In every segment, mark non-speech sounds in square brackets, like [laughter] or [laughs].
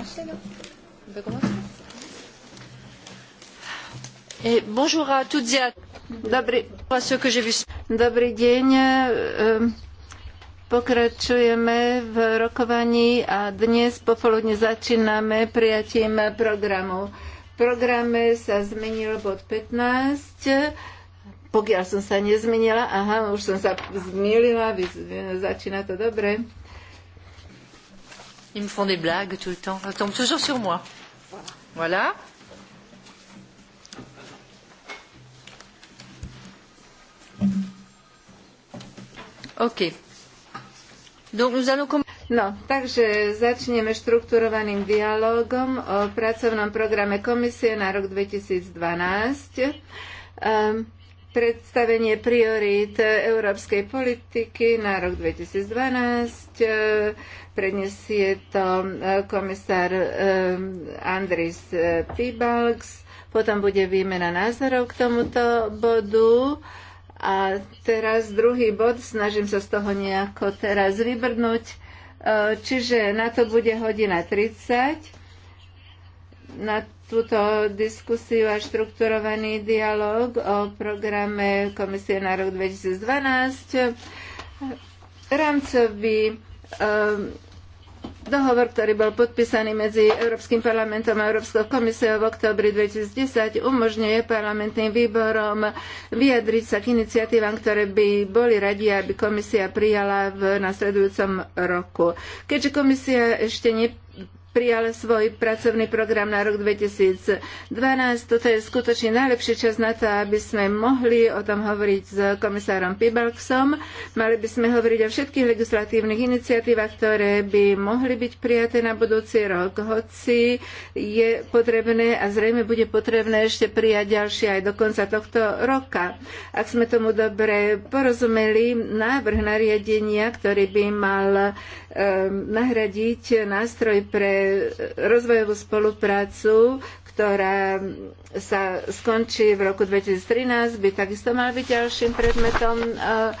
Eh, Dobrý, deň. Ehm, pokračujeme v rokovaní a dnes popoludne začíname prijatím programu. V programe sa zmenil bod 15 pokiaľ som sa nezmenila, aha, už som sa zmýlila, začína to dobre. Ils me font des blagues tout le temps. Ça tombe toujours sur moi. Voilà. OK. Donc nous allons No, takže začneme štrukturovaným dialogom o pracovnom programe komisie na rok 2012. Um, ehm, predstavenie priorít európskej politiky na rok 2012 E, prednesie to e, komisár e, Andris Pibalks. Potom bude výmena názorov k tomuto bodu. A teraz druhý bod, snažím sa z toho nejako teraz vybrnúť. Čiže na to bude hodina 30 na túto diskusiu a štrukturovaný dialog o programe Komisie na rok 2012. Rámcový Ehm, dohovor, ktorý bol podpísaný medzi Európskym parlamentom a Európskou komisiou v oktobri 2010, umožňuje parlamentným výborom vyjadriť sa k iniciatívam, ktoré by boli radi, aby komisia prijala v nasledujúcom roku. Keďže komisia ešte ne prijal svoj pracovný program na rok 2012. Toto je skutočne najlepší čas na to, aby sme mohli o tom hovoriť s komisárom Pibalksom. Mali by sme hovoriť o všetkých legislatívnych iniciatívach, ktoré by mohli byť prijaté na budúci rok, hoci je potrebné a zrejme bude potrebné ešte prijať ďalšie aj do konca tohto roka. Ak sme tomu dobre porozumeli, návrh nariadenia, ktorý by mal Ehm, nahradiť nástroj pre rozvojovú spoluprácu, ktorá sa skončí v roku 2013, by takisto mal byť ďalším predmetom eh,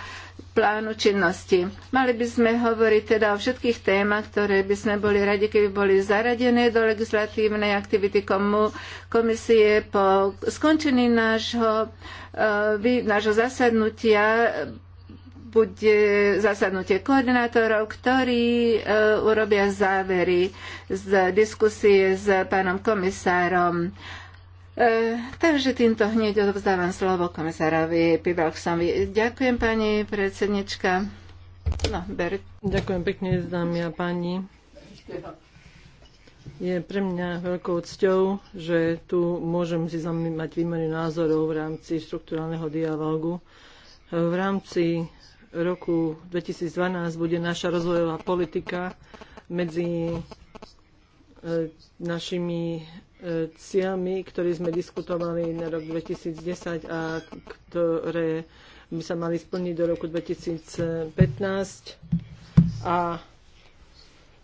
plánu činnosti. Mali by sme hovoriť teda o všetkých témach, ktoré by sme boli radi, keby boli zaradené do legislatívnej aktivity komu, komisie po skončení nášho, eh, nášho zasadnutia bude zasadnutie koordinátorov, ktorí e, urobia závery z diskusie s pánom komisárom. E, takže týmto hneď odovzdávam slovo komisárovi Pibalksovi. Ďakujem, pani predsednička. No, ber. Ďakujem pekne, dámy a páni. Je pre mňa veľkou cťou, že tu môžem si mať výmenu názorov v rámci štruktúrálneho dialógu. V rámci roku 2012 bude naša rozvojová politika medzi e, našimi e, cieľmi, ktoré sme diskutovali na rok 2010 a ktoré by sa mali splniť do roku 2015. A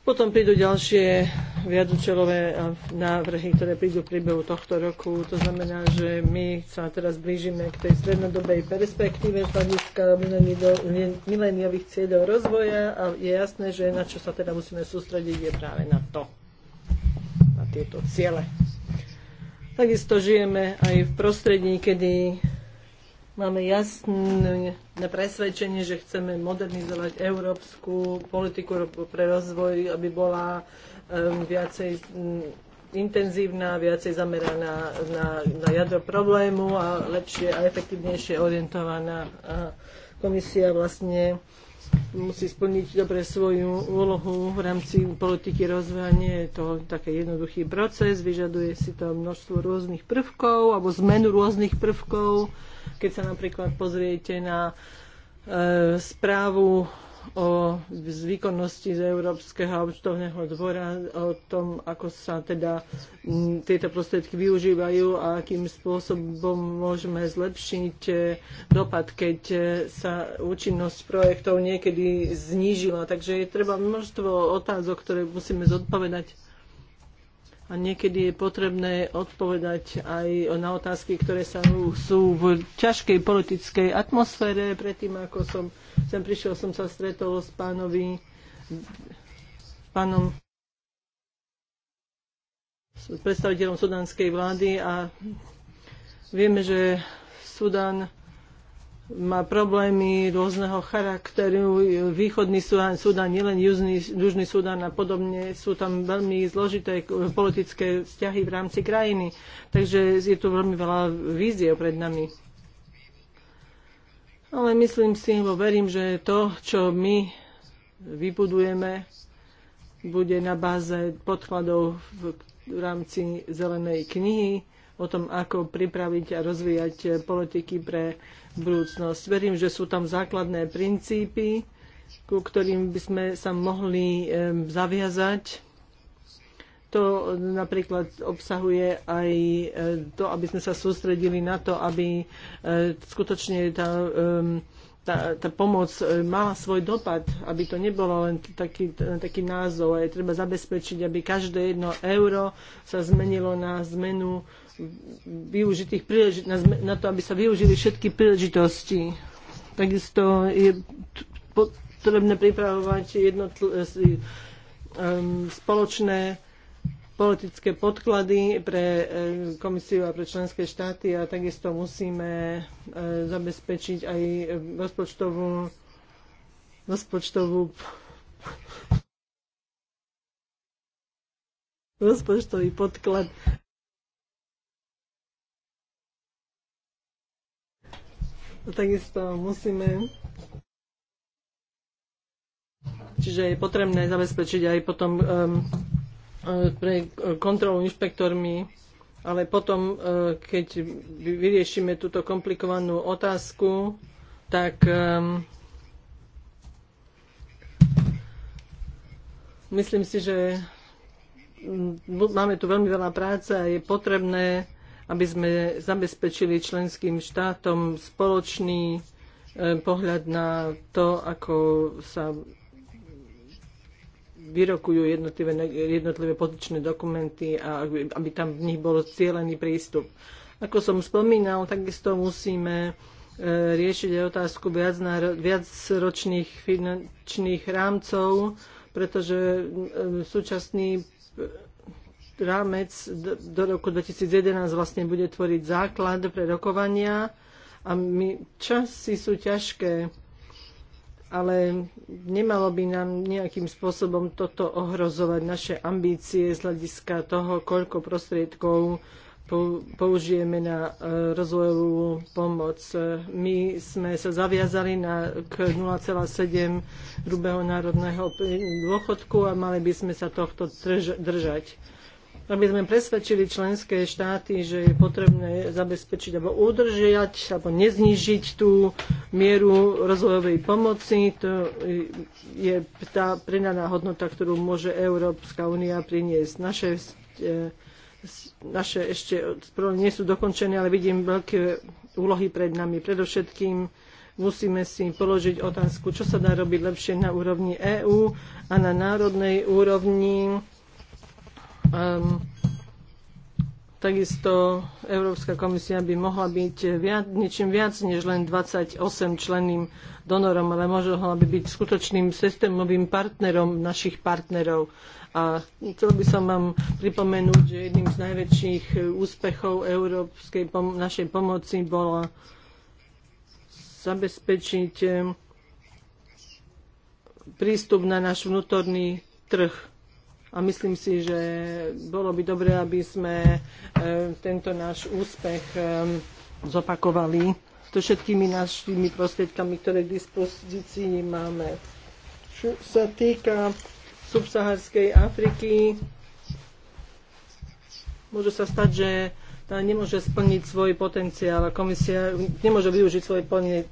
potom prídu ďalšie viadučelové návrhy, ktoré prídu v priebehu tohto roku. To znamená, že my sa teraz blížime k tej strednodobej perspektíve z hľadiska mileniových cieľov rozvoja a je jasné, že na čo sa teda musíme sústrediť je práve na to, na tieto ciele. Takisto žijeme aj v prostredí, kedy máme jasné presvedčenie, že chceme modernizovať európsku politiku pre rozvoj, aby bola um, viacej um, intenzívna, viacej zameraná na, na jadro problému a lepšie a efektívnejšie orientovaná. A komisia vlastne musí splniť dobre svoju úlohu v rámci politiky rozvoja. Nie je to taký jednoduchý proces, vyžaduje si to množstvo rôznych prvkov alebo zmenu rôznych prvkov. Keď sa napríklad pozriete na e, správu o výkonnosti z Európskeho účtovného dvora, o tom, ako sa teda tieto prostriedky využívajú a akým spôsobom môžeme zlepšiť e, dopad, keď e, sa účinnosť projektov niekedy znížila. Takže je treba množstvo otázok, ktoré musíme zodpovedať a niekedy je potrebné odpovedať aj na otázky, ktoré sa sú v ťažkej politickej atmosfére. Predtým, ako som sem prišiel, som sa stretol s pánovi, pánom s predstaviteľom sudanskej vlády a vieme, že Sudan má problémy rôzneho charakteru. Východný Sudán, Sudán nielen Južný, Južný Sudán a podobne, sú tam veľmi zložité politické vzťahy v rámci krajiny. Takže je tu veľmi veľa vízie pred nami. Ale myslím si, bo verím, že to, čo my vybudujeme, bude na báze podkladov v, v rámci zelenej knihy o tom, ako pripraviť a rozvíjať politiky pre budúcnosť. Verím, že sú tam základné princípy, ku ktorým by sme sa mohli zaviazať. To napríklad obsahuje aj to, aby sme sa sústredili na to, aby skutočne tá tá, tá pomoc mala svoj dopad, aby to nebolo len taký, taký názov. A je treba zabezpečiť, aby každé jedno euro sa zmenilo na zmenu využitých príležit- na to, aby sa využili všetky príležitosti. Takisto je potrebné pripravovať jednotl- eh, spoločné politické podklady pre eh, komisiu a pre členské štáty a takisto musíme eh, zabezpečiť aj rozpočtovú rozpočtovú [laughs] rozpočtový podklad takisto musíme Čiže je potrebné zabezpečiť aj potom um, pre e, kontrolu inšpektormi, ale potom, e, keď vyriešime túto komplikovanú otázku, tak um, myslím si, že máme tu veľmi veľa práce a je potrebné aby sme zabezpečili členským štátom spoločný e, pohľad na to, ako sa vyrokujú jednotlivé, jednotlivé potičné dokumenty a aby, aby tam v nich bol cieľený prístup. Ako som spomínal, takisto musíme e, riešiť aj otázku viac, viacročných finančných rámcov, pretože e, súčasný rámec do roku 2011 vlastne bude tvoriť základ pre rokovania a my, časy sú ťažké, ale nemalo by nám nejakým spôsobom toto ohrozovať naše ambície z hľadiska toho, koľko prostriedkov použijeme na e, rozvojovú pomoc. My sme sa zaviazali na, k 0,7 hrubého národného dôchodku a mali by sme sa tohto drž, držať aby sme presvedčili členské štáty, že je potrebné zabezpečiť alebo udržiať alebo neznižiť tú mieru rozvojovej pomoci. To je tá prenaná hodnota, ktorú môže Európska únia priniesť. Naše, e, naše ešte nie sú dokončené, ale vidím veľké úlohy pred nami. Predovšetkým musíme si položiť otázku, čo sa dá robiť lepšie na úrovni EÚ a na národnej úrovni Um, takisto Európska komisia by mohla byť viac, ničím viac než len 28 členným donorom, ale mohla by byť skutočným systémovým partnerom našich partnerov. A chcel by som vám pripomenúť, že jedným z najväčších úspechov európskej pom- našej pomoci bola zabezpečiť ehm, prístup na náš vnútorný trh a myslím si, že bolo by dobré, aby sme e, tento náš úspech e, zopakovali so všetkými našimi prostriedkami, ktoré k dispozícii máme. Čo sa týka subsaharskej Afriky, môže sa stať, že tá nemôže splniť svoj potenciál a komisia nemôže využiť svoj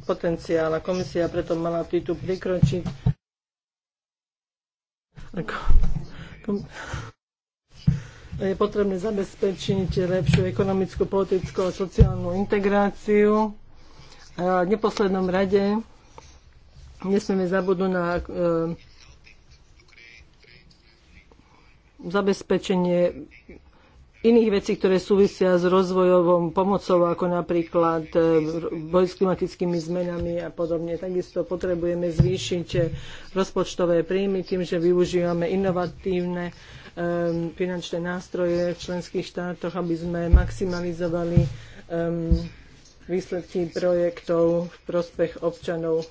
potenciál a komisia preto mala tu prikročiť. Ako je potrebné zabezpečiť lepšiu ekonomickú, politickú a sociálnu integráciu. A v neposlednom rade nesmieme zabudnúť na e, zabezpečenie iných vecí, ktoré súvisia s rozvojovou pomocou, ako napríklad e, boj s klimatickými zmenami a podobne. Takisto potrebujeme zvýšiť e, rozpočtové príjmy tým, že využívame inovatívne um, finančné nástroje v členských štátoch, aby sme maximalizovali um, výsledky projektov v prospech občanov.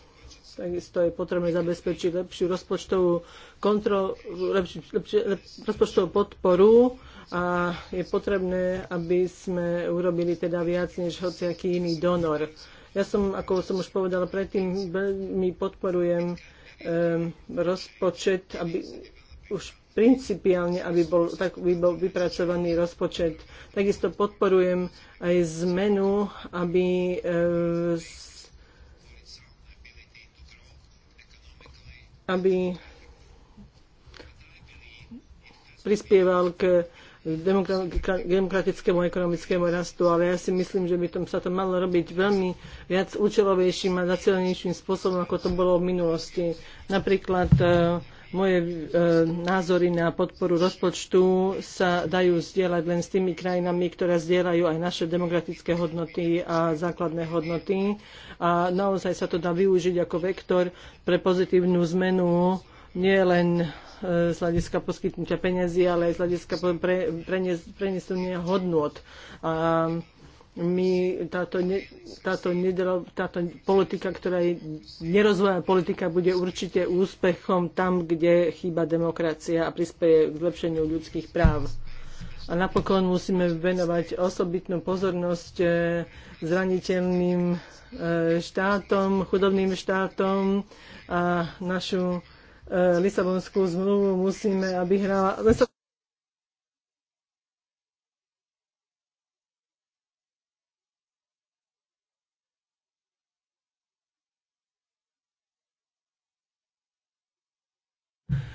Takisto je potrebné zabezpečiť lepšiu rozpočtovú, kontro, lepši, lepši, lepši, rozpočtovú podporu a je potrebné, aby sme urobili teda viac než hociaký iný donor. Ja som, ako som už povedala predtým, veľmi podporujem um, rozpočet, aby už principiálne, aby bol, tak, by bol vypracovaný rozpočet. Takisto podporujem aj zmenu, aby ehm, aby prispieval k demokratickému ekonomickému rastu, ale ja si myslím, že by tom sa to malo robiť veľmi viac účelovejším a zacielnejším spôsobom, ako to bolo v minulosti. Napríklad e, moje e, názory na podporu rozpočtu sa dajú zdieľať len s tými krajinami, ktoré zdieľajú aj naše demokratické hodnoty a základné hodnoty. A naozaj sa to dá využiť ako vektor pre pozitívnu zmenu nie len e, z hľadiska poskytnutia peniazy, ale aj z hľadiska pre, prenesenia hodnot. A my táto, ne, táto, nedelo, táto politika, ktorá je nerozvojná politika, bude určite úspechom tam, kde chýba demokracia a prispieje k zlepšeniu ľudských práv. A napokon musíme venovať osobitnú pozornosť e, zraniteľným e, štátom, chudobným štátom a našu E, Lisabonskú zmluvu musíme, aby hrala...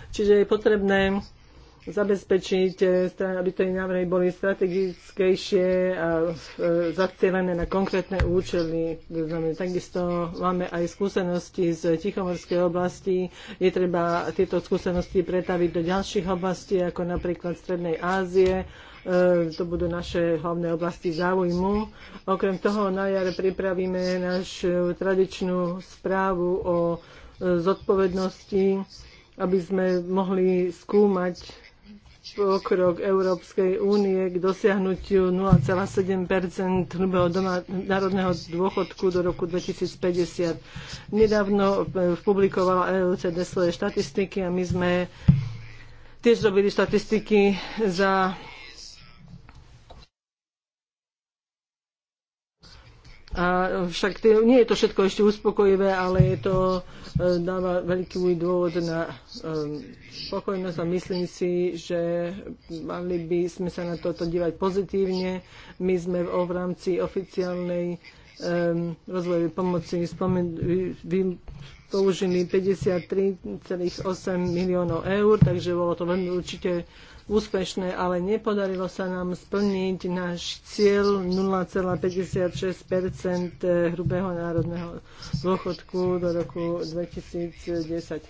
Čiže je potrebné zabezpečiť, eh, aby tie návrhy boli strategickejšie a eh, zacielené na konkrétne účely. Takisto máme aj skúsenosti z Tichomorskej oblasti. Je treba tieto skúsenosti pretaviť do ďalších oblastí, ako napríklad Strednej Ázie. Eh, to budú naše hlavné oblasti záujmu. Okrem toho na jar pripravíme našu tradičnú správu o zodpovednosti, aby sme mohli skúmať pokrok Európskej únie k dosiahnutiu 0,7 hrubého národného dôchodku do roku 2050. Nedávno e, publikovala EUCD svoje štatistiky a my sme tiež robili štatistiky za A však nie je to všetko ešte uspokojivé, ale je to e, dáva veľký dôvod na spokojnosť e, a myslím si, že mali by sme sa na toto dívať pozitívne. My sme v rámci oficiálnej um, rozvojovej pomoci spomen- vy, použili 53,8 miliónov eur, takže bolo to veľmi určite úspešné, ale nepodarilo sa nám splniť náš cieľ 0,56 hrubého národného dôchodku do roku 2010.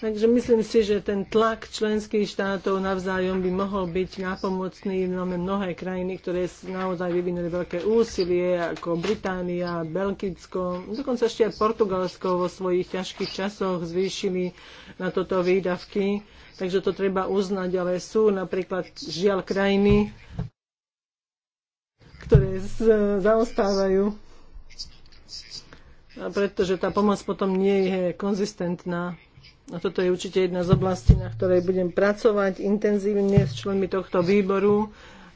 Takže myslím si, že ten tlak členských štátov navzájom by mohol byť napomocný Máme mnohé krajiny, ktoré naozaj vyvinuli veľké úsilie, ako Británia, Belgicko, dokonca ešte aj Portugalsko vo svojich ťažkých časoch zvýšili na toto výdavky. Takže to treba uznať, ale sú napríklad žiaľ krajiny, ktoré zaostávajú, pretože tá pomoc potom nie je konzistentná. A toto je určite jedna z oblastí, na ktorej budem pracovať intenzívne s členmi tohto výboru.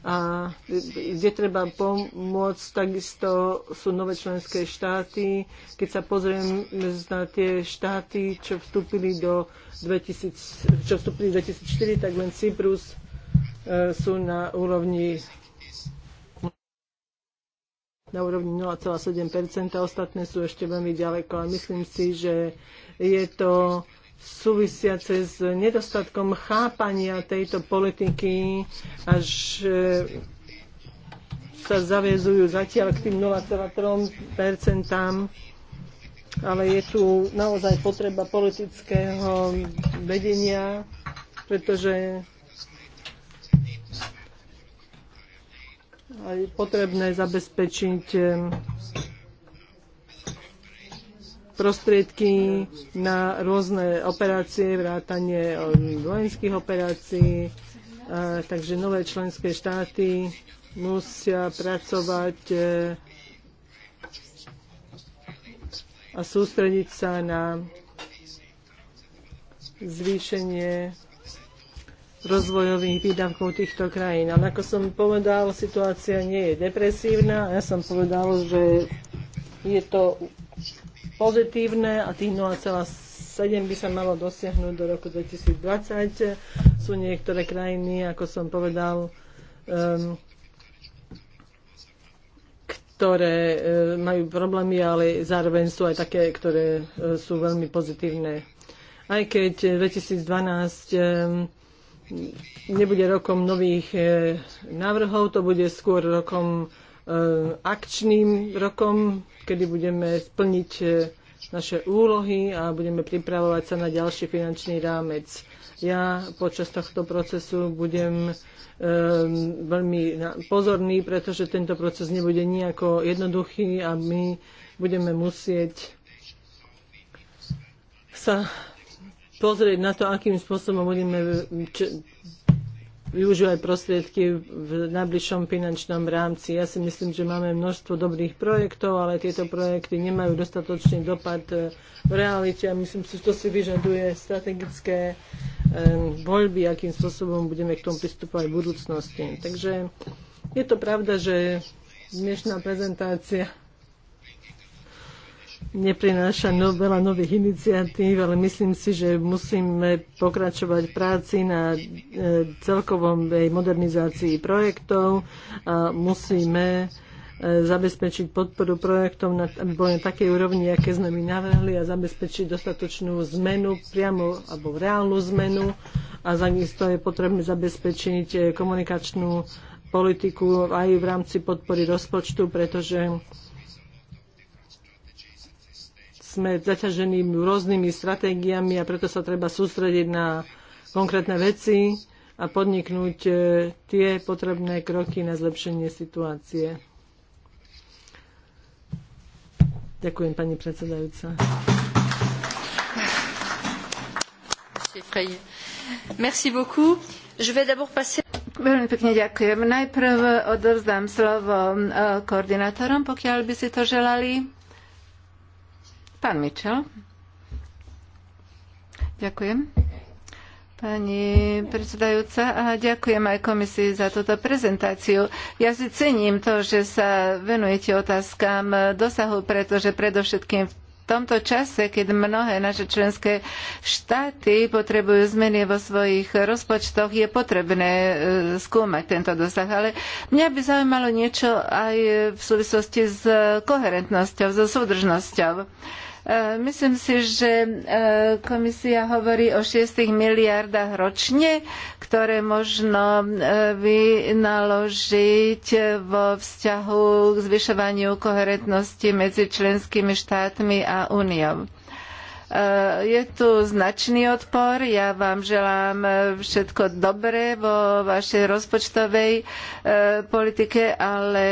A kde treba pomôcť, takisto sú nové členské štáty. Keď sa pozrieme na tie štáty, čo vstúpili do 2000, čo vstúpili 2004, tak len Cyprus e, sú na úrovni na úrovni 0,7 ostatné sú ešte veľmi ďaleko. A myslím si, že je to súvisiace s nedostatkom chápania tejto politiky, až e, sa zaviezujú zatiaľ k tým 0,3 ale je tu naozaj potreba politického vedenia, pretože je potrebné zabezpečiť e, prostriedky na rôzne operácie, vrátanie um, vojenských operácií, takže nové členské štáty musia pracovať e, a sústrediť sa na zvýšenie rozvojových výdavkov týchto krajín. Ale ako som povedal, situácia nie je depresívna. Ja som povedal, že je to pozitívne a tých 0,7 by sa malo dosiahnuť do roku 2020. Sú niektoré krajiny, ako som povedal, um, ktoré eh, majú problémy, ale zároveň sú aj také, ktoré eh, sú veľmi pozitívne. Aj keď 2012 nebude rokom nových eh, návrhov, to bude skôr rokom akčným rokom kedy budeme splniť e, naše úlohy a budeme pripravovať sa na ďalší finančný rámec. Ja počas tohto procesu budem e, veľmi pozorný, pretože tento proces nebude nejako jednoduchý a my budeme musieť sa pozrieť na to, akým spôsobom budeme využívať prostriedky v najbližšom finančnom rámci. Ja si myslím, že máme množstvo dobrých projektov, ale tieto projekty nemajú dostatočný dopad e, v realite a myslím si, že to si vyžaduje strategické e, voľby, akým spôsobom budeme k tomu pristupovať v budúcnosti. Takže je to pravda, že dnešná prezentácia neprináša no, veľa nových iniciatív, ale myslím si, že musíme pokračovať práci na e, celkovom modernizácii projektov a musíme e, zabezpečiť podporu projektov, na, aby boli na takej úrovni, aké sme my navrhli a zabezpečiť dostatočnú zmenu, priamo alebo reálnu zmenu a to je potrebné zabezpečiť e, komunikačnú politiku aj v rámci podpory rozpočtu, pretože sme zaťažení rôznymi stratégiami a preto sa treba sústrediť na konkrétne veci a podniknúť e, tie potrebné kroky na zlepšenie situácie. Ďakujem, pani predsedajúca. Merci beaucoup. Je vais d'abord passer... Veľmi pekne ďakujem. Najprv odovzdám slovo e, koordinátorom, pokiaľ by si to želali. Pán Mitchell. Ďakujem. Pani predsedajúca, a ďakujem aj komisii za túto prezentáciu. Ja si cením to, že sa venujete otázkam dosahu, pretože predovšetkým v v tomto čase, keď mnohé naše členské štáty potrebujú zmeny vo svojich rozpočtoch, je potrebné e, skúmať tento dosah. Ale mňa by zaujímalo niečo aj v súvislosti s koherentnosťou, so súdržnosťou. E, myslím si, že e, komisia hovorí o 6 miliardách ročne, ktoré možno e, vynaložiť vo vzťahu k zvyšovaniu koherentnosti medzi členskými štátmi a úniou. Eh, je tu značný odpor. Ja vám želám eh, všetko dobré vo vašej rozpočtovej eh, politike, ale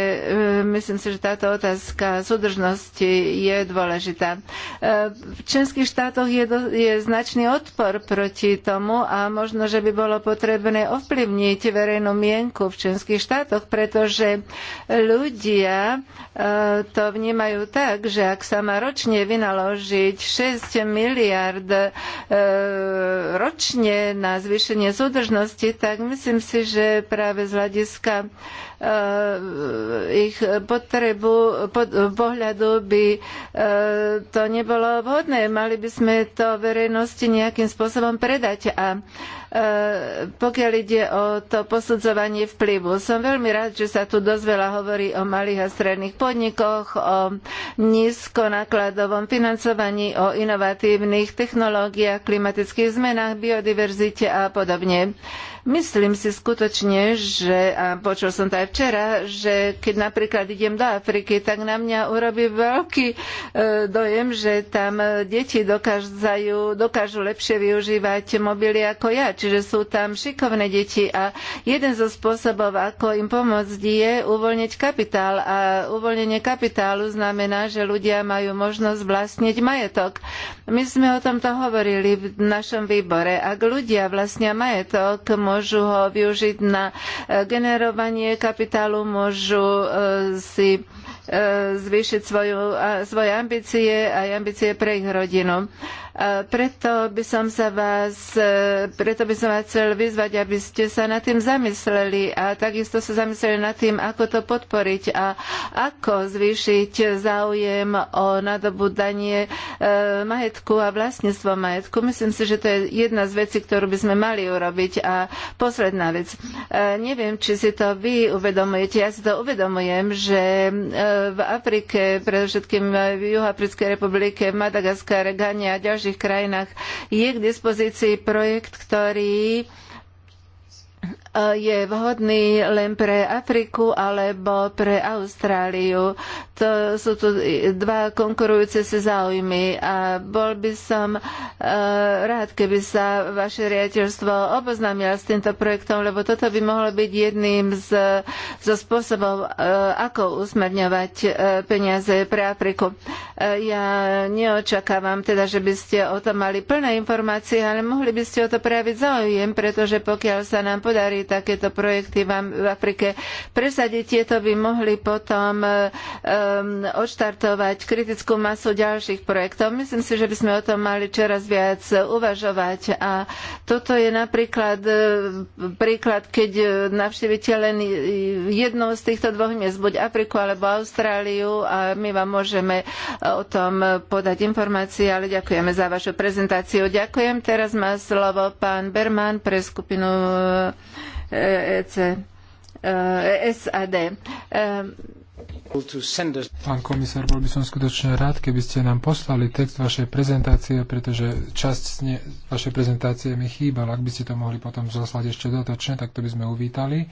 myslím si, že táto otázka súdržnosti je dôležitá. V členských štátoch je, do, je značný odpor proti tomu a možno, že by bolo potrebné ovplyvniť verejnú mienku v členských štátoch, pretože ľudia to vnímajú tak, že ak sa má ročne vynaložiť 6 miliard e, ročne na zvýšenie súdržnosti, tak myslím si, že práve z hľadiska Eh, ich potrebu pod, pohľadu by eh, to nebolo vhodné. Mali by sme to verejnosti nejakým spôsobom predať. A eh, pokiaľ ide o to posudzovanie vplyvu, som veľmi rád, že sa tu dosť veľa hovorí o malých a stredných podnikoch, o nízkonákladovom financovaní, o inovatívnych technológiách, klimatických zmenách, biodiverzite a podobne. E, Myslím si skutočne, že, a počul som to aj včera, že keď napríklad idem do Afriky, tak na mňa urobí veľký e, dojem, že tam deti dokážu, dokážu lepšie využívať mobily ako ja, čiže sú tam šikovné deti a jeden zo spôsobov, ako im pomôcť, je uvoľniť kapitál a uvoľnenie kapitálu znamená, že ľudia majú možnosť vlastniť majetok. My sme o tomto hovorili v našom výbore. Ak ľudia vlastnia majetok, môžu ho využiť na e, generovanie kapitálu, môžu e, si e, zvýšiť svoju, svoje ambície aj ambície pre ich rodinu. Preto by som sa vás, e, preto by som vás chcel vyzvať, aby ste sa nad tým zamysleli a takisto sa zamysleli nad tým, ako to podporiť a ako zvýšiť záujem o nadobudanie e, majetku a vlastníctvo majetku. Myslím si, že to je jedna z vecí, ktorú by sme mali urobiť. A posledná vec. E, neviem, či si to vy uvedomujete. Ja si to uvedomujem, že v Afrike, predovšetkým v Juhoafrickej republike, v Madagaskare, Gane a ďalších našich krajinách. Je k dispozícii projekt, ktorý je vhodný len pre Afriku alebo pre Austráliu. To sú tu dva konkurujúce si záujmy a bol by som e, rád, keby sa vaše riaditeľstvo oboznámilo s týmto projektom, lebo toto by mohlo byť jedným z, zo spôsobov, e, ako usmerňovať e, peniaze pre Afriku. Ja neočakávam teda, že by ste o tom mali plné informácie, ale mohli by ste o to prejaviť záujem, pretože pokiaľ sa nám podarí takéto projekty v Afrike presadiť, tieto by mohli potom e, odštartovať kritickú masu ďalších projektov. Myslím si, že by sme o tom mali čoraz viac uvažovať a toto je napríklad e, príklad, keď e, navštívite len jednou z týchto dvoch miest, buď Afriku alebo Austráliu a my vám môžeme o tom podať informácie, ale ďakujeme za vašu prezentáciu. Ďakujem. Teraz má slovo pán Berman pre skupinu EC, e, e, SAD. Pán komisár, bol by som skutočne rád, keby ste nám poslali text vašej prezentácie, pretože časť ne, vašej prezentácie mi chýbala. Ak by ste to mohli potom zaslať ešte dotočne, tak to by sme uvítali.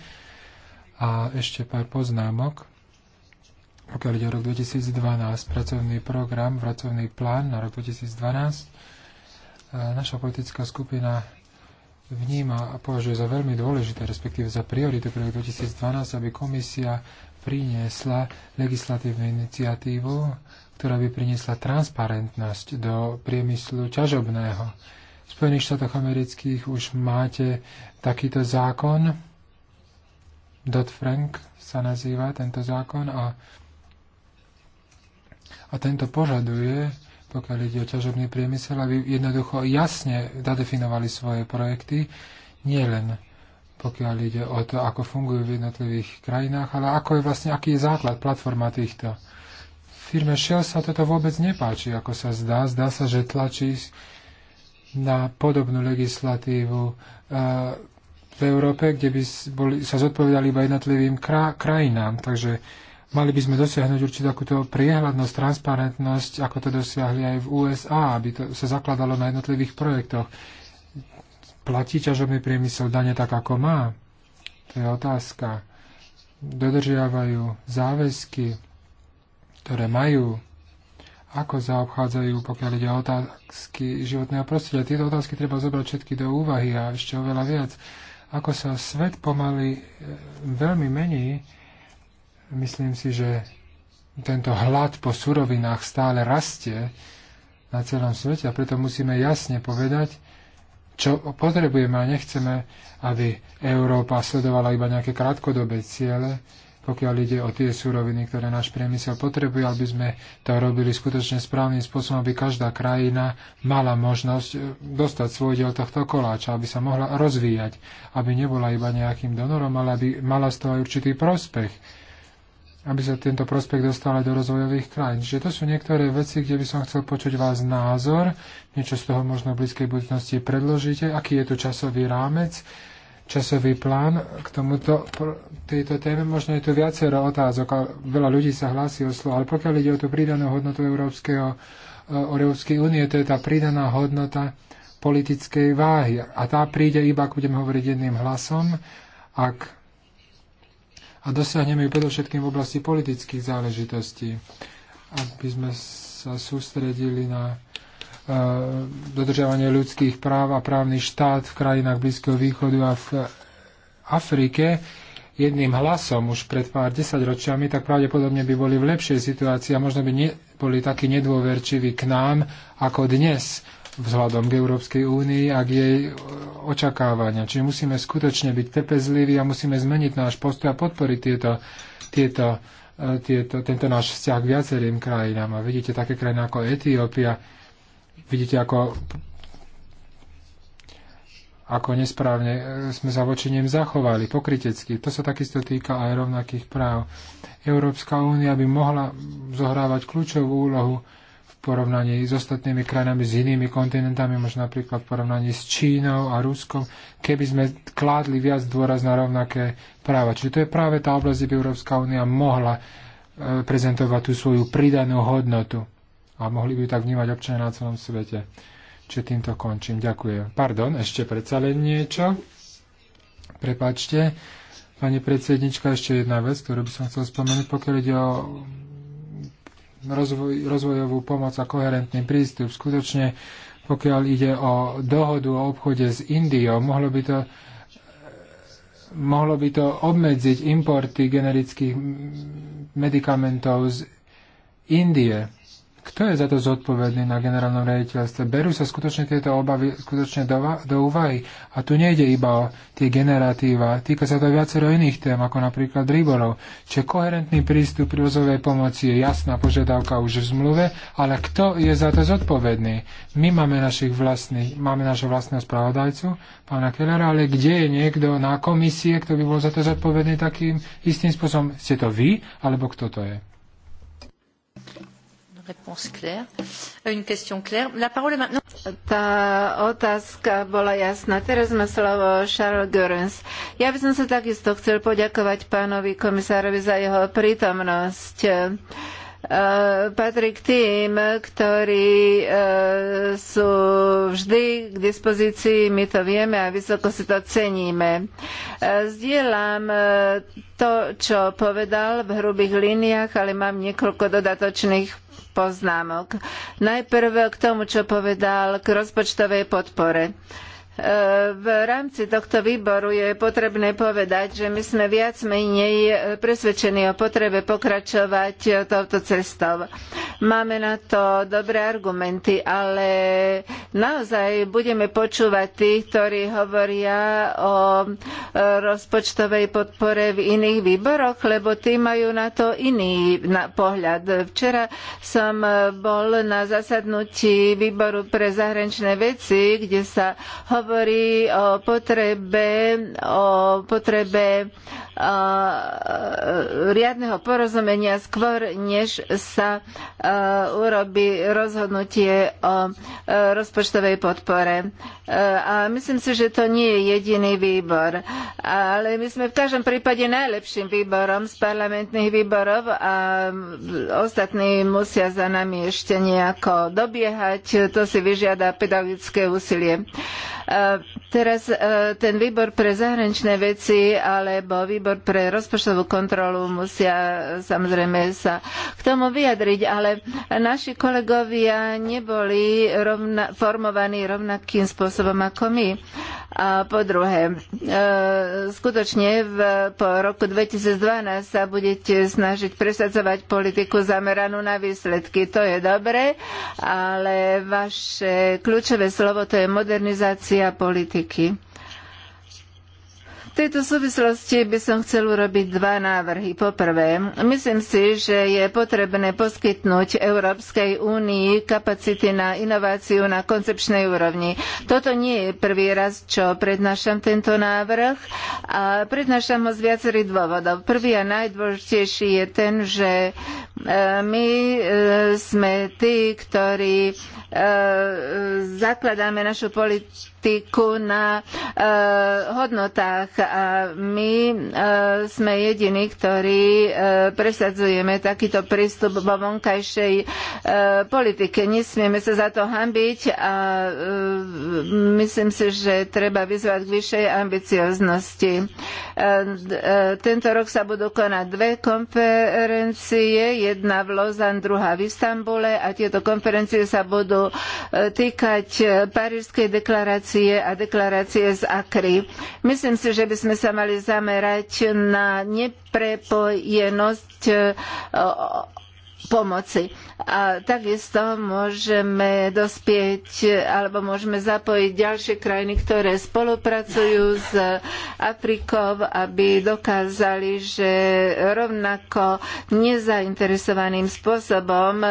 A ešte pár poznámok. Pokiaľ ide o rok 2012, pracovný program, pracovný plán na rok 2012, e, naša politická skupina vníma a považuje za veľmi dôležité, respektíve za prioritu pre 2012, aby komisia priniesla legislatívnu iniciatívu, ktorá by priniesla transparentnosť do priemyslu ťažobného. V Spojených štátoch amerických už máte takýto zákon, Dodd-Frank sa nazýva tento zákon a, a tento požaduje, pokiaľ ide o ťažobný priemysel, aby jednoducho jasne zadefinovali svoje projekty, nie len pokiaľ ide o to, ako fungujú v jednotlivých krajinách, ale ako je vlastne, aký je základ, platforma týchto. Firme Shell sa toto vôbec nepáči, ako sa zdá. Zdá sa, že tlačí na podobnú legislatívu e, v Európe, kde by boli, sa zodpovedali iba jednotlivým krajinám. Takže Mali by sme dosiahnuť určite takúto priehľadnosť, transparentnosť, ako to dosiahli aj v USA, aby to sa zakladalo na jednotlivých projektoch. Platí ťažobný priemysel dane tak, ako má? To je otázka. Dodržiavajú záväzky, ktoré majú, ako zaobchádzajú, pokiaľ ide o otázky životného prostredia. Tieto otázky treba zobrať všetky do úvahy a ešte oveľa viac. Ako sa svet pomaly e, veľmi mení, Myslím si, že tento hlad po surovinách stále rastie na celom svete a preto musíme jasne povedať, čo potrebujeme a nechceme, aby Európa sledovala iba nejaké krátkodobé ciele, pokiaľ ide o tie suroviny, ktoré náš priemysel potrebuje, aby sme to robili skutočne správnym spôsobom, aby každá krajina mala možnosť e, dostať svoj diel tohto koláča, aby sa mohla rozvíjať, aby nebola iba nejakým donorom, ale aby mala z toho aj určitý prospech aby sa tento prospekt dostal aj do rozvojových krajín. Čiže to sú niektoré veci, kde by som chcel počuť vás názor, niečo z toho možno v blízkej budúcnosti predložíte, aký je tu časový rámec, časový plán k tomuto, tejto téme. Možno je tu viacero otázok a veľa ľudí sa hlási o slovo, ale pokiaľ ide o tú pridanú hodnotu Európskeho, eh, Európskej únie, to je tá pridaná hodnota politickej váhy. A tá príde iba, ak budeme hovoriť jedným hlasom, ak a dosiahneme ju predovšetkým v oblasti politických záležitostí, aby sme sa sústredili na e, dodržiavanie ľudských práv a právny štát v krajinách Blízkeho východu a v Afrike jedným hlasom už pred pár desaťročiami, tak pravdepodobne by boli v lepšej situácii a možno by ne, boli takí nedôverčiví k nám ako dnes vzhľadom k Európskej únii a k jej očakávania. Čiže musíme skutočne byť trpezliví a musíme zmeniť náš postoj a podporiť tieto, tieto, e, tieto, tento náš vzťah k viacerým krajinám. A vidíte také krajiny ako Etiópia, vidíte ako ako nesprávne e, sme sa voči nim zachovali, pokrytecky. To sa takisto týka aj rovnakých práv. Európska únia by mohla zohrávať kľúčovú úlohu porovnaní s ostatnými krajinami, s inými kontinentami, možno napríklad v porovnaní s Čínou a Ruskom, keby sme kládli viac dôraz na rovnaké práva. Čiže to je práve tá oblasť, kde by Európska únia mohla e, prezentovať tú svoju pridanú hodnotu. A mohli by tak vnímať občania na celom svete. Čiže týmto končím. Ďakujem. Pardon, ešte predsa len niečo. Prepačte. Pani predsednička, ešte jedna vec, ktorú by som chcel spomenúť, pokiaľ ide o rozvoj, rozvojovú pomoc a koherentný prístup. Skutočne, pokiaľ ide o dohodu o obchode s Indiou, mohlo by to mohlo by to obmedziť importy generických medikamentov z Indie. Kto je za to zodpovedný na generálnom rejiteľstve? Berú sa skutočne tieto obavy skutočne do, do úvahy. A tu nejde iba o tie generatíva. Týka sa to viacero iných tém, ako napríklad rybolov. Čiže koherentný prístup pri rozvojovej pomoci je jasná požiadavka už v zmluve, ale kto je za to zodpovedný? My máme, našich vlastných, máme našho vlastného spravodajcu, pána Kellera, ale kde je niekto na komisie, kto by bol za to zodpovedný takým istým spôsobom? Ste to vy, alebo kto to je? réponse claire, euh, une question claire. La parole est maintenant... Tá otázka bola jasná. Teraz má slovo Charles Görens. Ja by som sa takisto chcel poďakovať pánovi komisárovi za jeho prítomnosť. Eh, patrí k tým, ktorí eh, sú vždy k dispozícii, my to vieme a vysoko si to ceníme. Eh, zdieľam to, čo povedal v hrubých líniách, ale mám niekoľko dodatočných poznámok. Najprv k tomu, čo povedal k rozpočtovej podpore. V rámci tohto výboru je potrebné povedať, že my sme viac menej presvedčení o potrebe pokračovať touto cestou. Máme na to dobré argumenty, ale naozaj budeme počúvať tých, ktorí hovoria o rozpočtovej podpore v iných výboroch, lebo tí majú na to iný pohľad. Včera som bol na zasadnutí výboru pre zahraničné veci, kde sa hovorilo hovorí o potrebe, o potrebe riadneho porozumenia skôr, než sa urobí rozhodnutie o rozpočtovej podpore. A myslím si, že to nie je jediný výbor. Ale my sme v každom prípade najlepším výborom z parlamentných výborov a ostatní musia za nami ešte nejako dobiehať. To si vyžiada pedagogické úsilie. Teraz ten výbor pre zahraničné veci alebo výbor výbor pre rozpočtovú kontrolu musia samozrejme sa k tomu vyjadriť, ale naši kolegovia neboli rovna, formovaní rovnakým spôsobom ako my. A po druhé, e, skutočne v, po roku 2012 sa budete snažiť presadzovať politiku zameranú na výsledky. To je dobre, ale vaše kľúčové slovo to je modernizácia politiky. V tejto súvislosti by som chcel urobiť dva návrhy. Poprvé, myslím si, že je potrebné poskytnúť Európskej únii kapacity na inováciu na koncepčnej úrovni. Toto nie je prvý raz, čo prednášam tento návrh a prednášam ho z viacerých dôvodov. Prvý a najdôležitejší je ten, že e, my e, sme tí, ktorí e, zakladáme našu politiku politiku na e, hodnotách a my e, sme jediní, ktorí e, presadzujeme takýto prístup vo vonkajšej politike. Nesmieme sa za to hambiť a myslím si, že treba vyzvať k vyššej ambicioznosti. Tento rok sa budú konať dve konferencie, jedna v Lozan, druhá v Istambule a tieto konferencie sa budú týkať Parížskej deklarácie rezolúcie a deklarácie z Akry. Myslím si, že by sme sa mali zamerať na neprepojenosť eh, pomoci. A takisto môžeme dospieť alebo môžeme zapojiť ďalšie krajiny, ktoré spolupracujú s Afrikou, aby dokázali, že rovnako nezainteresovaným spôsobom e,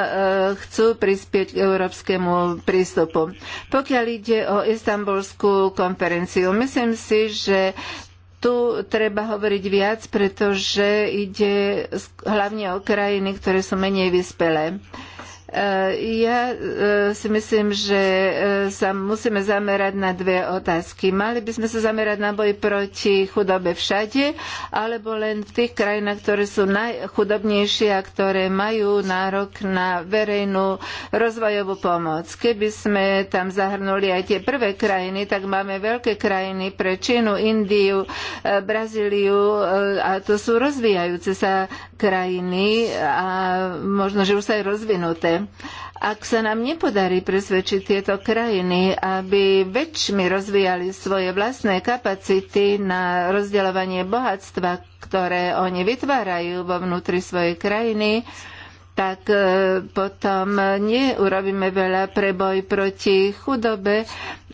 chcú prispieť k európskemu prístupu. Pokiaľ ide o istambulskú konferenciu, myslím si, že tu treba hovoriť viac, pretože ide hlavne o krajiny, ktoré sú menej vyspelé. Ja e, si myslím, že e, sa musíme zamerať na dve otázky. Mali by sme sa zamerať na boj proti chudobe všade, alebo len v tých krajinách, ktoré sú najchudobnejšie a ktoré majú nárok na verejnú rozvojovú pomoc. Keby sme tam zahrnuli aj tie prvé krajiny, tak máme veľké krajiny pre Čínu, Indiu, e, Brazíliu a to sú rozvíjajúce sa krajiny a možno, že už sa aj rozvinuté. Ak sa nám nepodarí presvedčiť tieto krajiny, aby väčšmi rozvíjali svoje vlastné kapacity na rozdeľovanie bohatstva, ktoré oni vytvárajú vo vnútri svojej krajiny, tak e, potom neurobíme veľa pre boj proti chudobe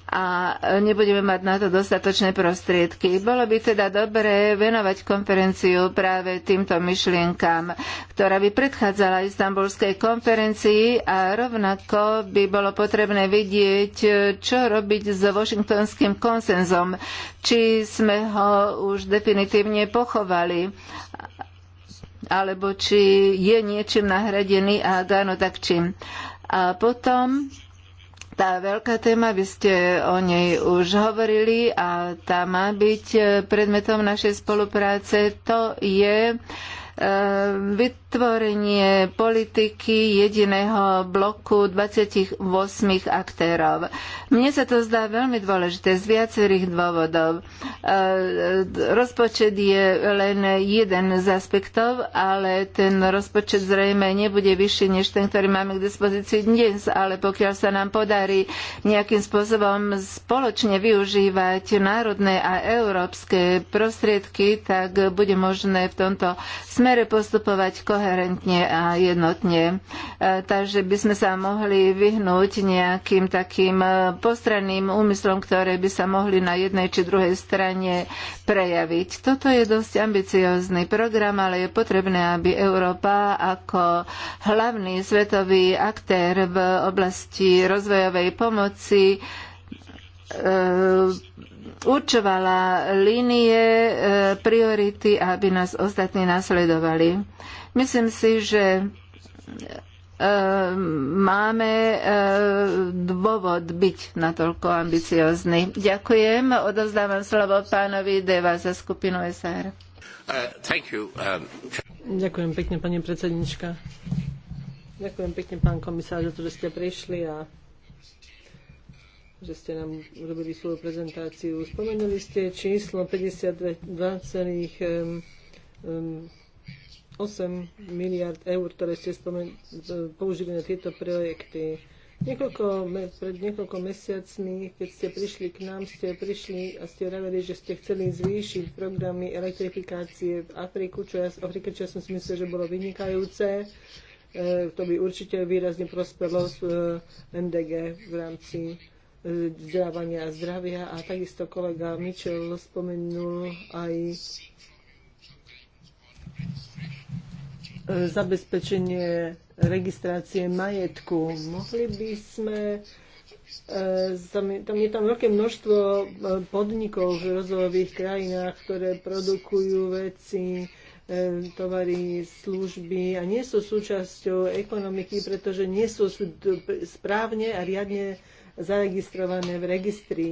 a nebudeme mať na to dostatočné prostriedky. Bolo by teda dobré venovať konferenciu práve týmto myšlienkám, ktorá by predchádzala istambulskej konferencii a rovnako by bolo potrebné vidieť, čo robiť s washingtonským konsenzom, či sme ho už definitívne pochovali alebo či je niečím nahradený a áno, tak čím. A potom tá veľká téma, vy ste o nej už hovorili a tá má byť predmetom našej spolupráce, to je Ehm, vytvorenie politiky jediného bloku 28 aktérov. Mne sa to zdá veľmi dôležité z viacerých dôvodov. Ehm, rozpočet je len jeden z aspektov, ale ten rozpočet zrejme nebude vyšší než ten, ktorý máme k dispozícii dnes, ale pokiaľ sa nám podarí nejakým spôsobom spoločne využívať národné a európske prostriedky, tak bude možné v tomto smere smere postupovať koherentne a jednotne. E, takže by sme sa mohli vyhnúť nejakým takým e, postranným úmyslom, ktoré by sa mohli na jednej či druhej strane prejaviť. Toto je dosť ambiciózny program, ale je potrebné, aby Európa ako hlavný svetový aktér v oblasti rozvojovej pomoci E, určovala línie, e, priority, aby nás ostatní nasledovali. Myslím si, že e, máme dôvod byť natoľko ambiciozný. Ďakujem. Odovzdávam slovo pánovi Deva za skupinu SR. Uh, um, Ďakujem pekne, pani predsednička. Ďakujem pekne, pán komisár, za to, že ste prišli a že ste nám robili svoju prezentáciu. Spomenuli ste číslo 52,8 miliard eur, ktoré ste spomen- použili na tieto projekty. Niekoľko, pred niekoľko mesiacmi, keď ste prišli k nám, ste prišli a ste hovorili, že ste chceli zvýšiť programy elektrifikácie v Afriku, čo ja, Afrike, čo ja som si myslel, že bolo vynikajúce. E, to by určite výrazne prospelo v e, MDG v rámci vzdelávania a zdravia a takisto kolega Mitchell spomenul aj e, zabezpečenie registrácie majetku. Mohli by sme e, tam je tam veľké množstvo e, podnikov v rozvojových krajinách, ktoré produkujú veci, tovary, služby a nie sú súčasťou ekonomiky, pretože nie sú správne a riadne zaregistrované v registri.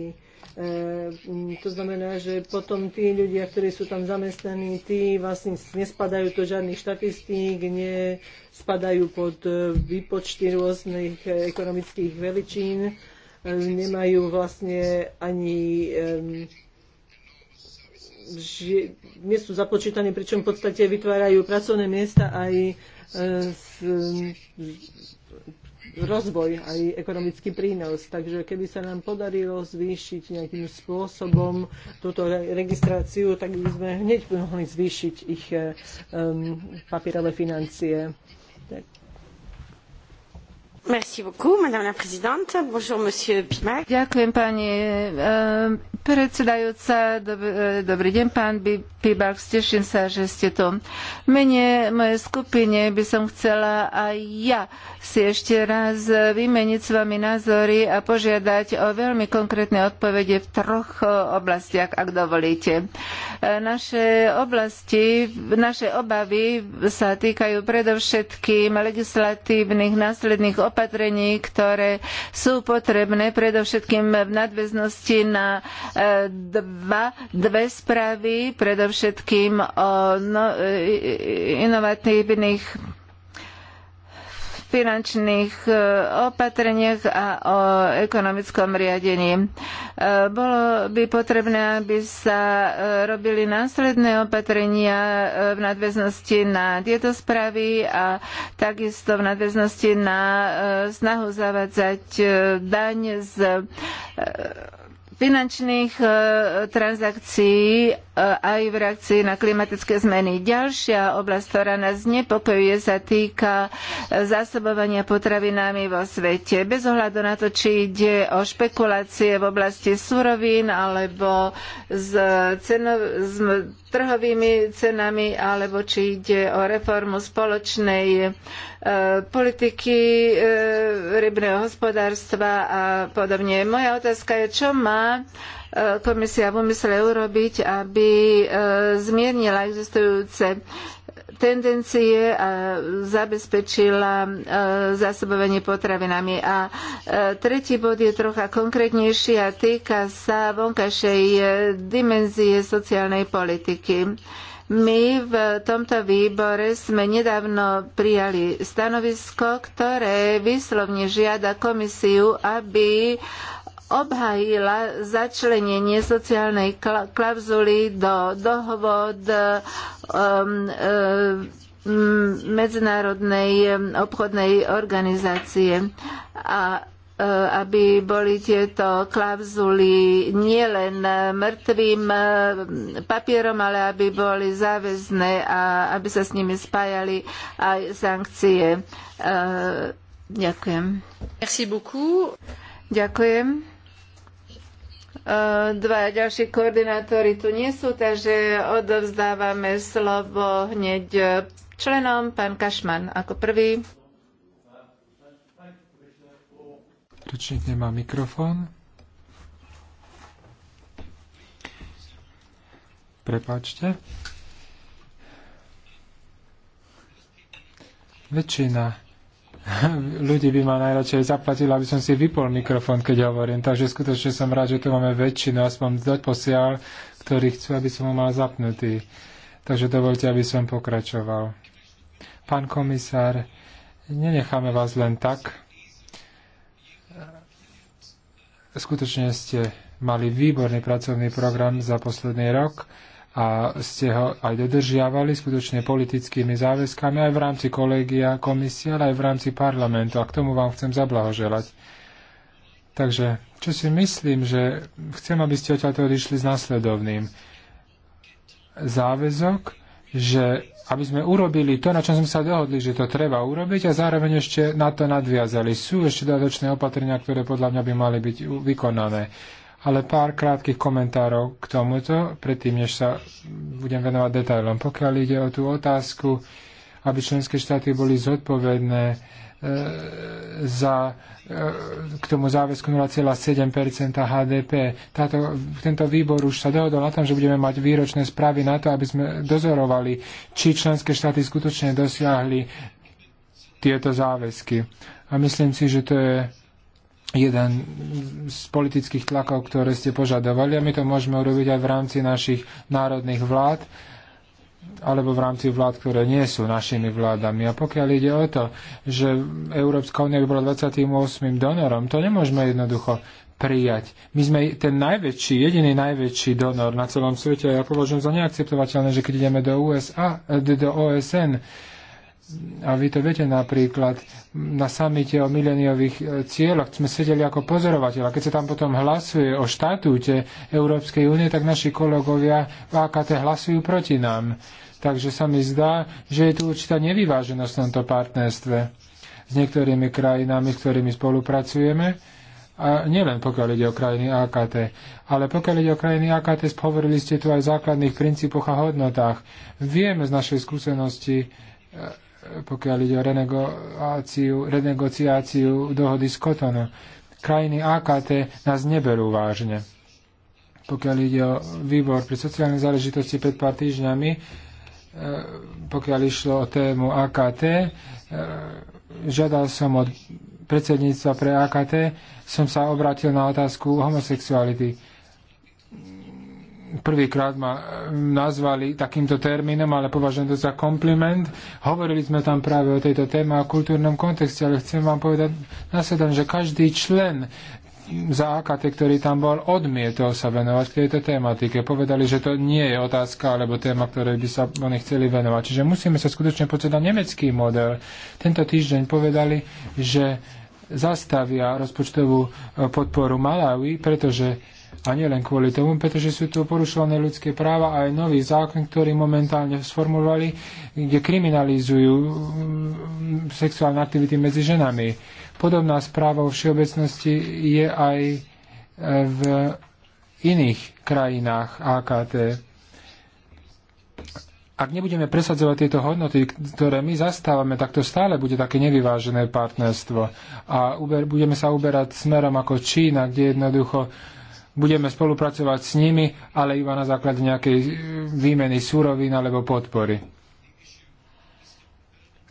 E, to znamená, že potom tí ľudia, ktorí sú tam zamestnaní, tí vlastne nespadajú do žiadnych štatistík, nespadajú pod e, výpočty rôznych e, ekonomických veličín, e, nemajú vlastne ani že nie sú započítané, pričom v podstate vytvárajú pracovné miesta aj rozvoj, aj ekonomický prínos. Takže keby sa nám podarilo zvýšiť nejakým spôsobom túto registráciu, tak by sme hneď mohli zvýšiť ich eh, um, papierové financie. Ďakujem, pani eh, predsedajúca. Eh, dobrý, deň, pán Pibark. Teším sa, že ste tu. V mene mojej skupine by som chcela aj ja si ešte raz vymeniť s vami názory a požiadať o veľmi konkrétne odpovede v troch eh, oblastiach, ak dovolíte. Naše oblasti, naše obavy sa týkajú predovšetkým legislatívnych následných opatrení, opatrení, ktoré sú potrebné predovšetkým v nadväznosti na e, dva, dve správy, predovšetkým o no, inovatívnych finančných e, opatreniach a o ekonomickom riadení. E, bolo by potrebné, aby sa e, robili následné opatrenia v nadväznosti na tieto správy a takisto v nadväznosti na snahu zavádzať daň z finančných e, transakcií e, aj v reakcii na klimatické zmeny. Ďalšia oblasť, ktorá nás znepokojuje, sa týka e, zásobovania potravinami vo svete. Bez ohľadu na to, či ide o špekulácie v oblasti surovín alebo z, cenov, z trhovými cenami, alebo či ide o reformu spoločnej e, politiky e, rybného hospodárstva a podobne. Moja otázka je, čo má e, komisia v úmysle urobiť, aby zmiernila existujúce tendencie a zabezpečila e, zásobovanie potravinami. A e, tretí bod je trocha konkrétnejší a týka sa vonkajšej e, dimenzie sociálnej politiky. My v tomto výbore sme nedávno prijali stanovisko, ktoré výslovne žiada komisiu, aby obhájila začlenenie sociálnej klauzuly do dohovod um, um, Medzinárodnej um, obchodnej organizácie a uh, aby boli tieto klauzuly nielen mŕtvým uh, papierom, ale aby boli záväzné a aby sa s nimi spájali aj sankcie. Uh, ďakujem. Merci beaucoup. Ďakujem. Ehm, dva ďalší koordinátori tu nie sú, takže odovzdávame slovo hneď e, členom. Pán Kašman ako prvý. Rečník nemá mikrofón. Prepačte. Väčšina [laughs] ľudí by ma najradšej zaplatili, aby som si vypol mikrofón, keď hovorím. Takže skutočne som rád, že tu máme väčšinu, aspoň posiaľ, ktorí chcú, aby som ho mal zapnutý. Takže dovolte, aby som pokračoval. Pán komisár, nenecháme vás len tak. Skutočne ste mali výborný pracovný program za posledný rok a ste ho aj dodržiavali skutočne politickými záväzkami aj v rámci kolegia, komisie, ale aj v rámci parlamentu a k tomu vám chcem zablahoželať. Takže, čo si myslím, že chcem, aby ste odtiaľto odišli s následovným. Záväzok, že aby sme urobili to, na čom sme sa dohodli, že to treba urobiť a zároveň ešte na to nadviazali. Sú ešte dodatočné opatrenia, ktoré podľa mňa by mali byť vykonané ale pár krátkých komentárov k tomuto, predtým, než sa budem venovať detailom. Pokiaľ ide o tú otázku, aby členské štáty boli zodpovedné e, za, e, k tomu záväzku 0,7 HDP. Táto, tento výbor už sa dohodol na tom, že budeme mať výročné správy na to, aby sme dozorovali, či členské štáty skutočne dosiahli tieto záväzky. A myslím si, že to je jeden z politických tlakov, ktoré ste požadovali a my to môžeme urobiť aj v rámci našich národných vlád alebo v rámci vlád, ktoré nie sú našimi vládami. A pokiaľ ide o to, že Európska únia by bola 28. donorom, to nemôžeme jednoducho prijať. My sme ten najväčší, jediný najväčší donor na celom svete a ja považujem za neakceptovateľné, že keď ideme do USA, eh, do OSN, a vy to viete napríklad, na samite o mileniových e, cieľoch sme sedeli ako pozorovateľ. A keď sa tam potom hlasuje o štatúte Európskej únie, tak naši kolegovia v AKT hlasujú proti nám. Takže sa mi zdá, že je tu určitá nevyváženosť v tomto partnerstve s niektorými krajinami, s ktorými spolupracujeme. A nielen pokiaľ ide o krajiny AKT, ale pokiaľ ide o krajiny AKT, hovorili ste tu aj o základných princípoch a hodnotách. Vieme z našej skúsenosti, e, pokiaľ ide o renegociáciu, renegociáciu dohody z Kotonu. Krajiny AKT nás neberú vážne. Pokiaľ ide o výbor pri sociálnej záležitosti pred pár týždňami, e, pokiaľ išlo o tému AKT, e, žiadal som od predsedníctva pre AKT, som sa obrátil na otázku homosexuality prvýkrát ma nazvali takýmto termínom, ale považujem to za kompliment. Hovorili sme tam práve o tejto téme a kultúrnom kontexte, ale chcem vám povedať následom, že každý člen za AKT, ktorý tam bol, odmietol sa venovať k tejto tematike. Povedali, že to nie je otázka alebo téma, ktorej by sa oni chceli venovať. Čiže musíme sa skutočne pozrieť na nemecký model. Tento týždeň povedali, že zastavia rozpočtovú e, podporu Malawi, pretože a nielen kvôli tomu, pretože sú tu porušované ľudské práva a aj nový zákon, ktorý momentálne sformulovali, kde kriminalizujú mm, sexuálne aktivity medzi ženami. Podobná správa vo všeobecnosti je aj e, v iných krajinách AKT. Ak nebudeme presadzovať tieto hodnoty, ktoré my zastávame, tak to stále bude také nevyvážené partnerstvo. A uber, budeme sa uberať smerom ako Čína, kde jednoducho uh, budeme spolupracovať s nimi, ale iba na základe nejakej e, výmeny súrovín alebo podpory.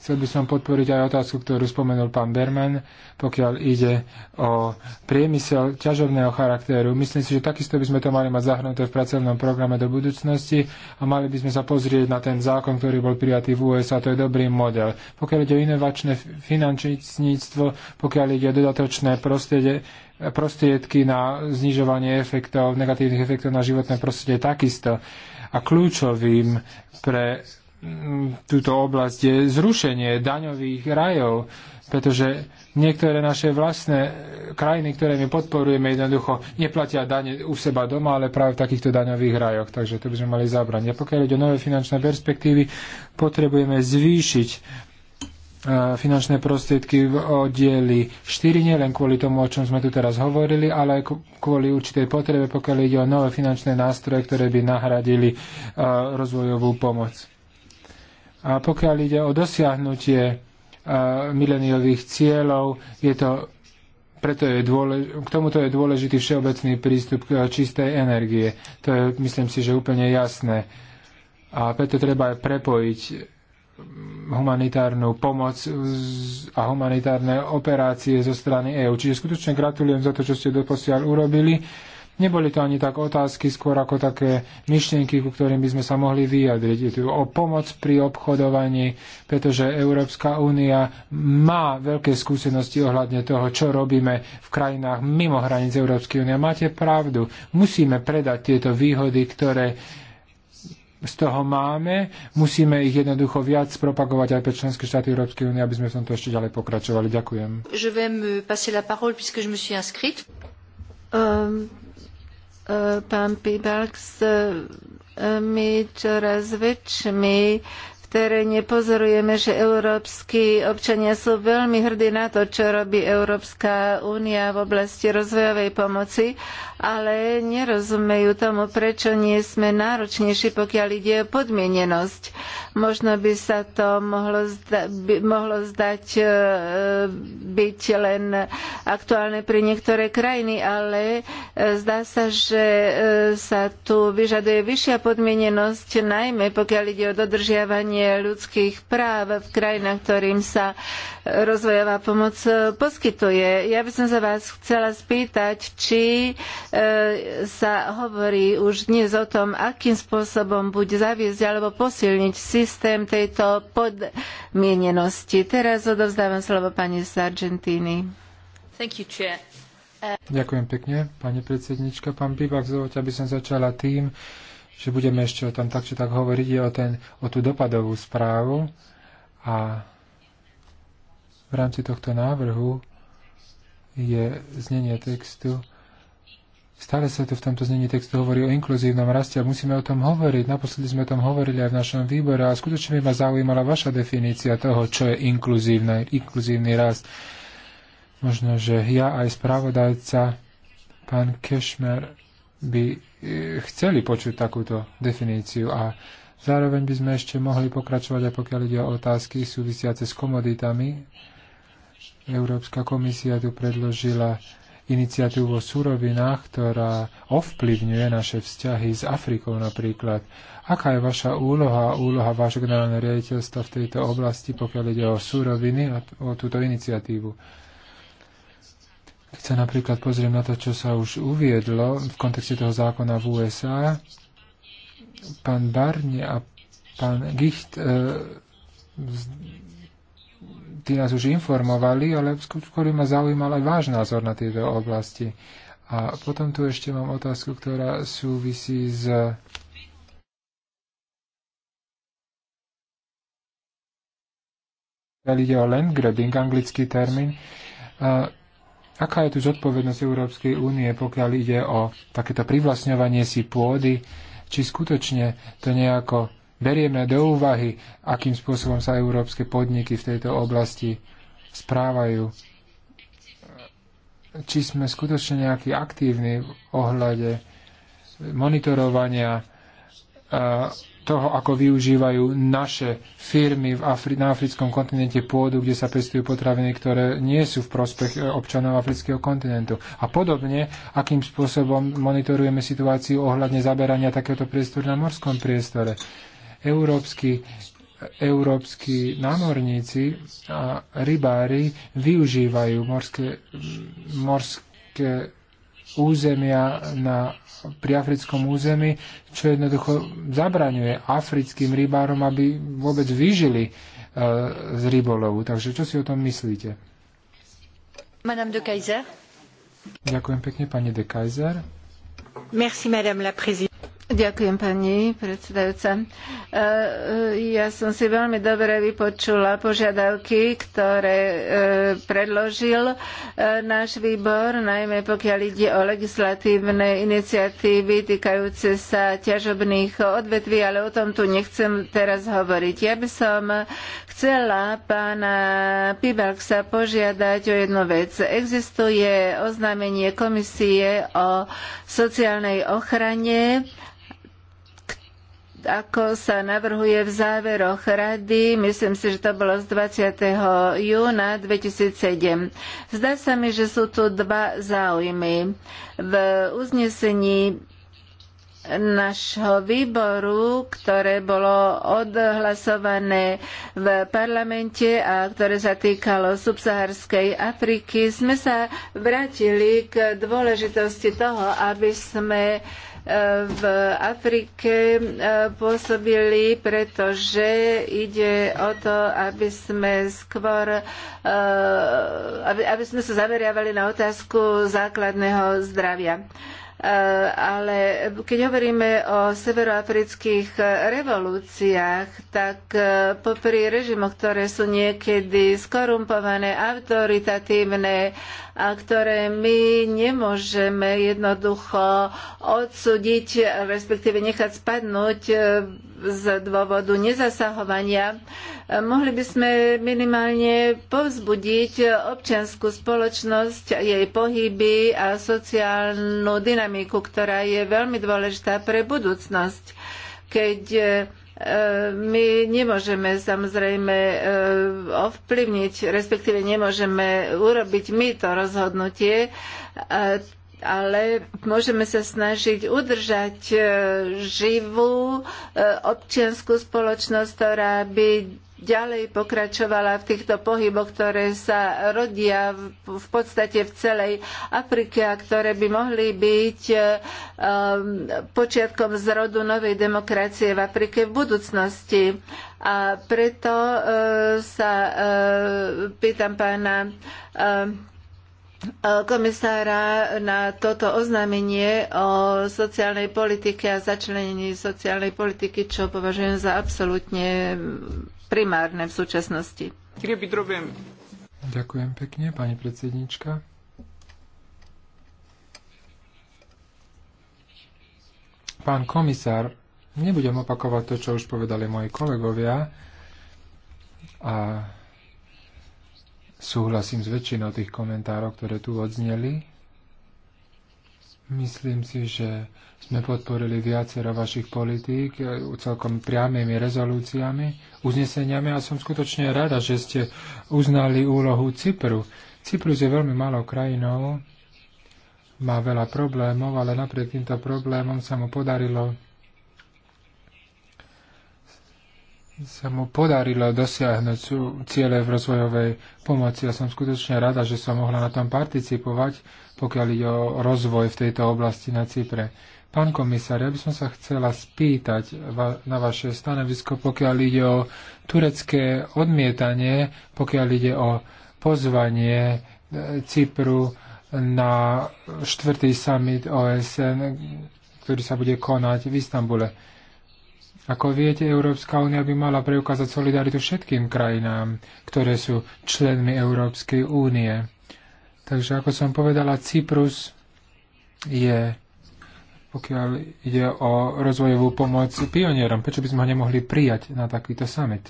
Chcel by som podporiť aj otázku, ktorú spomenul pán Berman, pokiaľ ide o priemysel ťažovného charakteru. Myslím si, že takisto by sme to mali mať zahrnuté v pracovnom programe do budúcnosti a mali by sme sa pozrieť na ten zákon, ktorý bol prijatý v USA. To je dobrý model. Pokiaľ ide o inovačné finančníctvo, pokiaľ ide o dodatočné prostredie, prostriedky na znižovanie efektov, negatívnych efektov na životné prostredie takisto. A kľúčovým pre túto oblasť je zrušenie daňových rajov, pretože niektoré naše vlastné krajiny, ktoré my podporujeme, jednoducho neplatia dane u seba doma, ale práve v takýchto daňových rajoch. Takže to by sme mali zabrať. A pokiaľ ide o nové finančné perspektívy, potrebujeme zvýšiť e, finančné prostriedky v oddieli 4, nielen kvôli tomu, o čom sme tu teraz hovorili, ale aj kvôli určitej potrebe, pokiaľ ide o nové finančné nástroje, ktoré by nahradili e, rozvojovú pomoc. A pokiaľ ide o dosiahnutie e, mileniových cieľov, je to, preto je dôlež, k tomuto je dôležitý všeobecný prístup k čistej energie. To je, myslím si, že úplne jasné. A preto treba aj prepojiť humanitárnu pomoc a humanitárne operácie zo strany EÚ. Čiže skutočne gratulujem za to, čo ste doposiaľ urobili Neboli to ani tak otázky, skôr ako také myšlienky, ku ktorým by sme sa mohli vyjadriť. Je tu o pomoc pri obchodovaní, pretože Európska únia má veľké skúsenosti ohľadne toho, čo robíme v krajinách mimo hranic Európskej únie. Máte pravdu, musíme predať tieto výhody, ktoré z toho máme, musíme ich jednoducho viac propagovať aj pre členské štáty Európskej únie, aby sme v tomto ešte ďalej pokračovali. Ďakujem. Je vais me passer la parole puisque je me suis inscrite. Um, pán Pibalks, my čoraz väčšmi teréne pozorujeme, že európsky občania sú veľmi hrdí na to, čo robí Európska únia v oblasti rozvojovej pomoci, ale nerozumejú tomu, prečo nie sme náročnejší, pokiaľ ide o podmienenosť. Možno by sa to mohlo, zda, by, mohlo zdať e, byť len aktuálne pre niektoré krajiny, ale e, zdá sa, že e, sa tu vyžaduje vyššia podmienenosť, najmä pokiaľ ide o dodržiavanie porušovanie ľudských práv v krajinách, ktorým sa rozvojová pomoc e, poskytuje. Ja by som sa vás chcela spýtať, či e, sa hovorí už dnes o tom, akým spôsobom buď zaviesť alebo posilniť systém tejto podmienenosti. Teraz odovzdávam slovo pani Sargentini. Thank you, Chair. Ďakujem pekne, pani predsednička. Pán Bivak, dovolte, aby som začala tým, že budeme ešte o tom tak, či tak hovoriť, je o, ten, o tú dopadovú správu a v rámci tohto návrhu je znenie textu. Stále sa tu v tomto znení textu hovorí o inkluzívnom raste a musíme o tom hovoriť. Naposledy sme o tom hovorili aj v našom výbore a skutočne by ma zaujímala vaša definícia toho, čo je inkluzívny rast. Možno, že ja aj spravodajca, pán Kešmer, by chceli počuť takúto definíciu a zároveň by sme ešte mohli pokračovať aj pokiaľ ide o otázky súvisiace s komoditami. Európska komisia tu predložila iniciatívu o surovinách, ktorá ovplyvňuje naše vzťahy s Afrikou napríklad. Aká je vaša úloha, úloha vášho generálneho riaditeľstva v tejto oblasti, pokiaľ ide o suroviny a o túto iniciatívu? sa napríklad pozriem na to, čo sa už uviedlo v kontexte toho zákona v USA, pán Barne a pán Gicht e, tí nás už informovali, ale skôr ma zaujímal aj váš názor na tieto oblasti. A potom tu ešte mám otázku, ktorá súvisí s ide o land grabbing, anglický termín. A Aká je tu zodpovednosť Európskej únie, pokiaľ ide o takéto privlastňovanie si pôdy, či skutočne to nejako berieme do úvahy, akým spôsobom sa európske podniky v tejto oblasti správajú. Či sme skutočne nejaký aktívni v ohľade monitorovania toho, ako využívajú naše firmy v Afri- na africkom kontinente pôdu, kde sa pestujú potraviny, ktoré nie sú v prospech e, občanov afrického kontinentu. A podobne, akým spôsobom monitorujeme situáciu ohľadne zaberania takéhoto priestoru na morskom priestore. Európsky európsky námorníci a rybári využívajú morské, morské územia na, pri africkom území, čo jednoducho zabraňuje africkým rybárom, aby vôbec vyžili e, z rybolovu. Takže čo si o tom myslíte? Madame de Kaiser. Ďakujem pekne, pani de Kaiser. Merci, madame la présidente. Ďakujem pani predsedajúca. E, e, ja som si veľmi dobre vypočula požiadavky, ktoré e, predložil náš výbor, najmä pokiaľ ide o legislatívne iniciatívy týkajúce sa ťažobných odvetví, ale o tom tu nechcem teraz hovoriť. Ja by som chcela pána Pibalksa požiadať o jednu vec. Existuje oznámenie komisie o sociálnej ochrane ako sa navrhuje v záveroch rady, myslím si, že to bolo z 20. júna 2007. Zdá sa mi, že sú tu dva záujmy. V uznesení nášho výboru, ktoré bolo odhlasované v parlamente a ktoré sa týkalo subsaharskej Afriky, sme sa vrátili k dôležitosti toho, aby sme v Afrike e, pôsobili, pretože ide o to, aby sme skôr e, aby, aby sme sa zameriavali na otázku základného zdravia ale keď hovoríme o severoafrických revolúciách, tak e, popri režimoch, ktoré sú niekedy skorumpované, autoritatívne a ktoré my nemôžeme jednoducho odsúdiť, respektíve nechať spadnúť e, z dôvodu nezasahovania, mohli by sme minimálne povzbudiť občianskú spoločnosť, jej pohyby a sociálnu dynamiku, ktorá je veľmi dôležitá pre budúcnosť. Keď e, my nemôžeme samozrejme e, ovplyvniť, respektíve nemôžeme urobiť my to rozhodnutie, ale môžeme sa snažiť udržať e, živú e, občianskú spoločnosť, ktorá by ďalej pokračovala v týchto pohyboch, ktoré sa rodia v podstate v celej Afrike a ktoré by mohli byť e, počiatkom zrodu novej demokracie v Afrike v budúcnosti. A preto sa pýtam pána E, komisára na toto oznámenie o sociálnej politike a začlenení sociálnej politiky, čo považujem za absolútne primárne v súčasnosti. Ďakujem pekne, pani predsednička. Pán komisár, nebudem opakovať to, čo už povedali moji kolegovia a súhlasím s väčšinou tých komentárov, ktoré tu odzneli. Myslím si, že sme podporili viacero vašich politík e, celkom priamými rezolúciami, uzneseniami a som skutočne rada, že ste uznali úlohu Cypru. Cyprus je veľmi malou krajinou, má veľa problémov, ale napriek týmto problémom sa mu podarilo sa mu podarilo dosiahnuť ciele v rozvojovej pomoci. Ja som skutočne rada, že som mohla na tom participovať, pokiaľ ide o rozvoj v tejto oblasti na Cypre. Pán komisár, ja by som sa chcela spýtať na vaše stanovisko, pokiaľ ide o turecké odmietanie, pokiaľ ide o pozvanie e, Cypru na štvrtý summit OSN, ktorý sa bude konať v Istambule. Ako viete, Európska únia by mala preukázať solidaritu všetkým krajinám, ktoré sú členmi Európskej únie. Takže ako som povedala, Cyprus je, pokiaľ ide o rozvojovú pomoc pionierom, prečo by sme ho nemohli prijať na takýto summit?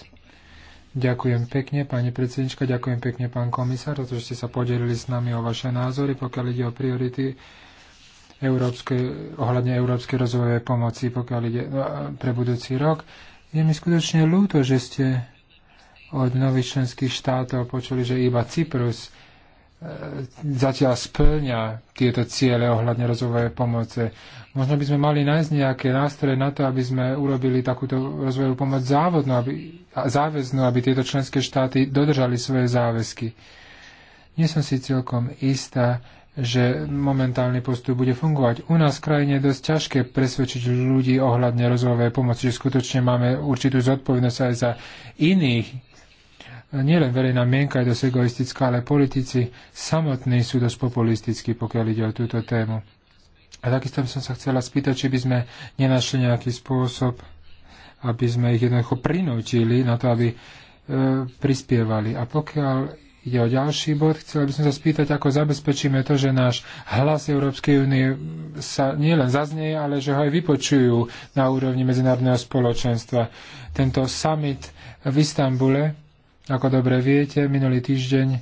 Ďakujem pekne, pani predsednička, ďakujem pekne, pán komisár, za to, že ste sa podelili s nami o vaše názory, pokiaľ ide o priority európskej, ohľadne európskej rozvojovej pomoci, pokiaľ ide no, pre budúci rok. Je mi skutočne ľúto, že ste od nových členských štátov počuli, že iba Cyprus e, zatiaľ splňa tieto ciele ohľadne rozvojovej pomoce. Možno by sme mali nájsť nejaké nástroje na to, aby sme urobili takúto rozvojovú pomoc závodnú, aby, záväznú, aby tieto členské štáty dodržali svoje záväzky. Nie som si celkom istá, že momentálny postup bude fungovať. U nás v krajine je dosť ťažké presvedčiť ľudí ohľadne rozvojovej pomoci, že skutočne máme určitú zodpovednosť aj za iných. Nielen verejná mienka je dosť egoistická, ale politici samotní sú dosť populistickí, pokiaľ ide o túto tému. A takisto som sa chcela spýtať, či by sme nenašli nejaký spôsob, aby sme ich jednoducho prinútili na to, aby e, prispievali. A pokiaľ Ide o ďalší bod. chcela by som sa spýtať, ako zabezpečíme to, že náš hlas Európskej únie sa nielen zaznie, ale že ho aj vypočujú na úrovni medzinárodného spoločenstva. Tento summit v Istambule, ako dobre viete, minulý týždeň eh,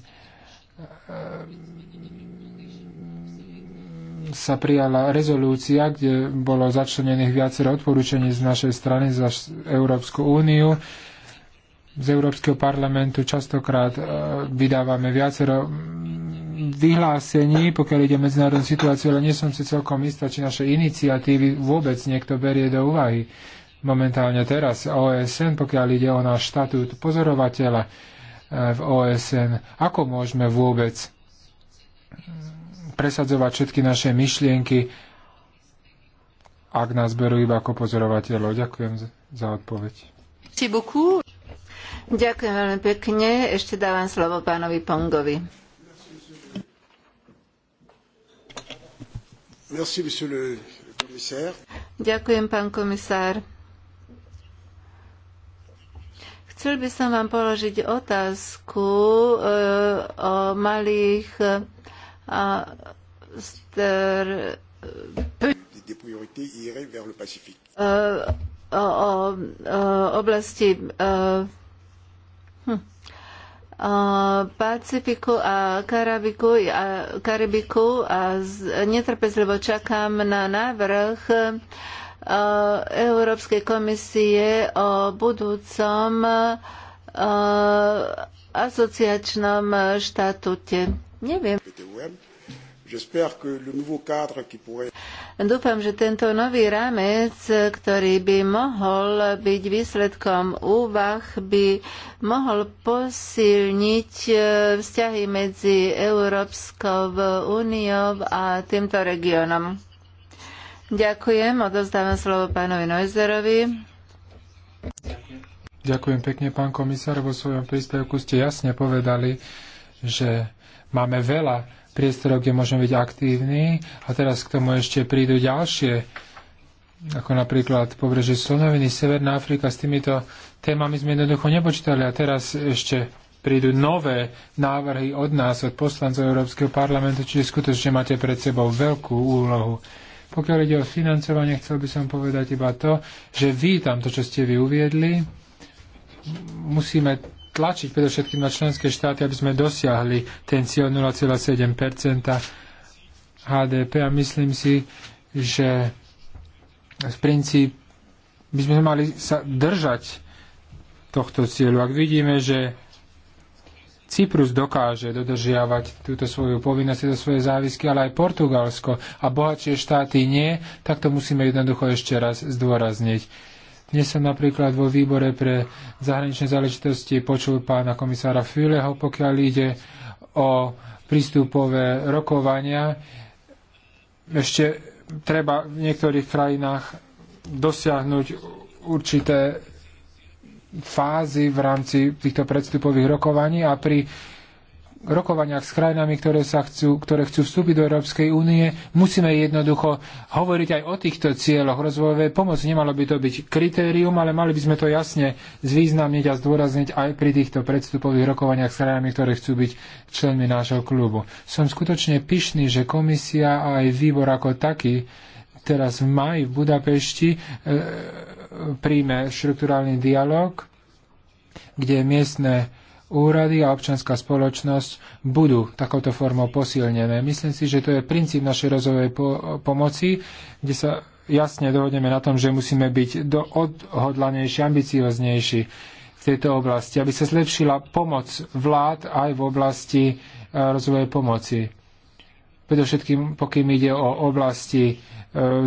sa prijala rezolúcia, kde bolo začlenených viacero odporúčení z našej strany za Európsku úniu z Európskeho parlamentu častokrát e, vydávame viacero vyhlásení, pokiaľ ide o medzinárodnú situáciu, ale nie som si celkom istá, či naše iniciatívy vôbec niekto berie do úvahy. Momentálne teraz OSN, pokiaľ ide o náš štatút pozorovateľa e, v OSN, ako môžeme vôbec presadzovať všetky naše myšlienky, ak nás berú iba ako pozorovateľov. Ďakujem za odpoveď. Merci beaucoup. Ďakujem veľmi pekne. Ešte dávam slovo pánovi Pongovi. Merci, le Ďakujem, pán komisár. Chcel by som vám položiť otázku eh, o malých eh, a str... des priorités eh, o, o, o oblasti Hm. Pacifiku a Karabiku a, Karibiku a z, netrpezlivo čakám na návrh e, Európskej komisie o budúcom e, asociačnom štatute. Neviem. Dúfam, že tento nový rámec, ktorý by mohol byť výsledkom úvah, by mohol posilniť e, vzťahy medzi Európskou úniou a týmto regiónom. Ďakujem, odozdávam slovo pánovi Neuserovi. Ďakujem pekne, pán komisár, vo svojom príspevku ste jasne povedali, že máme veľa priestorov, kde môžeme byť aktívni. A teraz k tomu ešte prídu ďalšie, ako napríklad pobrežie Slonoviny, Severná Afrika. S týmito témami sme jednoducho nepočítali. A teraz ešte prídu nové návrhy od nás, od poslancov Európskeho parlamentu, čiže skutočne máte pred sebou veľkú úlohu. Pokiaľ ide o financovanie, chcel by som povedať iba to, že vítam to, čo ste vy uviedli. Musíme tlačiť predovšetkým na členské štáty, aby sme dosiahli ten cieľ 0,7 HDP a myslím si, že v princíp by sme mali sa držať tohto cieľu. Ak vidíme, že Cyprus dokáže dodržiavať túto svoju povinnosť, tieto svoje závisky, ale aj Portugalsko a bohatšie štáty nie, tak to musíme jednoducho ešte raz zdôrazniť dnes som napríklad vo výbore pre zahraničné záležitosti počul pána komisára Füleho, pokiaľ ide o prístupové rokovania. Ešte treba v niektorých krajinách dosiahnuť určité fázy v rámci týchto predstupových rokovaní a pri rokovaniach s krajinami, ktoré, sa chcú, ktoré chcú vstúpiť do Európskej únie, musíme jednoducho hovoriť aj o týchto cieľoch rozvojovej pomoci. Nemalo by to byť kritérium, ale mali by sme to jasne zvýznamniť a zdôrazniť aj pri týchto predstupových rokovaniach s krajinami, ktoré chcú byť členmi nášho klubu. Som skutočne pyšný, že komisia a aj výbor ako taký teraz v maji v Budapešti e, príjme štruktúrálny dialog, kde miestne úrady a občianská spoločnosť budú takouto formou posilnené. Myslím si, že to je princíp našej rozvojovej po- pomoci, kde sa jasne dohodneme na tom, že musíme byť do- odhodlanejší, ambicioznejší v tejto oblasti, aby sa zlepšila pomoc vlád aj v oblasti eh, rozvojovej pomoci predovšetkým pokým ide o oblasti e,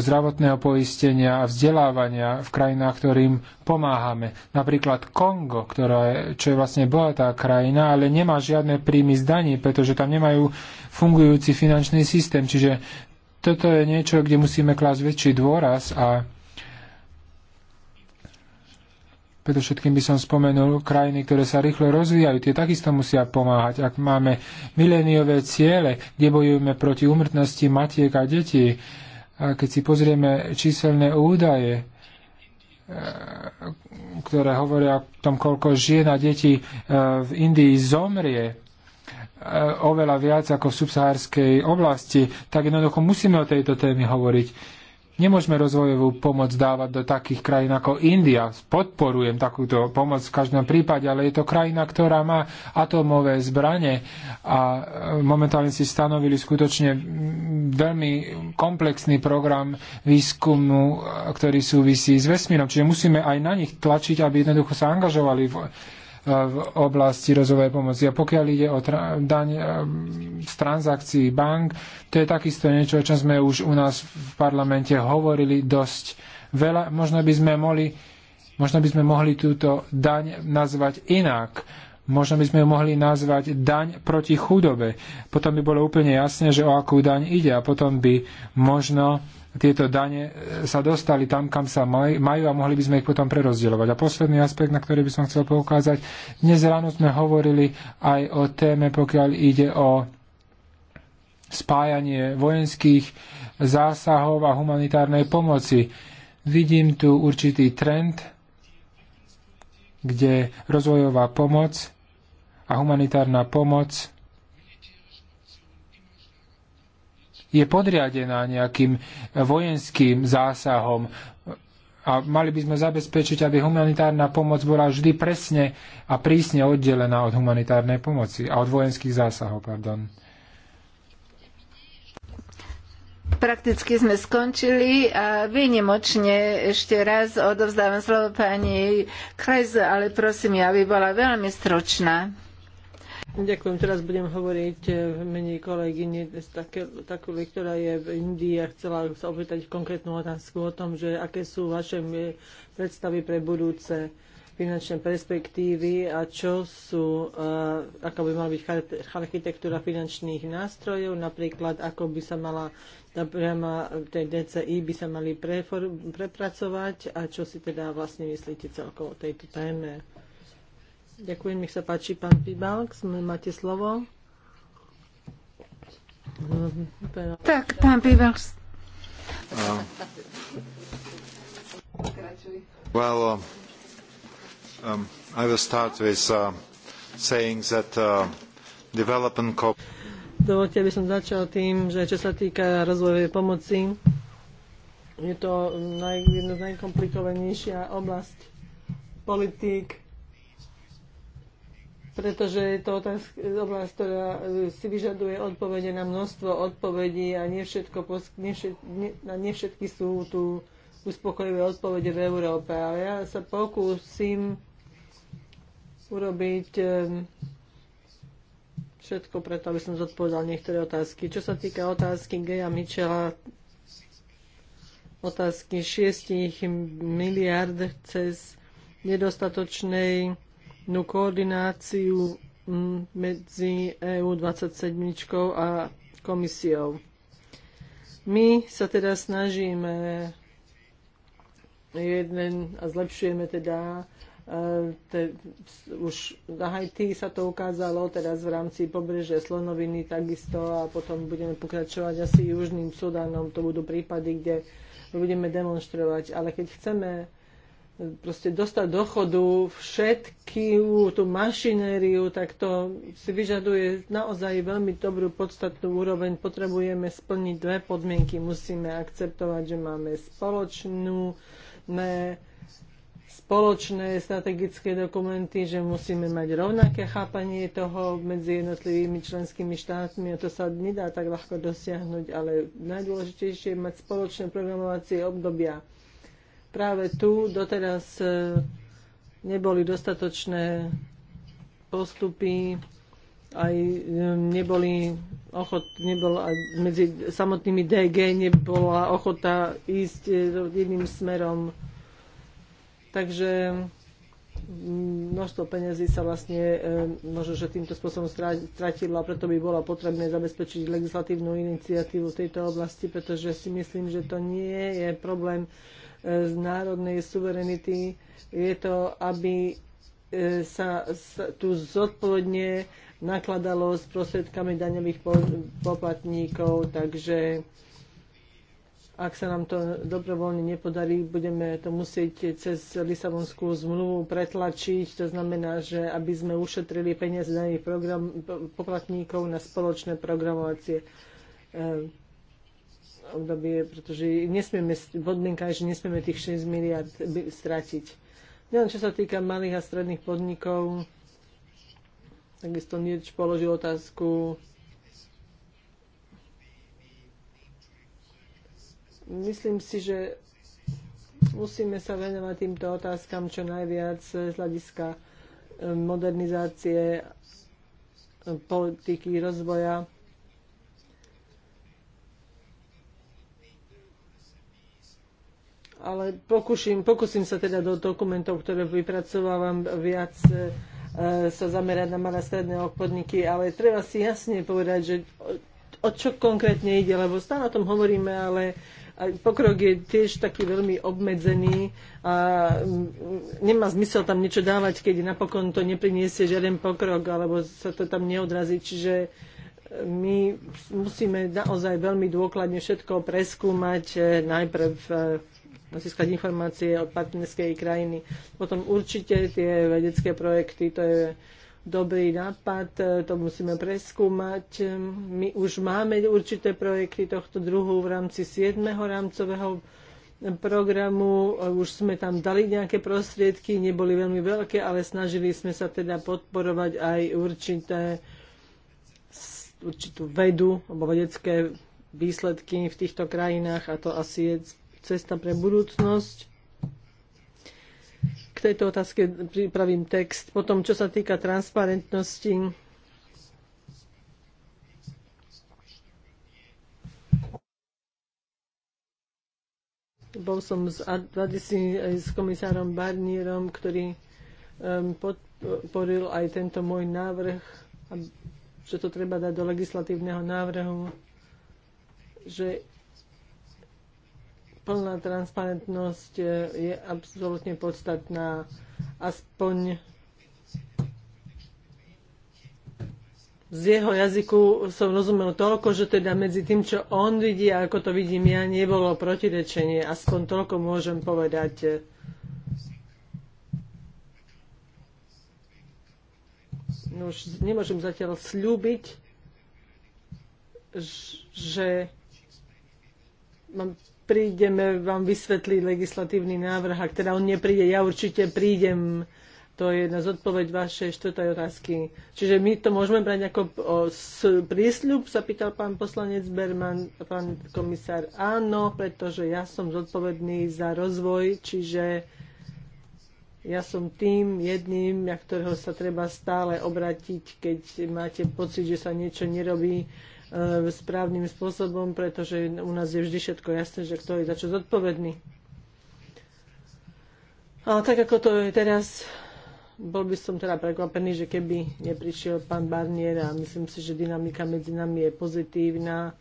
zdravotného poistenia a vzdelávania v krajinách, ktorým pomáhame. Napríklad Kongo, ktorá je, čo je vlastne bohatá krajina, ale nemá žiadne príjmy z daní, pretože tam nemajú fungujúci finančný systém. Čiže toto je niečo, kde musíme klásť väčší dôraz a Preto všetkým by som spomenul krajiny, ktoré sa rýchlo rozvíjajú. Tie takisto musia pomáhať. Ak máme miléniové ciele, kde bojujeme proti umrtnosti matiek a detí, a keď si pozrieme číselné údaje, e, ktoré hovoria o tom, koľko žien a detí e, v Indii zomrie e, oveľa viac ako v subsahárskej oblasti, tak jednoducho musíme o tejto téme hovoriť. Nemôžeme rozvojovú pomoc dávať do takých krajín ako India. Podporujem takúto pomoc v každom prípade, ale je to krajina, ktorá má atómové zbranie a e, momentálne si stanovili skutočne veľmi komplexný program výskumu, e, ktorý súvisí s vesmírom. Čiže musíme aj na nich tlačiť, aby jednoducho sa angažovali v v oblasti rozvojovej pomoci. A pokiaľ ide o tra- daň e, z transakcií bank, to je takisto niečo, o čom sme už u nás v parlamente hovorili dosť veľa. Možno by sme mohli, možno by sme mohli túto daň nazvať inak Možno by sme ju mohli nazvať daň proti chudobe. Potom by bolo úplne jasné, že o akú daň ide a potom by možno tieto dane e, sa dostali tam, kam sa majú a mohli by sme ich potom prerozdielovať. A posledný aspekt, na ktorý by som chcel poukázať, dnes ráno sme hovorili aj o téme, pokiaľ ide o spájanie vojenských zásahov a humanitárnej pomoci. Vidím tu určitý trend, kde rozvojová pomoc a humanitárna pomoc je podriadená nejakým vojenským zásahom a mali by sme zabezpečiť, aby humanitárna pomoc bola vždy presne a prísne oddelená od humanitárnej pomoci a od vojenských zásahov. Pardon. Prakticky sme skončili a výnimočne ešte raz odovzdávam slovo pani Krajze, ale prosím, aby bola veľmi stručná. Ďakujem. Teraz budem hovoriť e, v mene kolegyne Takulej, ktorá je v Indii a chcela sa opýtať konkrétnu otázku o tom, že aké sú vaše e, predstavy pre budúce finančné perspektívy a čo sú, e, ako by mala byť architektúra finančných nástrojov, napríklad ako by sa mala tá priama tej DCI by sa mali prepracovať a čo si teda vlastne myslíte celkovo o tejto téme. Ďakujem, nech sa páči, pán Pibalk, máte slovo. Tak, pán Pibalk. Uh, well, um, um, I will start with uh, saying that uh, development co- Dovolte, aby som začal tým, že čo sa týka rozvojovej pomoci, je to um, naj, jedna z najkomplikovanejšia oblasť politík pretože je to otázka, oblasť, ktorá e, si vyžaduje odpovede na množstvo odpovedí a nie, všetko, nie, všetky, nie, nie všetky sú tu uspokojivé odpovede v Európe. Ale ja sa pokúsim urobiť e, všetko preto, aby som zodpovedal niektoré otázky. Čo sa týka otázky Geja Michela, otázky 6 miliard cez nedostatočnej No, koordináciu medzi EU27 a komisiou. My sa teda snažíme jeden a zlepšujeme teda e, te, už na Haiti sa to ukázalo teraz v rámci pobreže Slonoviny takisto a potom budeme pokračovať asi Južným Sudanom. To budú prípady, kde budeme demonstrovať. Ale keď chceme proste dostať do chodu všetky tú mašinériu, tak to si vyžaduje naozaj veľmi dobrú podstatnú úroveň. Potrebujeme splniť dve podmienky. Musíme akceptovať, že máme spoločnú, ne, spoločné strategické dokumenty, že musíme mať rovnaké chápanie toho medzi jednotlivými členskými štátmi a to sa nedá tak ľahko dosiahnuť, ale najdôležitejšie je mať spoločné programovacie obdobia práve tu doteraz e, neboli dostatočné postupy, aj e, neboli ochot, nebola medzi samotnými DG nebola ochota ísť e, jedným smerom. Takže mm, množstvo peňazí sa vlastne možno, že týmto spôsobom stratilo a preto by bolo potrebné zabezpečiť legislatívnu iniciatívu v tejto oblasti, pretože si myslím, že to nie je problém z národnej suverenity. Je to, aby e, sa tu zodpovedne nakladalo s prostriedkami daňových poplatníkov, takže ak sa nám to dobrovoľne nepodarí, budeme to musieť cez Lisabonskú zmluvu pretlačiť. To znamená, že aby sme ušetrili peniaze daných poplatníkov na spoločné programovacie e, obdobie, pretože nesmieme, podmienka je, že nesmieme tých 6 miliard stratiť. Nielen čo sa týka malých a stredných podnikov, takisto Nirč položil otázku, myslím si, že musíme sa venovať týmto otázkam čo najviac z hľadiska eh, modernizácie eh, politiky rozvoja. ale pokúšim, pokúsim sa teda do dokumentov, ktoré vypracovávam viac e, sa zamerať na malé stredné obchodníky, ale treba si jasne povedať, že o, o čo konkrétne ide, lebo stále o tom hovoríme, ale pokrok je tiež taký veľmi obmedzený a mm, nemá zmysel tam niečo dávať, keď napokon to nepriniesie žiaden pokrok alebo sa to tam neodrazí. Čiže e, my musíme naozaj veľmi dôkladne všetko preskúmať e, najprv získať informácie od partnerskej krajiny. Potom určite tie vedecké projekty, to je dobrý nápad, to musíme preskúmať. My už máme určité projekty tohto druhu v rámci 7. rámcového programu, už sme tam dali nejaké prostriedky, neboli veľmi veľké, ale snažili sme sa teda podporovať aj určité, určitú vedu alebo vedecké výsledky v týchto krajinách a to asi je cesta pre budúcnosť. K tejto otázke pripravím text. Potom, čo sa týka transparentnosti, bol som s, s komisárom Barnierom, ktorý um, podporil aj tento môj návrh, že to treba dať do legislatívneho návrhu, že plná transparentnosť e, je absolútne podstatná. Aspoň z jeho jazyku som rozumel toľko, že teda medzi tým, čo on vidí a ako to vidím ja, nebolo protirečenie. Aspoň toľko môžem povedať. No Už nemôžem zatiaľ slúbiť, že mám prídeme vám vysvetliť legislatívny návrh. Ak teda on nepríde, ja určite prídem. To je jedna z odpoveď vašej štvrtej otázky. Čiže my to môžeme brať ako o, s, prísľub, sa pýtal pán poslanec Berman, pán komisár. Áno, pretože ja som zodpovedný za rozvoj, čiže ja som tým jedným, na ktorého sa treba stále obratiť, keď máte pocit, že sa niečo nerobí E, správnym spôsobom, pretože u nás je vždy všetko jasné, že kto je za čo zodpovedný. Ale tak ako to je teraz, bol by som teda prekvapený, že keby neprišiel pán Barnier a myslím si, že dynamika medzi nami je pozitívna.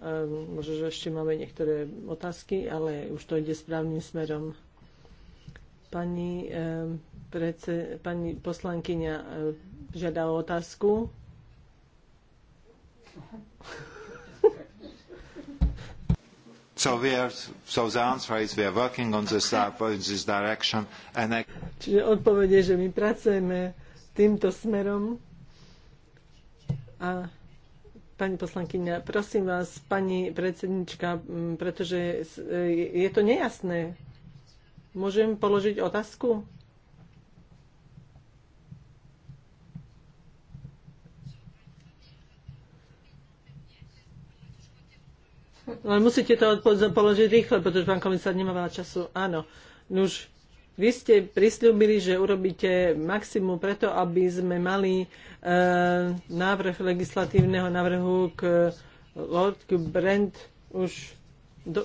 E, možno, že ešte máme niektoré otázky, ale už to ide správnym smerom. Pani, e, prece, pani poslankyňa žiada o otázku. [laughs] So we are, so the answer is we are working on this, in this direction and I... Čiže odpovede, že my pracujeme týmto smerom a Pani poslankyňa, prosím vás, pani predsednička, pretože e, je to nejasné. Môžem položiť otázku? Len musíte to položiť rýchle, pretože pán komisár nemá veľa času. Áno. Nuž, vy ste prislúbili, že urobíte maximum preto, aby sme mali e, návrh legislatívneho návrhu k Lord k Brand už do,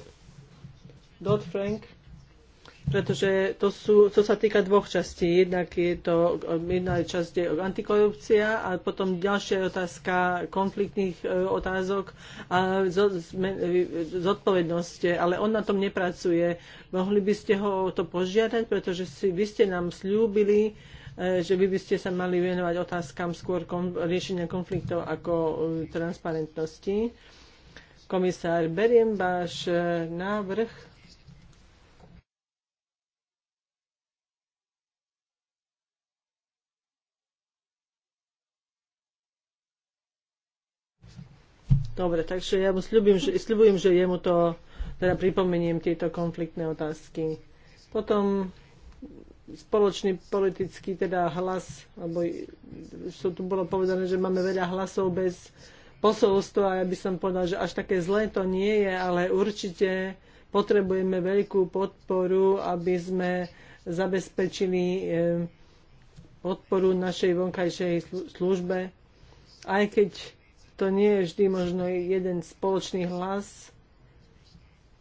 Dodd-Frank pretože to, sú, to sa týka dvoch častí. Jednak je to jedna časť je antikorupcia a potom ďalšia otázka konfliktných e, otázok a e, zodpovednosť, ale on na tom nepracuje. Mohli by ste ho to požiadať, pretože si, vy ste nám slúbili, e, že vy by ste sa mali venovať otázkam skôr kom, riešenia konfliktov ako transparentnosti. Komisár, beriem váš návrh Dobre, takže ja mu sľubujem, že, sľubujem, že jemu to, teda pripomeniem tieto konfliktné otázky. Potom spoločný politický teda hlas, alebo sú tu bolo povedané, že máme veľa hlasov bez posolstva, ja by som povedal, že až také zlé to nie je, ale určite potrebujeme veľkú podporu, aby sme zabezpečili podporu našej vonkajšej službe, aj keď to nie je vždy možno jeden spoločný hlas,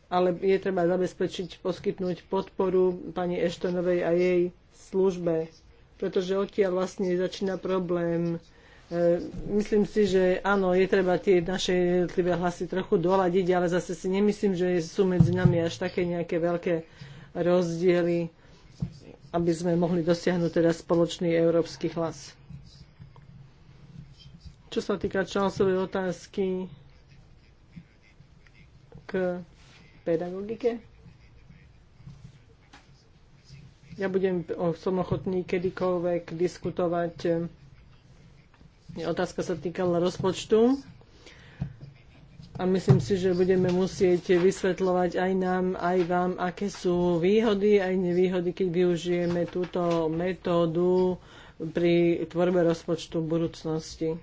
ale je treba zabezpečiť, poskytnúť podporu pani Eštonovej a jej službe, pretože odtiaľ vlastne začína problém. E, myslím si, že áno, je treba tie naše jednotlivé hlasy trochu doladiť, ale zase si nemyslím, že sú medzi nami až také nejaké veľké rozdiely, aby sme mohli dosiahnuť teda spoločný európsky hlas. Čo sa týka časovej otázky k pedagogike, ja budem, som ochotný kedykoľvek diskutovať. Otázka sa týkala rozpočtu a myslím si, že budeme musieť vysvetľovať aj nám, aj vám, aké sú výhody aj nevýhody, keď využijeme túto metódu pri tvorbe rozpočtu v budúcnosti.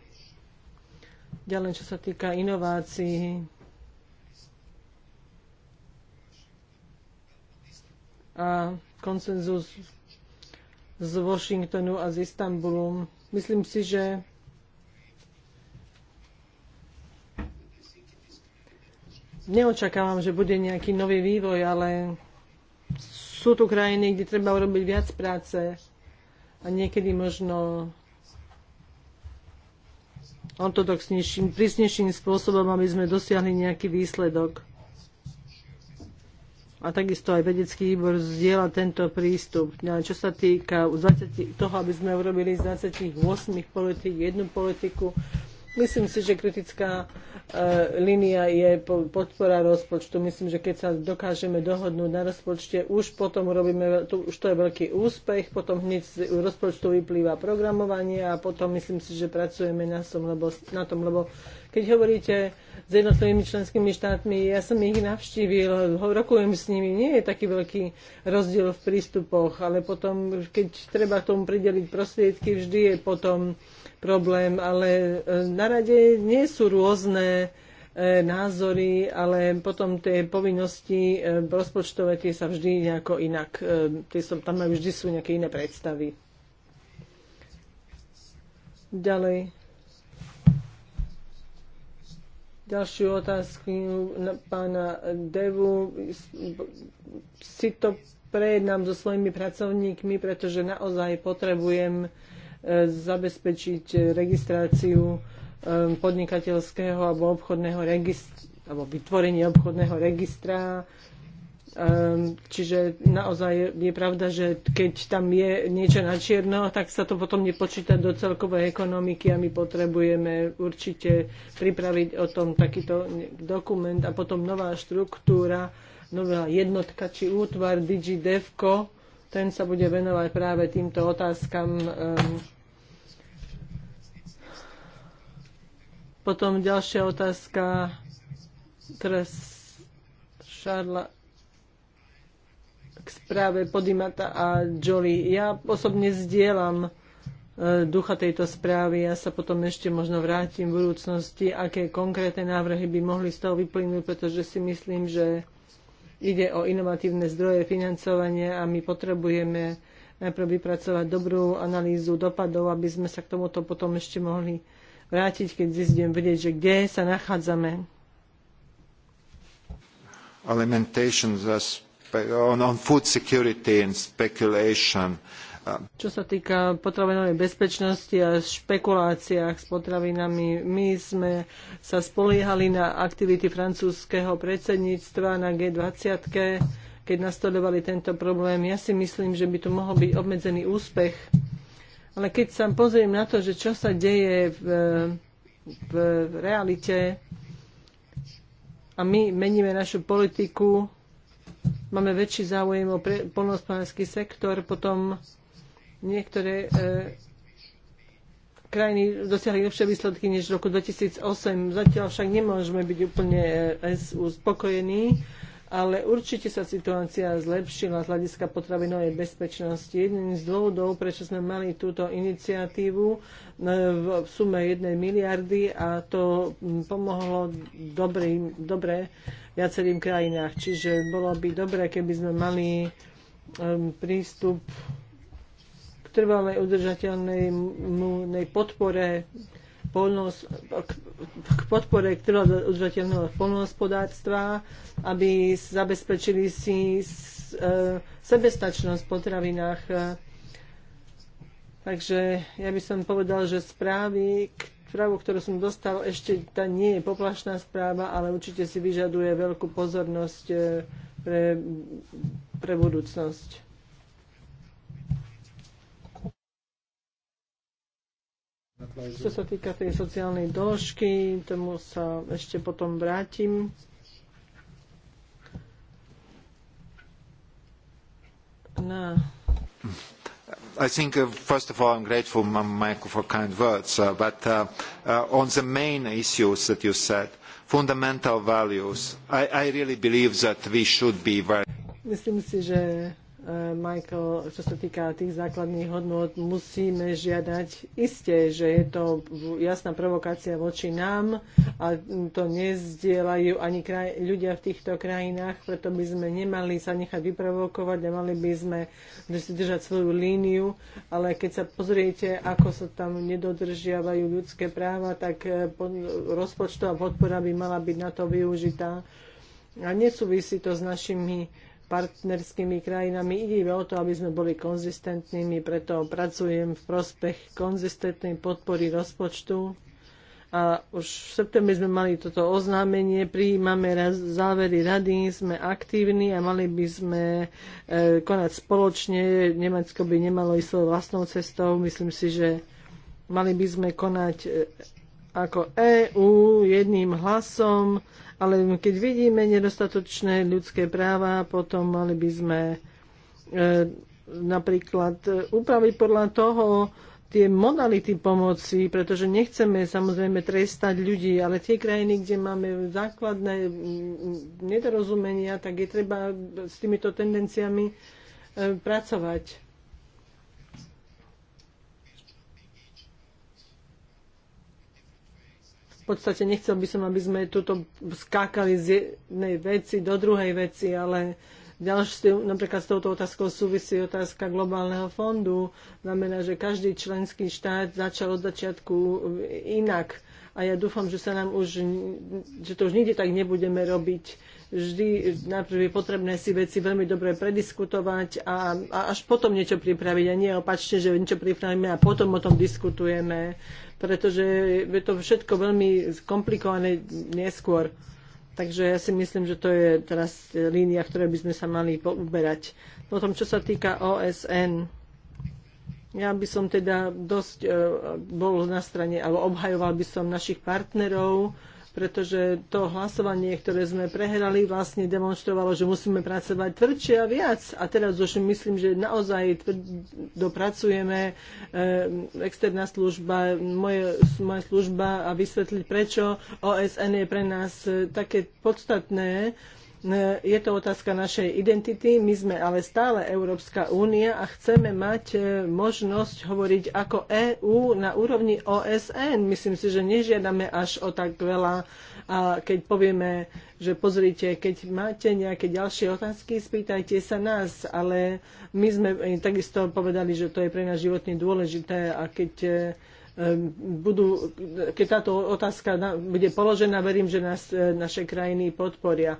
Ďalej, čo sa týka inovácií, a konsenzus z Washingtonu a z Istanbulu. Myslím si, že neočakávam, že bude nejaký nový vývoj, ale sú tu krajiny, kde treba urobiť viac práce a niekedy možno ortodoxnejším, prísnejším spôsobom, aby sme dosiahli nejaký výsledok. A takisto aj vedecký výbor zdieľa tento prístup. No a čo sa týka 20, toho, aby sme urobili z 28 politik jednu politiku, Myslím si, že kritická e, línia je podpora rozpočtu. Myslím, že keď sa dokážeme dohodnúť na rozpočte, už potom robíme, to, už to je veľký úspech, potom hneď z rozpočtu vyplýva programovanie a potom myslím si, že pracujeme na tom, lebo, na tom, lebo keď hovoríte s jednotlivými členskými štátmi, ja som ich navštívil, rokujem s nimi, nie je taký veľký rozdiel v prístupoch, ale potom, keď treba tomu prideliť prostriedky, vždy je potom problém, ale e, na rade nie sú rôzne e, názory, ale potom tie povinnosti e, rozpočtové tie sa vždy nejako inak, tie som, tam majú vždy sú nejaké iné predstavy. Ďalej. Ďalšiu otázku na pána Devu. Si to prejednám so svojimi pracovníkmi, pretože naozaj potrebujem zabezpečiť registráciu um, podnikateľského alebo obchodného registra alebo vytvorenie obchodného registra. Um, čiže naozaj je pravda, že keď tam je niečo na čierno, tak sa to potom nepočíta do celkovej ekonomiky a my potrebujeme určite pripraviť o tom takýto dokument a potom nová štruktúra, nová jednotka či útvar DigiDevco, ten sa bude venovať práve týmto otázkam. Ehm, potom ďalšia otázka, teraz Šarla k správe Podimata a Jolie. Ja osobne zdieľam e, ducha tejto správy. Ja sa potom ešte možno vrátim v budúcnosti, aké konkrétne návrhy by mohli z toho vyplynúť, pretože si myslím, že ide o inovatívne zdroje financovania a my potrebujeme najprv vypracovať dobrú analýzu dopadov, aby sme sa k tomuto potom ešte mohli vrátiť, keď zistím vedieť, že kde sa nachádzame. Alimentation on, on food security and speculation. Čo sa týka potravinovej bezpečnosti a špekuláciách s potravinami, my sme sa spoliehali na aktivity francúzského predsedníctva na G20, keď nastolovali tento problém. Ja si myslím, že by to mohol byť obmedzený úspech. Ale keď sa pozriem na to, že čo sa deje v, v realite a my meníme našu politiku, máme väčší záujem o polnohospodársky sektor, potom Niektoré e, krajiny dosiahli lepšie výsledky než v roku 2008. Zatiaľ však nemôžeme byť úplne e, uspokojení, ale určite sa situácia zlepšila z hľadiska potravinovej bezpečnosti. Jedným z dôvodov, prečo sme mali túto iniciatívu e, v sume 1 miliardy a to pomohlo dobrým, dobre viacerým krajinách. Čiže bolo by dobre, keby sme mali prístup trvalej udržateľnej podpore polnos, k podpore trvalo udržateľného polnohospodárstva, aby zabezpečili si e, sebestačnosť v potravinách. Takže ja by som povedal, že správy, správu, ktorú som dostal, ešte tá nie je poplašná správa, ale určite si vyžaduje veľkú pozornosť e, pre, pre budúcnosť. Čo sa týka tej sociálnej dĺžky, tomu sa ešte potom vrátim. Na I think, uh, first of all, I'm grateful, Michael, for kind words. Uh, but uh, uh, on the main issues that you said, fundamental values, I, I really believe that we should be very... Myslím si, že Michael, čo sa týka tých základných hodnot, musíme žiadať isté, že je to jasná provokácia voči nám a to nezdielajú ani kraj, ľudia v týchto krajinách, preto by sme nemali sa nechať vyprovokovať a mali by sme držať svoju líniu, ale keď sa pozriete, ako sa tam nedodržiavajú ľudské práva, tak eh, rozpočtová podpora by mala byť na to využitá. A nesúvisí to s našimi partnerskými krajinami. Ide o to, aby sme boli konzistentnými, preto pracujem v prospech konzistentnej podpory rozpočtu. A už v septembri sme mali toto oznámenie, prijímame raz, závery rady, sme aktívni a mali by sme e, konať spoločne. Nemecko by nemalo ísť svojou vlastnou cestou. Myslím si, že mali by sme konať e, ako EÚ jedným hlasom ale keď vidíme nedostatočné ľudské práva, potom mali by sme e, napríklad e, upraviť podľa toho tie modality pomoci, pretože nechceme samozrejme trestať ľudí, ale tie krajiny, kde máme základné nedorozumenia, tak je treba s týmito tendenciami e, pracovať. podstate nechcel by som, aby sme tuto skákali z jednej veci do druhej veci, ale ďalšie, napríklad s touto otázkou súvisí otázka globálneho fondu. Znamená, že každý členský štát začal od začiatku inak a ja dúfam, že sa nám už, že to už nikdy tak nebudeme robiť. Vždy najprv je potrebné si veci veľmi dobre prediskutovať a, a až potom niečo pripraviť a nie opačne, že niečo pripravíme a potom o tom diskutujeme pretože je to všetko veľmi komplikované neskôr. Takže ja si myslím, že to je teraz línia, ktoré by sme sa mali pouberať. Potom, čo sa týka OSN, ja by som teda dosť e, bol na strane, alebo obhajoval by som našich partnerov, pretože to hlasovanie, ktoré sme prehrali, vlastne demonstrovalo, že musíme pracovať tvrdšie a viac. A teraz už myslím, že naozaj dopracujeme. Ehm, externá služba, moje, moja služba a vysvetliť, prečo OSN je pre nás e, také podstatné, je to otázka našej identity, my sme ale stále Európska únia a chceme mať e, možnosť hovoriť ako EÚ na úrovni OSN. Myslím si, že nežiadame až o tak veľa. A keď povieme, že pozrite, keď máte nejaké ďalšie otázky, spýtajte sa nás, ale my sme takisto povedali, že to je pre nás životne dôležité a keď e, e, budú, keď táto otázka bude položená, verím, že nás naše krajiny podporia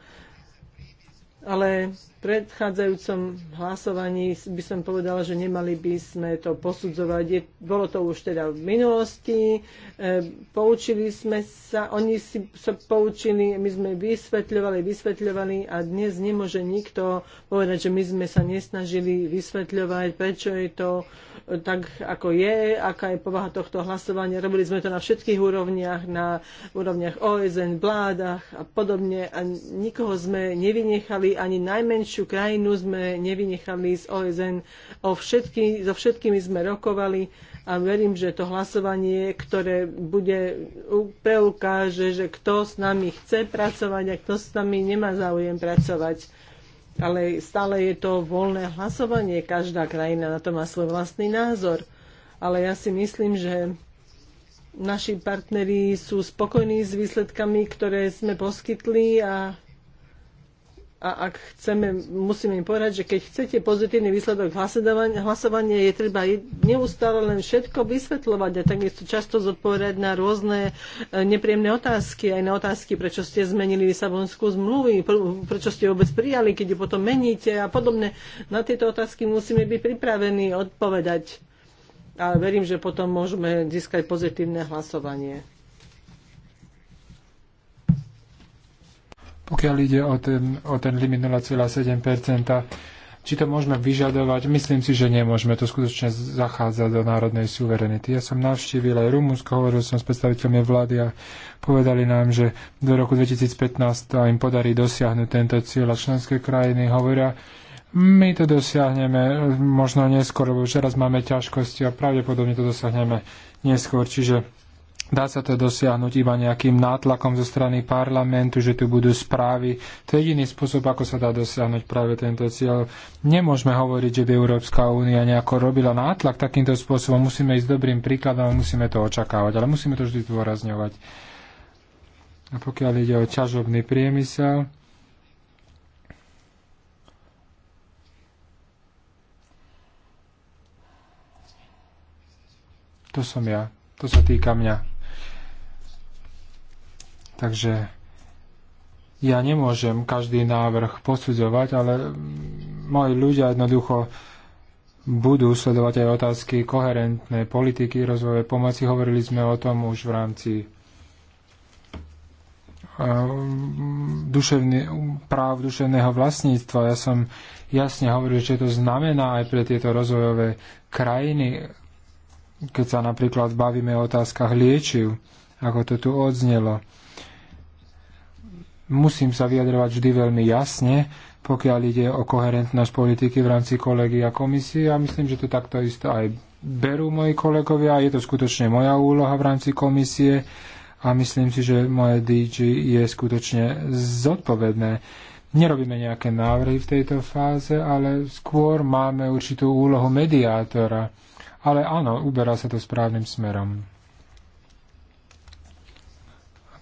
ale predchádzajúcom hlasovaní by som povedala, že nemali by sme to posudzovať. Je, bolo to už teda v minulosti, e, poučili sme sa, oni si sa poučili, my sme vysvetľovali, vysvetľovali a dnes nemôže nikto povedať, že my sme sa nesnažili vysvetľovať, prečo je to e, tak, ako je, aká je povaha tohto hlasovania. Robili sme to na všetkých úrovniach, na úrovniach OSN, vládach a podobne a nikoho sme nevynechali ani najmenšie najmenšiu krajinu sme nevynechali z OSN. O všetky, so všetkými sme rokovali a verím, že to hlasovanie, ktoré bude preukáže, že kto s nami chce pracovať a kto s nami nemá záujem pracovať. Ale stále je to voľné hlasovanie. Každá krajina na to má svoj vlastný názor. Ale ja si myslím, že naši partneri sú spokojní s výsledkami, ktoré sme poskytli a a ak chceme, musíme im povedať, že keď chcete pozitívny výsledok hlasovania, hlasovania je treba neustále len všetko vysvetľovať a takisto často zodpovedať na rôzne e, nepríjemné otázky, aj na otázky, prečo ste zmenili Lisabonskú zmluvu, prečo ste vôbec prijali, keď ju potom meníte a podobne. Na tieto otázky musíme byť pripravení odpovedať. A verím, že potom môžeme získať pozitívne hlasovanie. pokiaľ ide o ten, o ten limit 0,7%, či to môžeme vyžadovať? Myslím si, že nemôžeme. To skutočne zachádza do národnej suverenity. Ja som navštívil aj Rumunsko, hovoril som s predstaviteľmi vlády a povedali nám, že do roku 2015 im podarí dosiahnuť tento cieľ a členské krajiny hovoria, my to dosiahneme možno neskôr, lebo teraz máme ťažkosti a pravdepodobne to dosiahneme neskôr. Čiže Dá sa to dosiahnuť iba nejakým nátlakom zo strany parlamentu, že tu budú správy. To je jediný spôsob, ako sa dá dosiahnuť práve tento cieľ. Nemôžeme hovoriť, že by Európska únia nejako robila nátlak takýmto spôsobom. Musíme ísť dobrým príkladom, musíme to očakávať, ale musíme to vždy zdôrazňovať. A pokiaľ ide o ťažobný priemysel, to som ja. To sa týka mňa. Takže ja nemôžem každý návrh posudzovať, ale moji ľudia jednoducho budú sledovať aj otázky koherentnej politiky rozvoje pomoci. Hovorili sme o tom už v rámci duševne, práv duševného vlastníctva. Ja som jasne hovoril, že to znamená aj pre tieto rozvojové krajiny, keď sa napríklad bavíme o otázkach liečiv, ako to tu odznelo musím sa vyjadrovať vždy veľmi jasne, pokiaľ ide o koherentnosť politiky v rámci kolegia komisie a myslím, že to takto isto aj berú moji kolegovia. Je to skutočne moja úloha v rámci komisie a myslím si, že moje DG je skutočne zodpovedné. Nerobíme nejaké návrhy v tejto fáze, ale skôr máme určitú úlohu mediátora. Ale áno, uberá sa to správnym smerom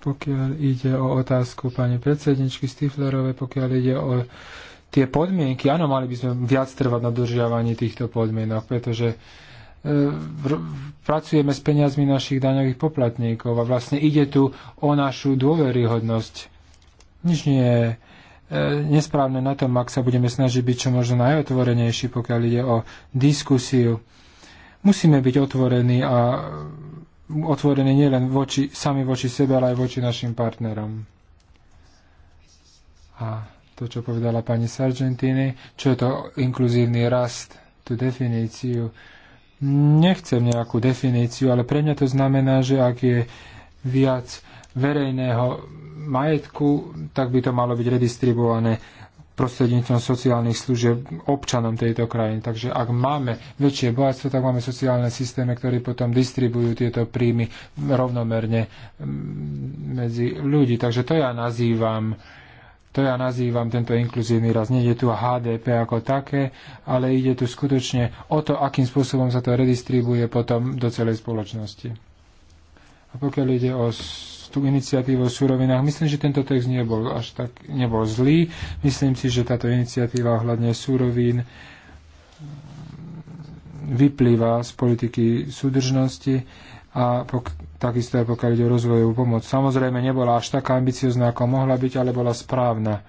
pokiaľ ide o otázku pani predsedničky Stiflerovej, pokiaľ ide o tie podmienky, áno, mali by sme viac trvať na dodržiavaní týchto podmienok, pretože e, pracujeme s peniazmi našich daňových poplatníkov a vlastne ide tu o našu dôveryhodnosť. Nič nie je e, nesprávne na tom, ak sa budeme snažiť byť čo možno najotvorenejší, pokiaľ ide o diskusiu. Musíme byť otvorení a otvorení nielen voči, sami voči sebe, ale aj voči našim partnerom. A to, čo povedala pani Sargentini, čo je to inkluzívny rast, tú definíciu. Nechcem nejakú definíciu, ale pre mňa to znamená, že ak je viac verejného majetku, tak by to malo byť redistribuované prostredníctvom sociálnych služieb občanom tejto krajiny. Takže ak máme väčšie bohatstvo, tak máme sociálne systémy, ktoré potom distribujú tieto príjmy rovnomerne mm, medzi ľudí. Takže to ja nazývam to ja nazývam tento inkluzívny raz. Nie je tu HDP ako také, ale ide tu skutočne o to, akým spôsobom sa to redistribuje potom do celej spoločnosti. A pokiaľ ide o tú iniciatívu o surovinách. Myslím, že tento text nebol až tak nebol zlý. Myslím si, že táto iniciatíva ohľadne surovín vyplýva z politiky súdržnosti a pok- takisto aj pokiaľ ide o rozvojovú pomoc. Samozrejme, nebola až taká ambiciozná, ako mohla byť, ale bola správna.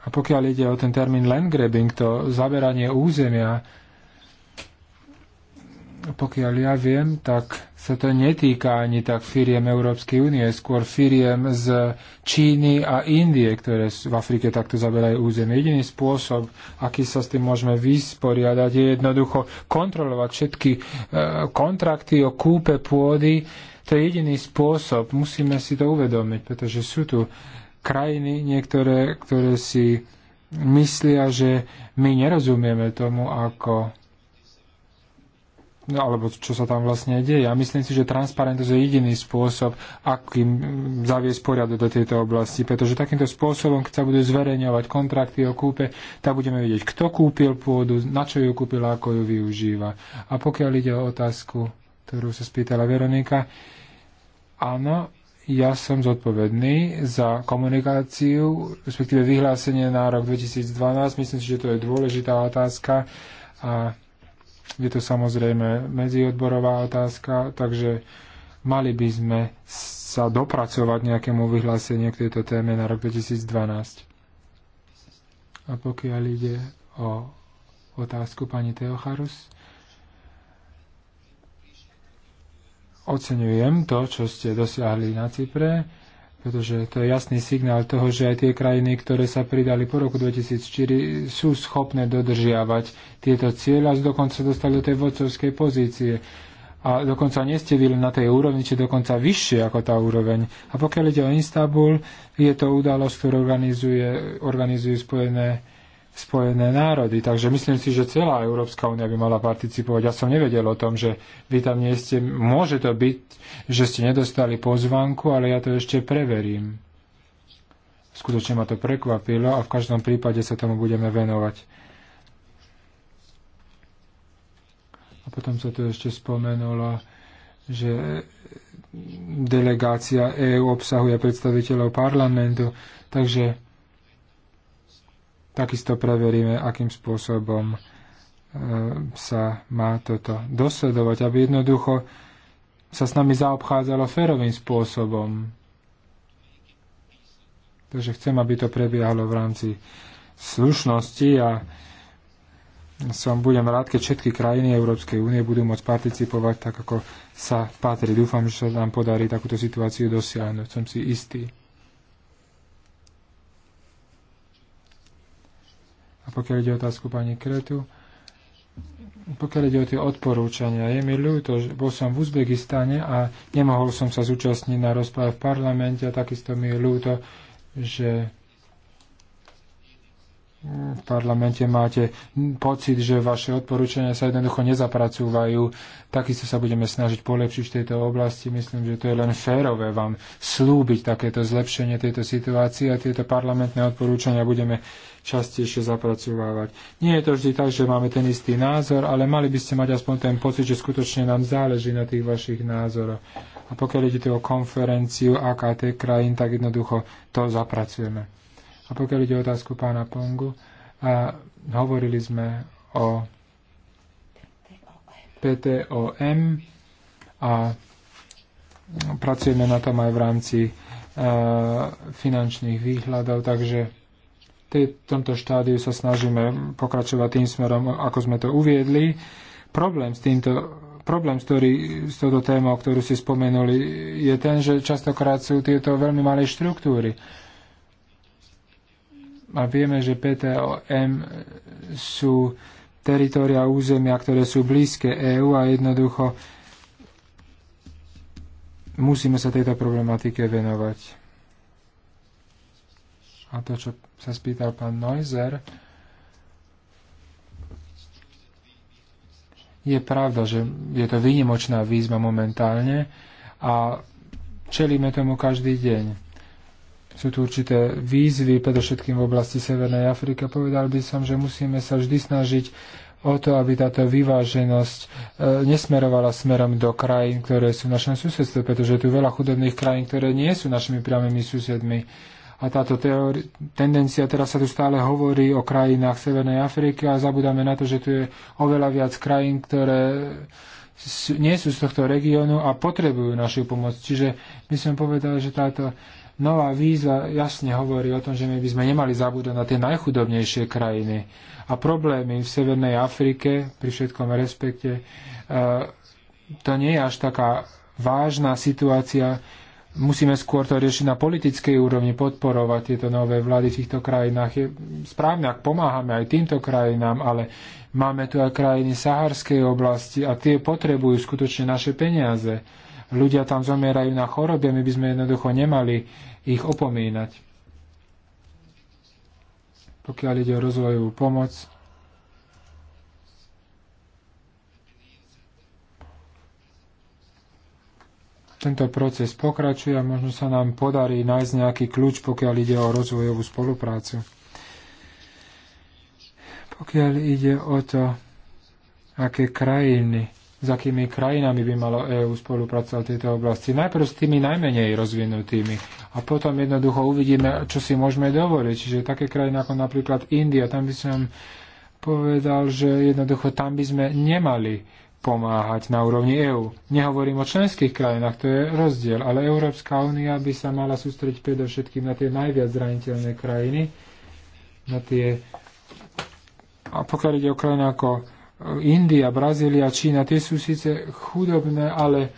A pokiaľ ide o ten termín landgrabbing, to zaberanie územia, pokiaľ ja viem, tak sa to netýka ani tak firiem Európskej únie, skôr firiem z Číny a Indie, ktoré v Afrike takto zaberajú územie. Jediný spôsob, aký sa s tým môžeme vysporiadať, je jednoducho kontrolovať všetky e, kontrakty o kúpe pôdy. To je jediný spôsob, musíme si to uvedomiť, pretože sú tu krajiny niektoré, ktoré si myslia, že my nerozumieme tomu, ako no, alebo čo sa tam vlastne deje. Ja myslím si, že transparentnosť je jediný spôsob, akým zaviesť poriadok do tejto oblasti, pretože takýmto spôsobom, keď sa budú zverejňovať kontrakty o kúpe, tak budeme vidieť, kto kúpil pôdu, na čo ju kúpil a ako ju využíva. A pokiaľ ide o otázku, ktorú sa spýtala Veronika, áno, ja som zodpovedný za komunikáciu, respektíve vyhlásenie na rok 2012. Myslím si, že to je dôležitá otázka a je to samozrejme medziodborová otázka, takže mali by sme sa dopracovať nejakému vyhláseniu k tejto téme na rok 2012. A pokiaľ ide o otázku pani Teocharus, oceňujem to, čo ste dosiahli na Cypre pretože to je jasný signál toho, že aj tie krajiny, ktoré sa pridali po roku 2004, sú schopné dodržiavať tieto cieľe a dokonca dostali do tej vodcovskej pozície. A dokonca nestevili na tej úrovni, či dokonca vyššie ako tá úroveň. A pokiaľ ide o Istanbul, je to udalosť, ktorú organizuje, organizujú Spojené Spojené národy. Takže myslím si, že celá Európska únia by mala participovať. Ja som nevedel o tom, že vy tam nie ste. Môže to byť, že ste nedostali pozvanku, ale ja to ešte preverím. Skutočne ma to prekvapilo a v každom prípade sa tomu budeme venovať. A potom sa tu ešte spomenulo, že delegácia EÚ obsahuje predstaviteľov parlamentu, takže Takisto preveríme, akým spôsobom e, sa má toto dosledovať, aby jednoducho sa s nami zaobchádzalo férovým spôsobom. Takže chcem, aby to prebiehalo v rámci slušnosti a som budem rád, keď všetky krajiny Európskej únie budú môcť participovať tak, ako sa patrí. Dúfam, že sa nám podarí takúto situáciu dosiahnuť. Som si istý. A pokiaľ ide o otázku pani Kretu, pokiaľ ide o tie odporúčania, je mi ľúto, že bol som v Uzbekistane a nemohol som sa zúčastniť na rozpráve v parlamente a takisto mi je ľúto, že v parlamente máte pocit, že vaše odporúčania sa jednoducho nezapracúvajú. Takisto sa budeme snažiť polepšiť v tejto oblasti. Myslím, že to je len férové vám slúbiť takéto zlepšenie tejto situácie a tieto parlamentné odporúčania budeme častejšie zapracovávať. Nie je to vždy tak, že máme ten istý názor, ale mali by ste mať aspoň ten pocit, že skutočne nám záleží na tých vašich názoroch. A pokiaľ ide o konferenciu AKT krajín, tak jednoducho to zapracujeme. A pokiaľ ide o otázku pána Pongu, a hovorili sme o PTOM a pracujeme na tom aj v rámci uh, finančných výhľadov, takže tej, tomto štádiu sa snažíme pokračovať tým smerom, ako sme to uviedli. Problém s týmto problém, ktorý, s touto témou, ktorú si spomenuli, je ten, že častokrát sú tieto veľmi malé štruktúry. A vieme, že PTOM sú teritoria územia, ktoré sú blízke EÚ a jednoducho musíme sa tejto problematike venovať. A to, čo sa spýtal pán Neuser, je pravda, že je to výnimočná výzva momentálne a čelíme tomu každý deň. Sú tu určité výzvy, predovšetkým v oblasti Severnej Afriky. Povedal by som, že musíme sa vždy snažiť o to, aby táto vyváženosť e, nesmerovala smerom do krajín, ktoré sú v našom susedstve, pretože je tu veľa chudobných krajín, ktoré nie sú našimi priamými susedmi. A táto teori- tendencia, teraz sa tu stále hovorí o krajinách Severnej Afriky a zabudáme na to, že tu je oveľa viac krajín, ktoré nie sú z tohto regiónu a potrebujú našu pomoc. Čiže my sme povedali, že táto nová víza jasne hovorí o tom, že my by sme nemali zabúdať na tie najchudobnejšie krajiny. A problémy v Severnej Afrike, pri všetkom respekte, eh, to nie je až taká vážna situácia, musíme skôr to riešiť na politickej úrovni, podporovať tieto nové vlády v týchto krajinách. Je správne, ak pomáhame aj týmto krajinám, ale máme tu aj krajiny saharskej oblasti a tie potrebujú skutočne naše peniaze. Ľudia tam zomierajú na choroby a my by sme jednoducho nemali ich opomínať. Pokiaľ ide o rozvojovú pomoc, tento proces pokračuje a možno sa nám podarí nájsť nejaký kľúč, pokiaľ ide o rozvojovú spoluprácu. Pokiaľ ide o to, aké krajiny, s akými krajinami by malo EÚ spolupracovať v tejto oblasti. Najprv s tými najmenej rozvinutými a potom jednoducho uvidíme, čo si môžeme dovoliť. Čiže také krajiny ako napríklad India, tam by som povedal, že jednoducho tam by sme nemali pomáhať na úrovni EÚ. Nehovorím o členských krajinách, to je rozdiel, ale Európska únia by sa mala sústrediť predovšetkým na tie najviac zraniteľné krajiny, na tie... A pokiaľ ide o krajiny ako e, India, Brazília, Čína, tie sú síce chudobné, ale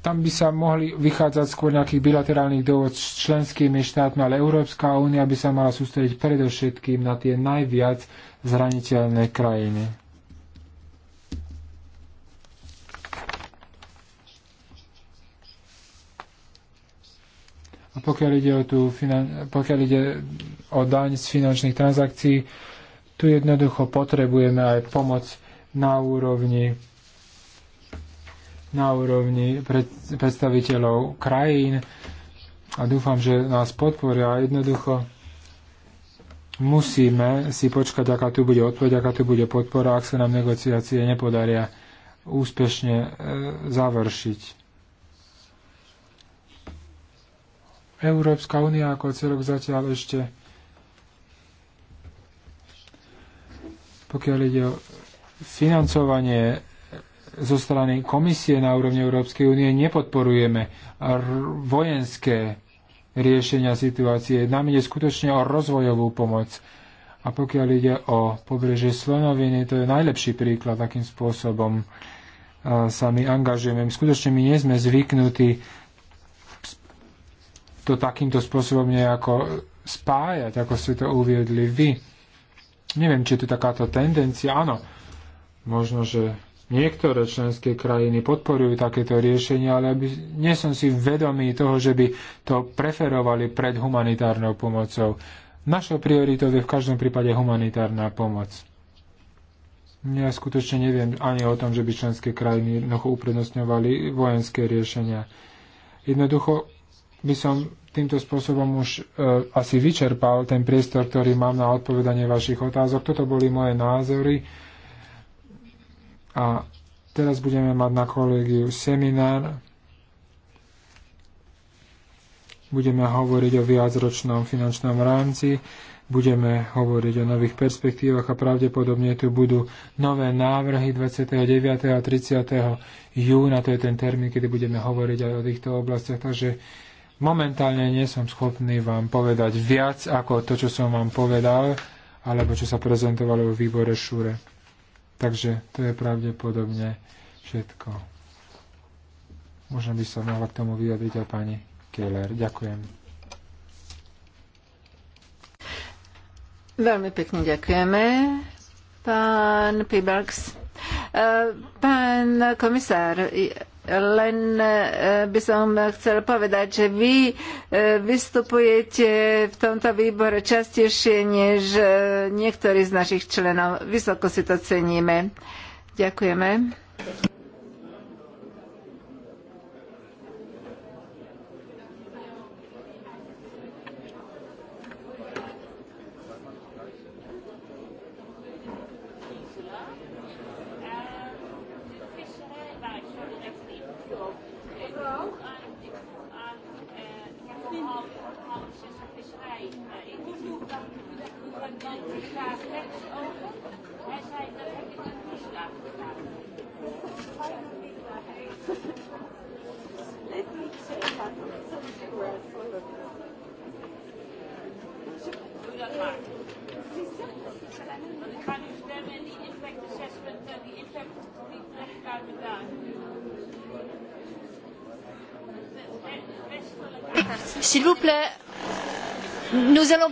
tam by sa mohli vychádzať skôr nejakých bilaterálnych dohod s členskými štátmi, ale Európska únia by sa mala sústrediť predovšetkým na tie najviac zraniteľné krajiny. A pokiaľ ide o, tú finan- pokiaľ ide o daň z finančných transakcií, tu jednoducho potrebujeme aj pomoc na úrovni na úrovni pred, predstaviteľov krajín a dúfam, že nás podporia. Jednoducho musíme si počkať, aká tu bude odpoveď, aká tu bude podpora, ak sa nám negociácie nepodaria úspešne e, završiť. Európska únia ako celok zatiaľ ešte, pokiaľ ide o financovanie zo strany komisie na úrovni Európskej únie, nepodporujeme vojenské riešenia situácie. Nám ide skutočne o rozvojovú pomoc. A pokiaľ ide o pobrežie Slonoviny, to je najlepší príklad, akým spôsobom sa my angažujeme. Skutočne my nie sme zvyknutí to takýmto spôsobom nejako spájať, ako ste to uviedli vy. Neviem, či je tu takáto tendencia. Áno, možno, že niektoré členské krajiny podporujú takéto riešenie, ale aby, nie som si vedomý toho, že by to preferovali pred humanitárnou pomocou. Našou prioritou je v každom prípade humanitárna pomoc. Ja skutočne neviem ani o tom, že by členské krajiny jednoducho uprednostňovali vojenské riešenia. Jednoducho by som týmto spôsobom už e, asi vyčerpal ten priestor, ktorý mám na odpovedanie vašich otázok. Toto boli moje názory. A teraz budeme mať na kolegiu seminár. Budeme hovoriť o viacročnom finančnom rámci, budeme hovoriť o nových perspektívach a pravdepodobne tu budú nové návrhy 29. a 30. júna, to je ten termín, kedy budeme hovoriť aj o týchto oblastiach, takže Momentálne nie som schopný vám povedať viac ako to, čo som vám povedal, alebo čo sa prezentovalo v výbore Šúre. Takže to je pravdepodobne všetko. Možno by sa mohla k tomu vyjadriť aj pani Keller. Ďakujem. Veľmi pekne ďakujeme, pán Pibax. E, pán komisár, len e, by som chcel povedať, že vy e, vystupujete v tomto výbore častejšie než e, niektorí z našich členov. Vysoko si to ceníme. Ďakujeme.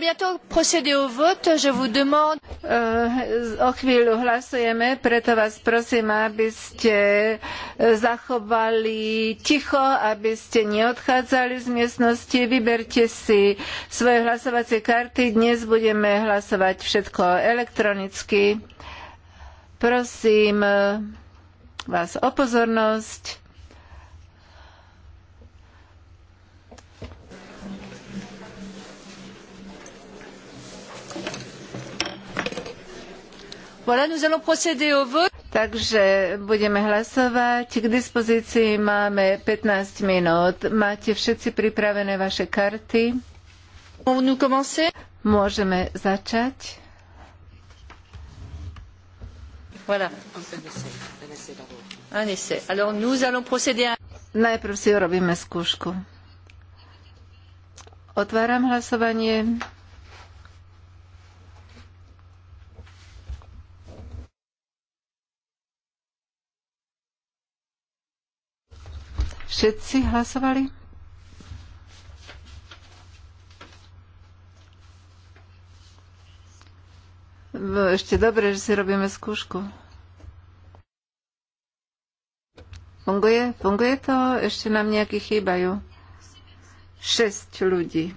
Eh, o chvíľu hlasujeme, preto vás prosím, aby ste eh, zachovali ticho, aby ste neodchádzali z miestnosti. Vyberte si svoje hlasovacie karty. Dnes budeme hlasovať všetko elektronicky. Prosím eh, vás o pozornosť. Voilà, nous allons procéder au vote. Takže budeme hlasovať. K dispozícii máme 15 minút. Máte všetci pripravené vaše karty? Môžeme začať. Voilà. Un essai. Alors nous allons procéder à... Najprv si urobíme skúšku. Otváram hlasovanie. Všetci hlasovali? Ešte dobre, že si robíme skúšku. Funguje? Funguje to? Ešte nám nejakí chýbajú. 6 ľudí.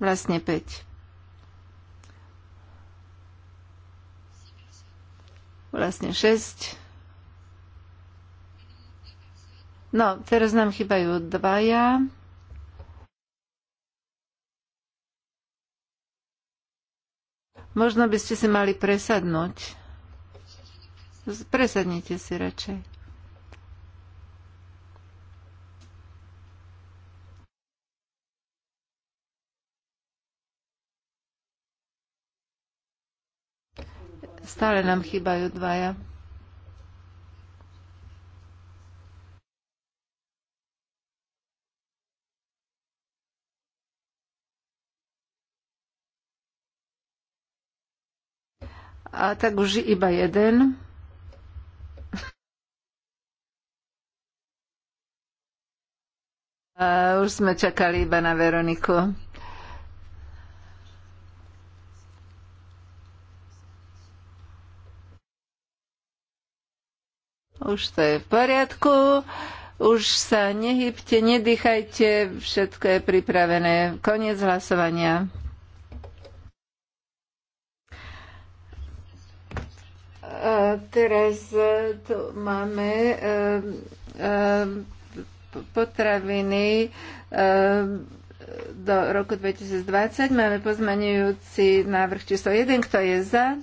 Vlastne 5. Vlastne 6. No, teraz nám chýbajú dvaja. Možno by ste si mali presadnúť. Presadnite si radšej. Stále nám chýbajú dvaja. a tak už iba jeden. A už sme čakali iba na Veroniku. Už to je v poriadku. Už sa nehybte, nedýchajte, všetko je pripravené. Koniec hlasovania. teraz e, tu máme e, e, potraviny do roku 2020. Máme pozmenujúci návrh číslo 1. Kto je za?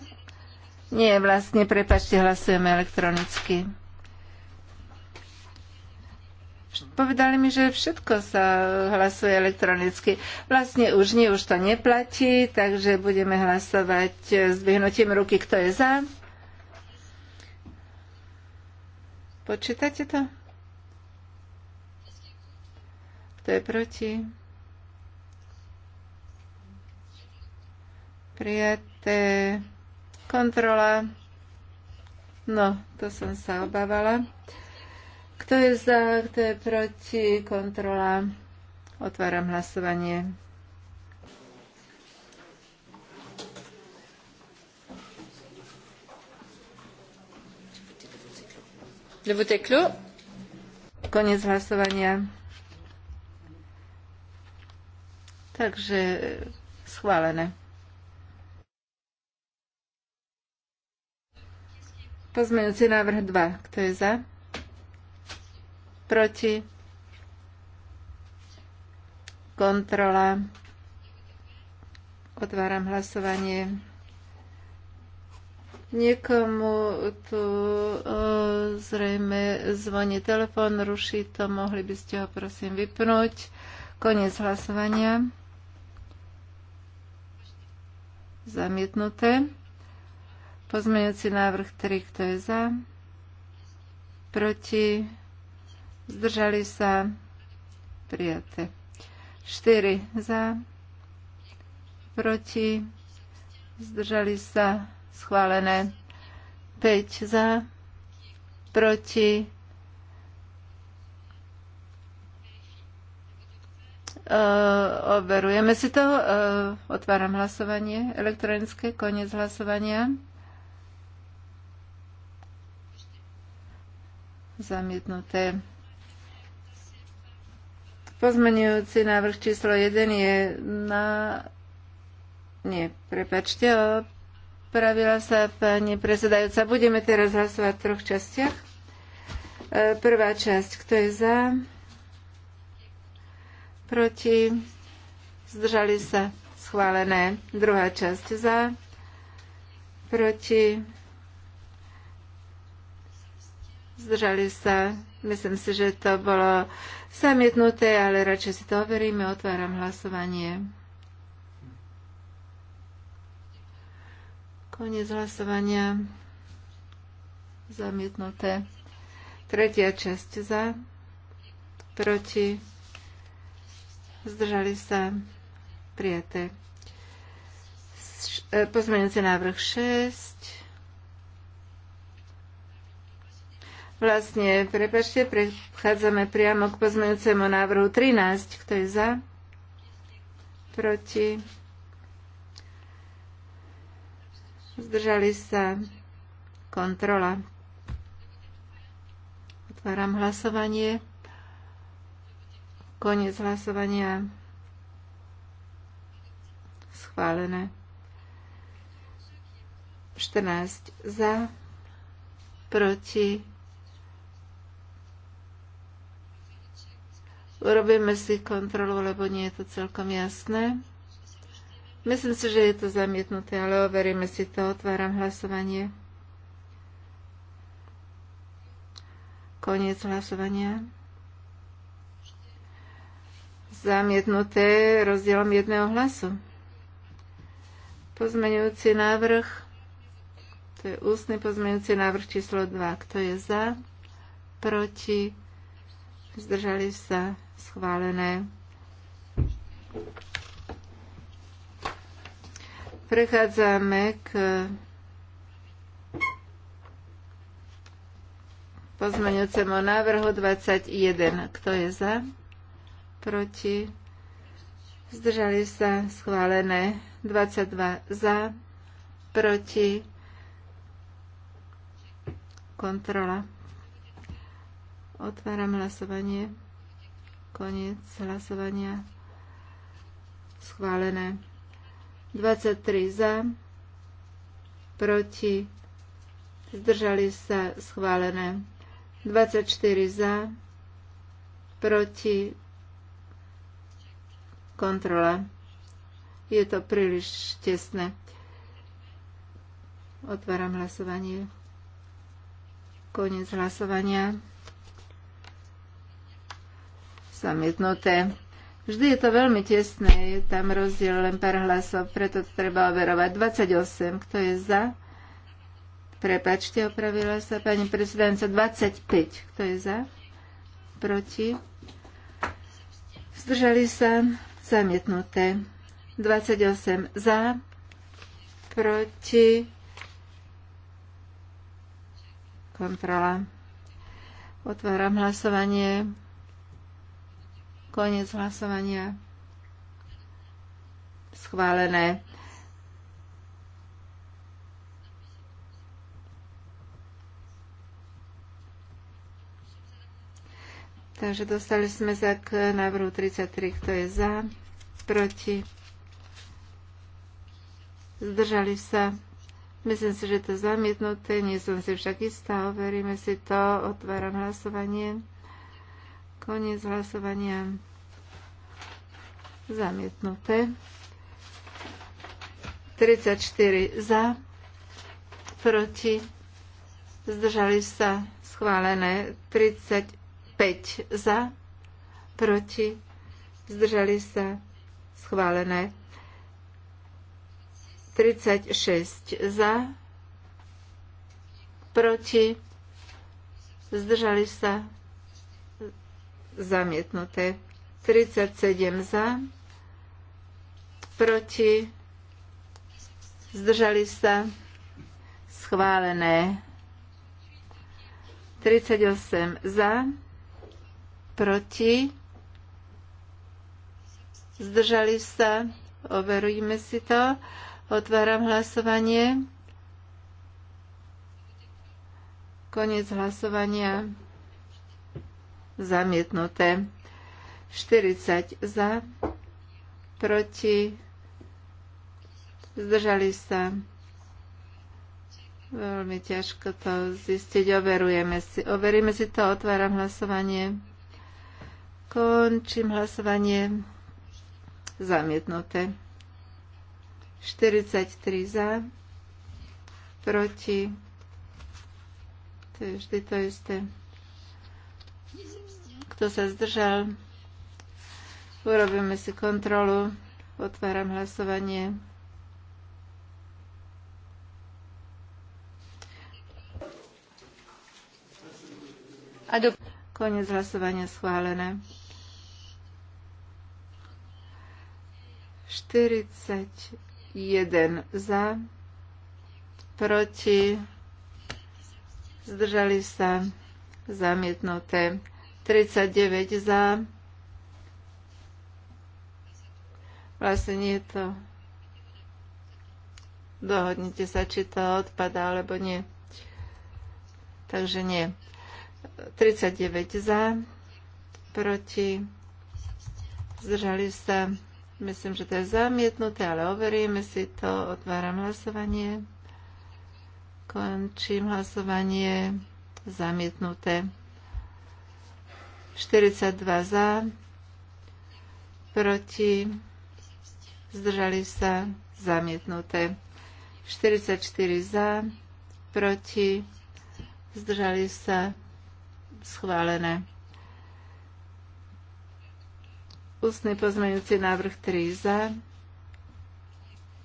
Nie, vlastne, prepačte, hlasujeme elektronicky. Povedali mi, že všetko sa hlasuje elektronicky. Vlastne už nie, už to neplatí, takže budeme hlasovať s vyhnutím ruky, kto je za. Počítate to? Kto je proti? Prijaté. Kontrola. No, to som sa obávala. Kto je za, kto je proti? Kontrola. Otváram hlasovanie. Le vote est clos. Konec hlasovania. Takže e, schválené. Pozmeňujúci návrh 2. Kto je za? Proti? Kontrola. Otváram hlasovanie. Niekomu tu e, zrejme zvoní telefon, ruší to, mohli by ste ho prosím vypnúť. Koniec hlasovania. Zamietnuté. Pozmeňujúci návrh 3, kto je za? Proti? Zdržali sa? Prijaté. 4 za? Proti? Zdržali sa? schválené. 5 za, proti, Uh, overujeme si to. Uh, otváram hlasovanie elektronické, koniec hlasovania. Zamietnuté. Pozmenujúci návrh číslo 1 je na... Nie, prepačte, Opravila sa pani prezidajúca. Budeme teraz hlasovať v troch častiach. E, prvá časť, kto je za? Proti? Zdržali sa? Schválené. Druhá časť za? Proti? Zdržali sa? Myslím si, že to bolo zamietnuté, ale radšej si to overíme. Otváram hlasovanie. Koniec hlasovania. Zamietnuté. Tretia časť za. Proti. Zdržali sa. Prijaté. E, pozmeňujúci návrh 6. Vlastne, prepačte, prechádzame priamo k pozmeňujúcemu návrhu 13. Kto je za? Proti? Zdržali sa. Kontrola. Otváram hlasovanie. Koniec hlasovania. Schválené. 14 za, proti. Urobíme si kontrolu, lebo nie je to celkom jasné. Myslím si, že je to zamietnuté, ale overíme si to. Otváram hlasovanie. Koniec hlasovania. Zamietnuté rozdielom jedného hlasu. Pozmeňujúci návrh. To je ústny pozmeňujúci návrh číslo 2. Kto je za? Proti? Zdržali sa? Schválené. Prechádzame k pozmeňujúcemu návrhu 21. Kto je za? Proti? Zdržali sa schválené 22 za, proti kontrola. Otváram hlasovanie. Koniec hlasovania. Schválené. 23 za, proti, zdržali sa schválené. 24 za, proti, kontrola. Je to príliš tesné. Otváram hlasovanie. Koniec hlasovania. Zamietnuté. Vždy je to veľmi tesné, je tam rozdiel len pár hlasov, preto to treba overovať. 28, kto je za? Prepačte, opravila sa pani prezidentka. 25, kto je za? Proti? Zdržali sa? Zamietnuté. 28 za, proti, kontrola. Otváram hlasovanie. Konec hlasovania. Schválené. Takže dostali sme sa k návrhu 33, kto je za, proti, zdržali sa. Myslím si, že to je zamietnuté, nie som si však istá, overíme si to, otváram hlasovanie. Koniec hlasovania. Zamietnuté. 34 za, proti, zdržali sa schválené 35 za, proti, zdržali sa schválené 36 za, proti, zdržali sa zamietnuté 37 za, proti, zdržali sa, schválené. 38 za, proti, zdržali sa, overujme si to, otváram hlasovanie, koniec hlasovania, zamietnuté. 40 za, proti, zdržali sa. Veľmi ťažko to zistiť, overujeme si. Overíme si to, otváram hlasovanie. Končím hlasovanie. Zamietnuté. 43 za, proti. To je vždy to isté. Kto sa zdržal? Urobíme si kontrolu. Otváram hlasovanie. Konec hlasovania schválené. 41 za, proti, zdržali sa, zamietnuté. 39 za, vlastne nie je to. Dohodnite sa, či to odpadá, alebo nie. Takže nie. 39 za, proti, zdržali sa, myslím, že to je zamietnuté, ale overíme si to, otváram hlasovanie, končím hlasovanie, zamietnuté, 42 za, proti, zdržali sa, zamietnuté, 44 za, proti, zdržali sa, schválené. Ústny pozmeňujúci návrh 3 za,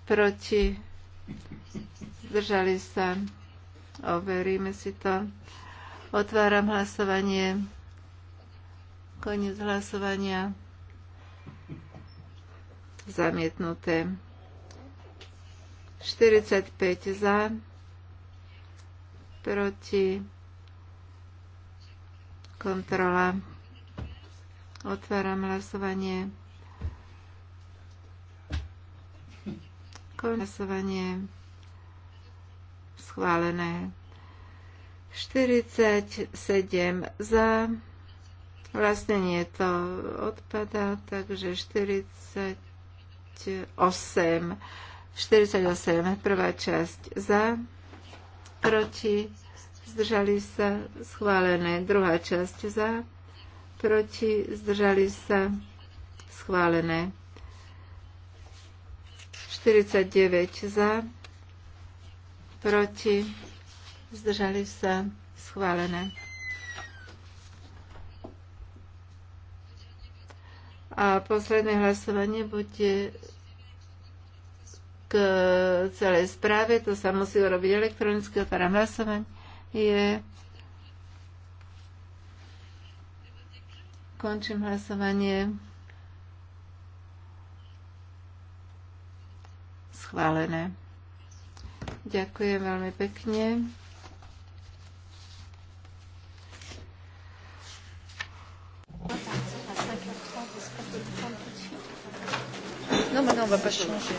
proti, zdržali sa, overíme si to. Otváram hlasovanie, koniec hlasovania, zamietnuté. 45 za, proti, Kontrola. Otváram hlasovanie. Hlasovanie schválené. 47 za. Vlastne nie to odpada, takže 48. 48. Prvá časť za, proti, zdržali sa schválené. Druhá časť za, proti, zdržali sa schválené. 49 za, proti, zdržali sa schválené. A posledné hlasovanie bude k celej správe. To sa musí urobiť elektronicky. Otváram hlasovanie je. Končím hlasovanie. Schválené. Ďakujem veľmi pekne. Non, mais non, on va pas changer.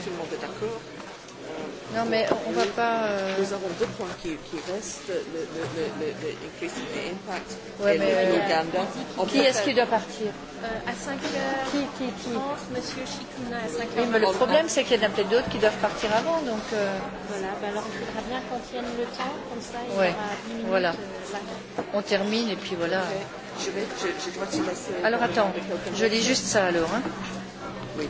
Non, mais on ne va pas. Euh... Nous avons deux points qui, qui restent le, le, le, le, le increasing the impact ouais, et mais le euh, Uganda. Euh, qui est-ce qui doit partir euh, À 5 heures. Qui, qui, qui 30, Monsieur Chikuna à 5 heures. Oui, mais le problème, c'est qu'il y en a peut-être d'autres qui doivent partir avant. Donc, euh... Voilà, bah alors il faudra bien qu'on tienne le temps, comme ça il ouais, y aura 10 minutes. Voilà. Euh, on termine et puis voilà. Okay. Je, vais, je, je dois te laisser. Alors attends, je lis juste ça alors. Hein. Oui.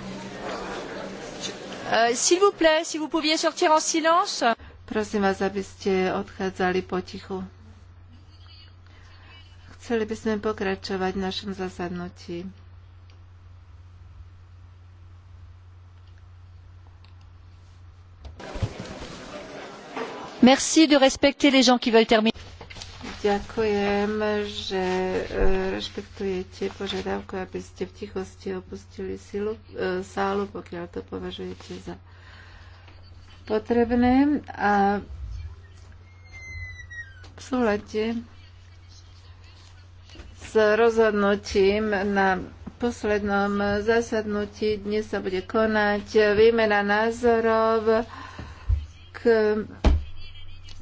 Euh, s'il vous plaît, si vous pouviez sortir en silence. Prosím vás, aby ste odchádzali potichu. Chceli by sme pokračovať v našom zasadnutí. Merci de respecter les gens qui veulent terminer. Ďakujem, že e, rešpektujete požiadavku, aby ste v tichosti opustili silu, e, sálu, pokiaľ to považujete za potrebné. A v súlade s rozhodnutím na poslednom zasadnutí dnes sa bude konať výmena názorov k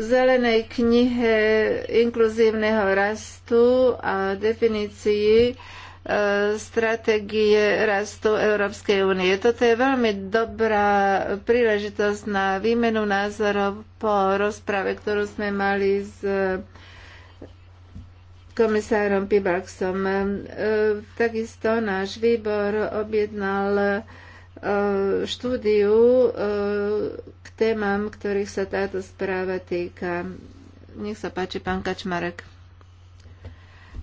zelenej knihe inkluzívneho rastu a definícii e, stratégie rastu Európskej únie. Toto je veľmi dobrá príležitosť na výmenu názorov po rozprave, ktorú sme mali s e, komisárom Pibaxom. E, takisto náš výbor objednal štúdiu témam, ktorých sa táto správa týka. Nech sa páči, pán Kačmarek.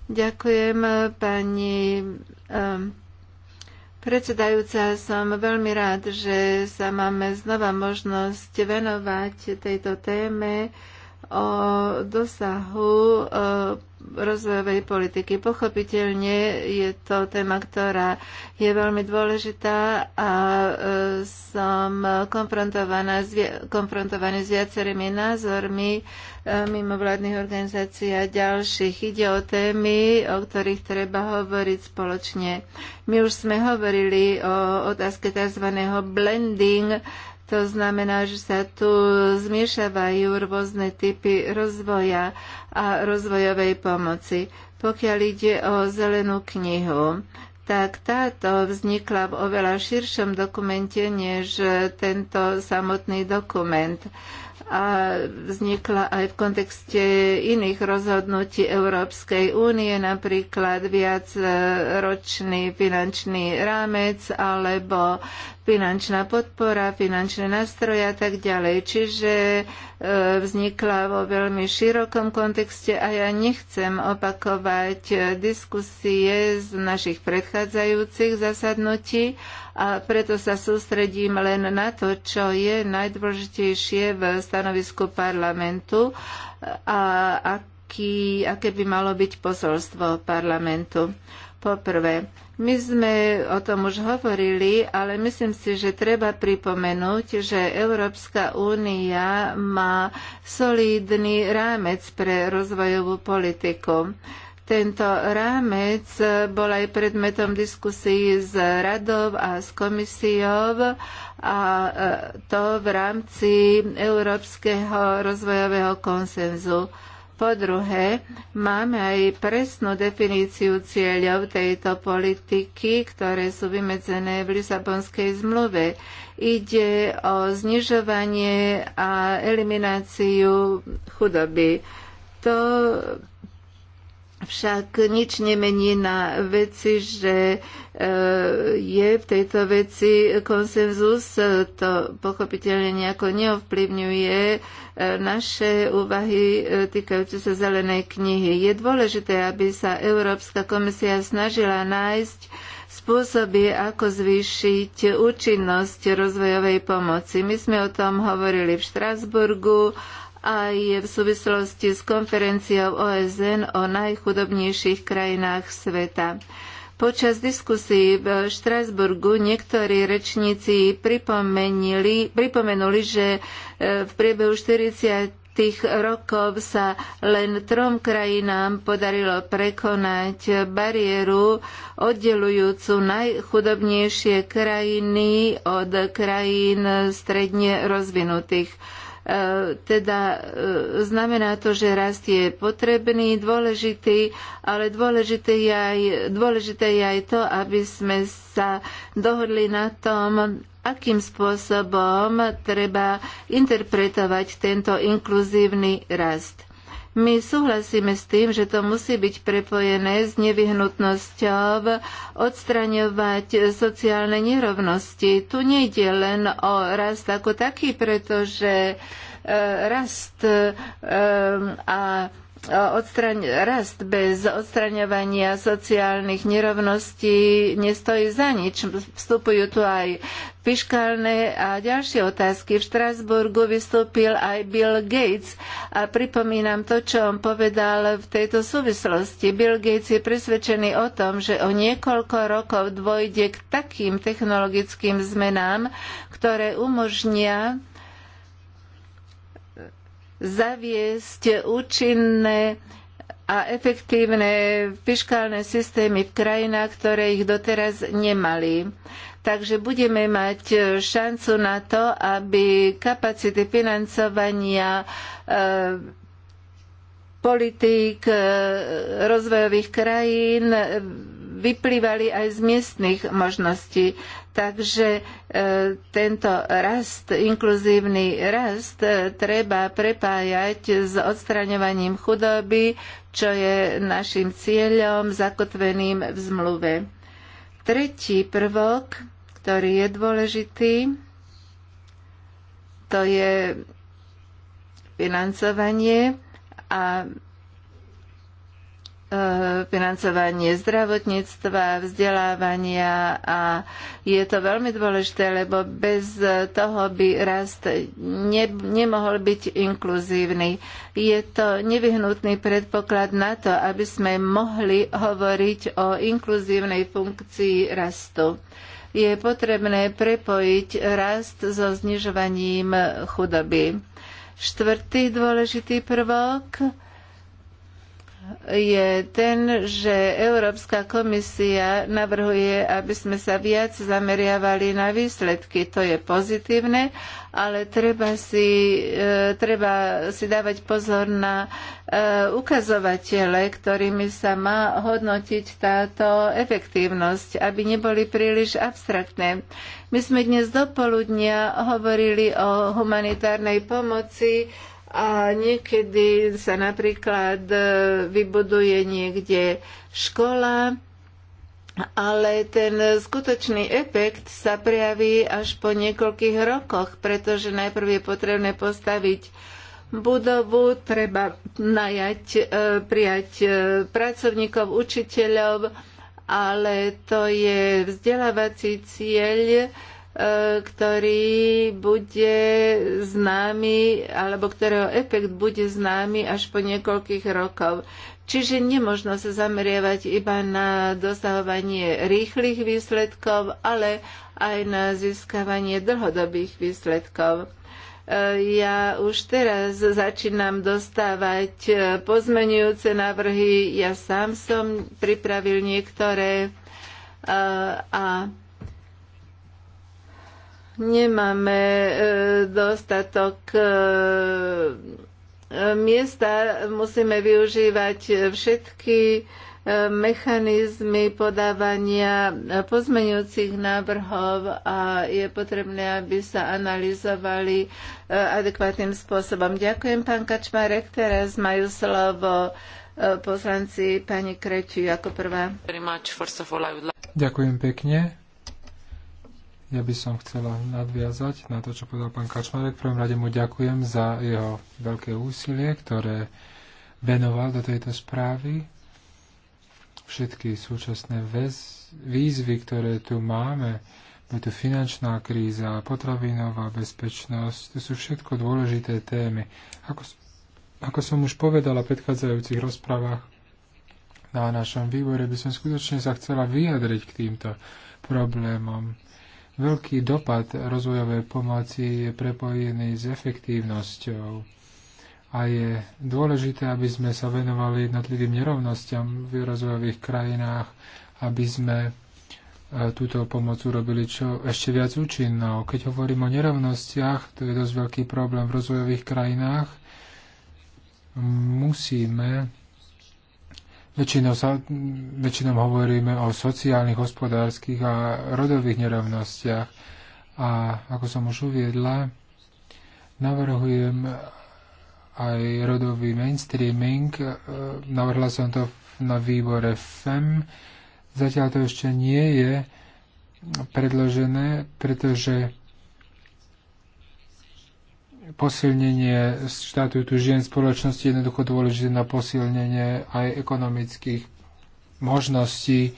Ďakujem, pani ehm, Predsedajúca, som veľmi rád, že sa máme znova možnosť venovať tejto téme o dosahu ehm, rozvojovej politiky. Pochopiteľne je to téma, ktorá je veľmi dôležitá a e, som konfrontovaná s, s viacerými názormi e, mimovládnych organizácií a ďalších. Ide o témy, o ktorých treba hovoriť spoločne. My už sme hovorili o otázke tzv. blending to znamená, že sa tu zmiešavajú rôzne typy rozvoja a rozvojovej pomoci. Pokiaľ ide o zelenú knihu, tak táto vznikla v oveľa širšom dokumente než tento samotný dokument a vznikla aj v kontexte iných rozhodnutí Európskej únie, napríklad viacročný finančný rámec alebo finančná podpora, finančné nástroje a tak ďalej. Čiže e, vznikla vo veľmi širokom kontexte a ja nechcem opakovať e, diskusie z našich predchádzajúcich zasadnutí a preto sa sústredím len na to, čo je najdôležitejšie v stanovisku parlamentu a aký, aké by malo byť posolstvo parlamentu. Poprvé, my sme o tom už hovorili, ale myslím si, že treba pripomenúť, že Európska únia má solídny rámec pre rozvojovú politiku. Tento rámec bol aj predmetom diskusí s radov a s komisiou a e, to v rámci Európskeho rozvojového konsenzu po druhé, máme aj presnú definíciu cieľov tejto politiky, ktoré sú vymedzené v Lisabonskej zmluve. Ide o znižovanie a elimináciu chudoby. To však nič nemení na veci, že e, je v tejto veci konsenzus. To pochopiteľne nejako neovplyvňuje e, naše úvahy e, týkajúce sa zelenej knihy. Je dôležité, aby sa Európska komisia snažila nájsť spôsoby, ako zvýšiť účinnosť rozvojovej pomoci. My sme o tom hovorili v Štrasburgu aj v súvislosti s konferenciou OSN o najchudobnejších krajinách sveta. Počas diskusí v Štrasburgu niektorí rečníci pripomenuli, že e, v priebehu 40 rokov sa len trom krajinám podarilo prekonať bariéru oddelujúcu najchudobnejšie krajiny od krajín stredne rozvinutých. E, teda e, znamená to, že rast je potrebný, dôležitý, ale dôležité je aj, dôležité je aj to, aby sme sa dohodli na tom, akým spôsobom treba interpretovať tento inkluzívny rast my súhlasíme s tým, že to musí byť prepojené s nevyhnutnosťou odstraňovať sociálne nerovnosti. Tu nejde len o rast ako taký, pretože eh, rast eh, a odstraň, rast bez odstraňovania sociálnych nerovností nestojí za nič. Vstupujú tu aj fiškálne a ďalšie otázky. V Štrasburgu vystúpil aj Bill Gates a pripomínam to, čo on povedal v tejto súvislosti. Bill Gates je presvedčený o tom, že o niekoľko rokov dôjde k takým technologickým zmenám, ktoré umožnia zaviesť účinné a efektívne fiškálne systémy v krajinách, ktoré ich doteraz nemali. Takže budeme mať šancu na to, aby kapacity financovania eh, politík eh, rozvojových krajín eh, vyplývali aj z miestnych možností. Takže e, tento rast, inkluzívny rast, e, treba prepájať s odstraňovaním chudoby, čo je našim cieľom zakotveným v zmluve. Tretí prvok, ktorý je dôležitý, to je financovanie a Eh, financovanie zdravotníctva, vzdelávania a je to veľmi dôležité, lebo bez toho by rast ne, nemohol byť inkluzívny. Je to nevyhnutný predpoklad na to, aby sme mohli hovoriť o inkluzívnej funkcii rastu. Je potrebné prepojiť rast so znižovaním chudoby. Štvrtý dôležitý prvok je ten, že Európska komisia navrhuje, aby sme sa viac zameriavali na výsledky. To je pozitívne, ale treba si, e, treba si dávať pozor na e, ukazovatele, ktorými sa má hodnotiť táto efektívnosť, aby neboli príliš abstraktné. My sme dnes do poludnia hovorili o humanitárnej pomoci, a niekedy sa napríklad e, vybuduje niekde škola, ale ten skutočný efekt sa prejaví až po niekoľkých rokoch, pretože najprv je potrebné postaviť budovu, treba najať, e, prijať e, pracovníkov, učiteľov, ale to je vzdelávací cieľ, E, ktorý bude známy, alebo ktorého efekt bude známy až po niekoľkých rokov. Čiže nemožno sa zameriavať iba na dosahovanie rýchlych výsledkov, ale aj na získavanie dlhodobých výsledkov e, ja už teraz začínam dostávať e, pozmenujúce návrhy. Ja sám som pripravil niektoré a nemáme e, dostatok e, miesta, musíme využívať všetky e, mechanizmy podávania pozmeňujúcich návrhov a je potrebné, aby sa analyzovali adekvátnym spôsobom. Ďakujem, pán Kačmarek. Teraz majú slovo poslanci pani Kreťu ako prvá. Ďakujem pekne. Ja by som chcela nadviazať na to, čo povedal pán Kačmarek. V prvom rade mu ďakujem za jeho veľké úsilie, ktoré venoval do tejto správy. Všetky súčasné väz, výzvy, ktoré tu máme, je tu finančná kríza, potravinová bezpečnosť, to sú všetko dôležité témy. Ako, ako som už povedala v predchádzajúcich rozprávach na našom výbore, by som skutočne sa chcela vyjadriť k týmto problémom Veľký dopad rozvojovej pomoci je prepojený s efektívnosťou a je dôležité, aby sme sa venovali jednotlivým nerovnostiam v rozvojových krajinách, aby sme e, túto pomoc urobili čo ešte viac účinnou. Keď hovorím o nerovnostiach, to je dosť veľký problém v rozvojových krajinách, musíme Väčšinou, sa, väčšinou hovoríme o sociálnych, hospodárskych a rodových nerovnostiach. A ako som už uviedla, navrhujem aj rodový mainstreaming. E, navrhla som to na výbore FEM. Zatiaľ to ešte nie je predložené, pretože posilnenie tu žien spoločnosti je jednoducho dôležité na posilnenie aj ekonomických možností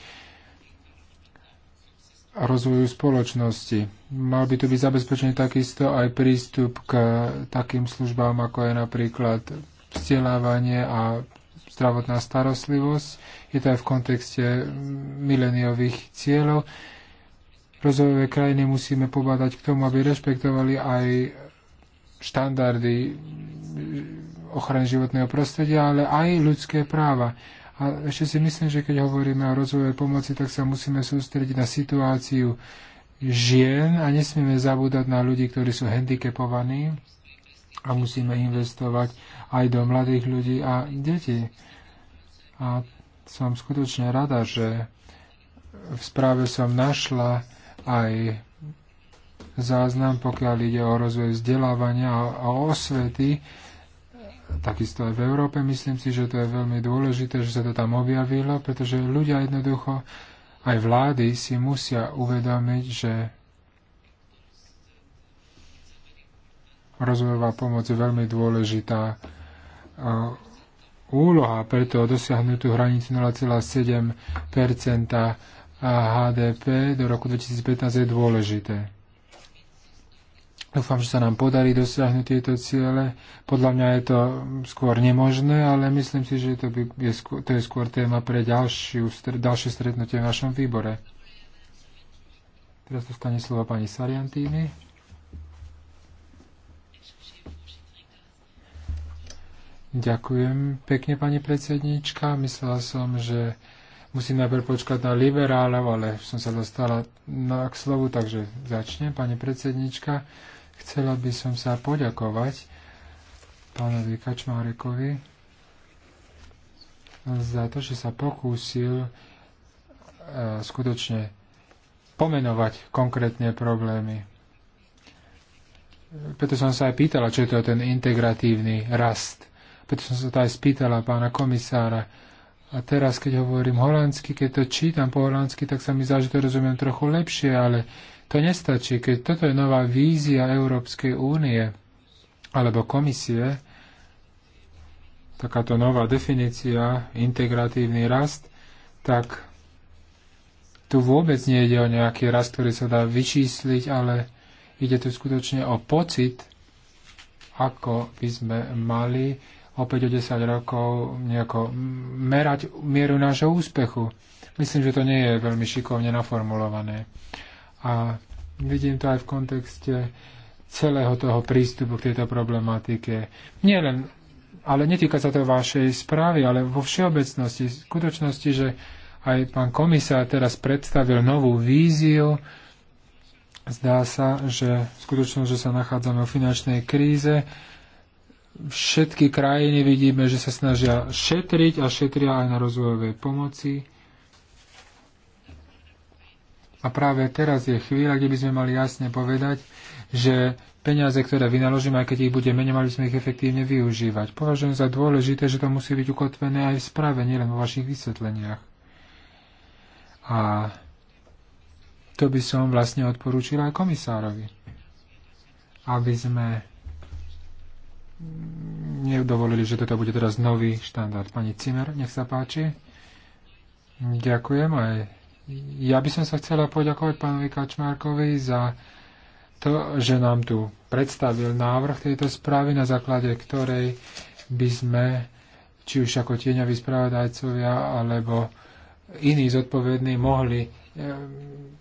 a rozvoju spoločnosti. Mal by tu byť zabezpečený takisto aj prístup k takým službám, ako je napríklad vzdelávanie a zdravotná starostlivosť. Je to aj v kontexte mileniových cieľov. Rozvojové krajiny musíme pobádať k tomu, aby rešpektovali aj štandardy ochrany životného prostredia, ale aj ľudské práva. A ešte si myslím, že keď hovoríme o rozvojovej pomoci, tak sa musíme sústrediť na situáciu žien a nesmieme zabúdať na ľudí, ktorí sú handicapovaní a musíme investovať aj do mladých ľudí a detí. A som skutočne rada, že v správe som našla aj záznam, pokiaľ ide o rozvoj vzdelávania a osvety, takisto aj v Európe. Myslím si, že to je veľmi dôležité, že sa to tam objavilo, pretože ľudia jednoducho, aj vlády si musia uvedomiť, že rozvojová pomoc je veľmi dôležitá e, úloha, preto dosiahnutú hranicu 0,7 HDP do roku 2015 je dôležité. Dúfam, že sa nám podarí dosiahnuť tieto ciele. Podľa mňa je to skôr nemožné, ale myslím si, že to, by, je, skôr, to je skôr téma pre ďalšiu, ďalšie stretnutie v našom výbore. Teraz dostane slovo pani Sariantini. Ďakujem pekne, pani predsednička. Myslela som, že musím najprv počkať na liberálov, ale som sa dostala k slovu, takže začnem, pani predsednička. Chcela by som sa poďakovať pánovi Kačmárekovi za to, že sa pokúsil e, skutočne pomenovať konkrétne problémy. Preto som sa aj pýtala, čo je to ten integratívny rast. Preto som sa to aj spýtala pána komisára. A teraz, keď hovorím holandsky, keď to čítam po holandsky, tak sa mi zdá, že to rozumiem trochu lepšie, ale to nestačí, keď toto je nová vízia Európskej únie alebo komisie, takáto nová definícia, integratívny rast, tak tu vôbec nie ide o nejaký rast, ktorý sa dá vyčísliť, ale ide tu skutočne o pocit, ako by sme mali opäť o 10 rokov nejako merať mieru nášho úspechu. Myslím, že to nie je veľmi šikovne naformulované. A vidím to aj v kontexte celého toho prístupu k tejto problematike. Nie len, ale netýka sa to vašej správy, ale vo všeobecnosti, v skutočnosti, že aj pán komisár teraz predstavil novú víziu, zdá sa, že skutočnosť, že sa nachádzame v finančnej kríze, všetky krajiny vidíme, že sa snažia šetriť a šetria aj na rozvojovej pomoci. A práve teraz je chvíľa, kde by sme mali jasne povedať, že peniaze, ktoré vynaložíme, aj keď ich bude menej, mali sme ich efektívne využívať. Považujem za dôležité, že to musí byť ukotvené aj v správe, nielen vo vašich vysvetleniach. A to by som vlastne odporúčila aj komisárovi, aby sme nedovolili, že toto bude teraz nový štandard. Pani Cimer, nech sa páči. Ďakujem aj ja by som sa chcela poďakovať pánovi Kačmárkovi za to, že nám tu predstavil návrh tejto správy, na základe ktorej by sme, či už ako tieňoví spravodajcovia, alebo iní zodpovední, mohli e,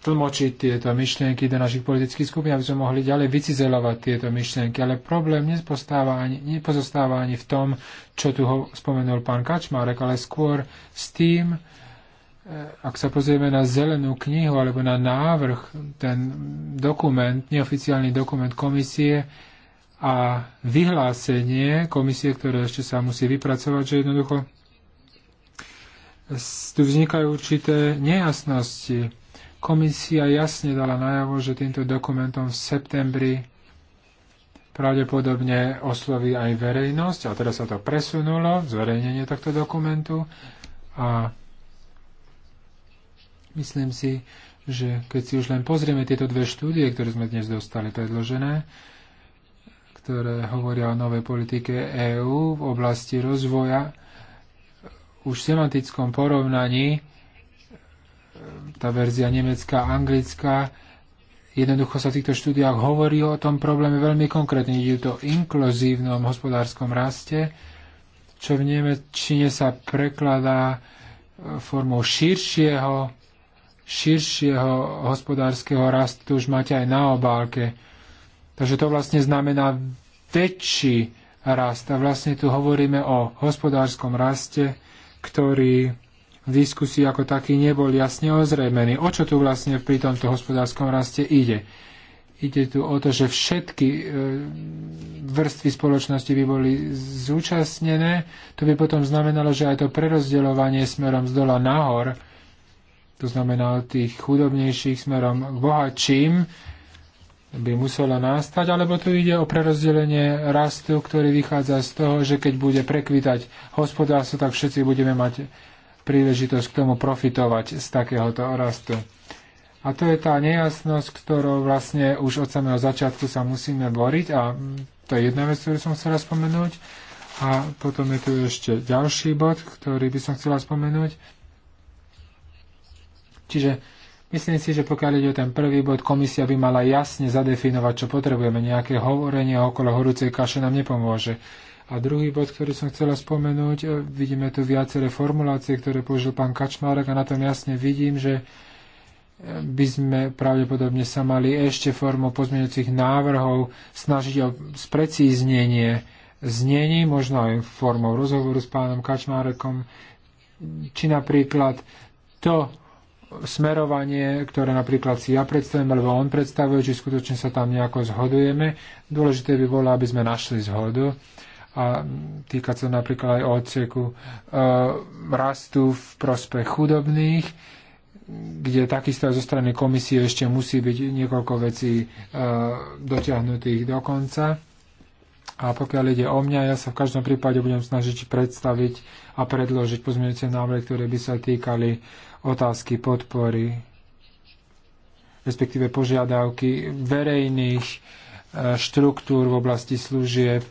tlmočiť tieto myšlienky do našich politických skupín, aby sme mohli ďalej vycizelovať tieto myšlienky. Ale problém nepozostáva ani, nepozostáva ani v tom, čo tu ho spomenul pán Kačmárek, ale skôr s tým, ak sa pozrieme na zelenú knihu alebo na návrh, ten dokument, neoficiálny dokument komisie a vyhlásenie komisie, ktoré ešte sa musí vypracovať, že jednoducho tu vznikajú určité nejasnosti. Komisia jasne dala najavo, že týmto dokumentom v septembri pravdepodobne osloví aj verejnosť, a teraz sa to presunulo, zverejnenie tohto dokumentu, a Myslím si, že keď si už len pozrieme tieto dve štúdie, ktoré sme dnes dostali predložené, ktoré hovoria o novej politike EÚ v oblasti rozvoja, už v semantickom porovnaní e, tá verzia nemecká, anglická, jednoducho sa v týchto štúdiách hovorí o tom probléme veľmi konkrétne. Ide to o inkluzívnom hospodárskom raste, čo v Nemečine sa prekladá formou širšieho širšieho hospodárskeho rastu už máte aj na obálke. Takže to vlastne znamená väčší rast. A vlastne tu hovoríme o hospodárskom raste, ktorý v diskusii ako taký nebol jasne ozrejmený. O čo tu vlastne pri tomto hospodárskom raste ide? Ide tu o to, že všetky e, vrstvy spoločnosti by boli zúčastnené. To by potom znamenalo, že aj to prerozdeľovanie smerom z dola nahor to znamená tých chudobnejších smerom k bohatším, by muselo nastať, alebo tu ide o prerozdelenie rastu, ktorý vychádza z toho, že keď bude prekvitať hospodárstvo, tak všetci budeme mať príležitosť k tomu profitovať z takéhoto rastu. A to je tá nejasnosť, ktorou vlastne už od samého začiatku sa musíme boriť a to je jedna vec, ktorú som chcela spomenúť. A potom je tu ešte ďalší bod, ktorý by som chcela spomenúť Čiže myslím si, že pokiaľ ide o ten prvý bod, komisia by mala jasne zadefinovať, čo potrebujeme. Nejaké hovorenie okolo horúcej kaše nám nepomôže. A druhý bod, ktorý som chcela spomenúť, e, vidíme tu viaceré formulácie, ktoré použil pán Kačmárek a na tom jasne vidím, že e, by sme pravdepodobne sa mali ešte formou pozmeňujúcich návrhov snažiť o sprecíznenie znení, možno aj formou rozhovoru s pánom Kačmárekom, či napríklad to, smerovanie, ktoré napríklad si ja predstavujem, alebo on predstavuje, či skutočne sa tam nejako zhodujeme. Dôležité by bolo, aby sme našli zhodu a týka sa napríklad aj odseku e, rastu v prospech chudobných, kde takisto aj zo strany komisie ešte musí byť niekoľko vecí e, dotiahnutých do konca. A pokiaľ ide o mňa, ja sa v každom prípade budem snažiť predstaviť a predložiť pozmeňujúce návrhy, ktoré by sa týkali otázky podpory, respektíve požiadavky verejných e, štruktúr v oblasti služieb,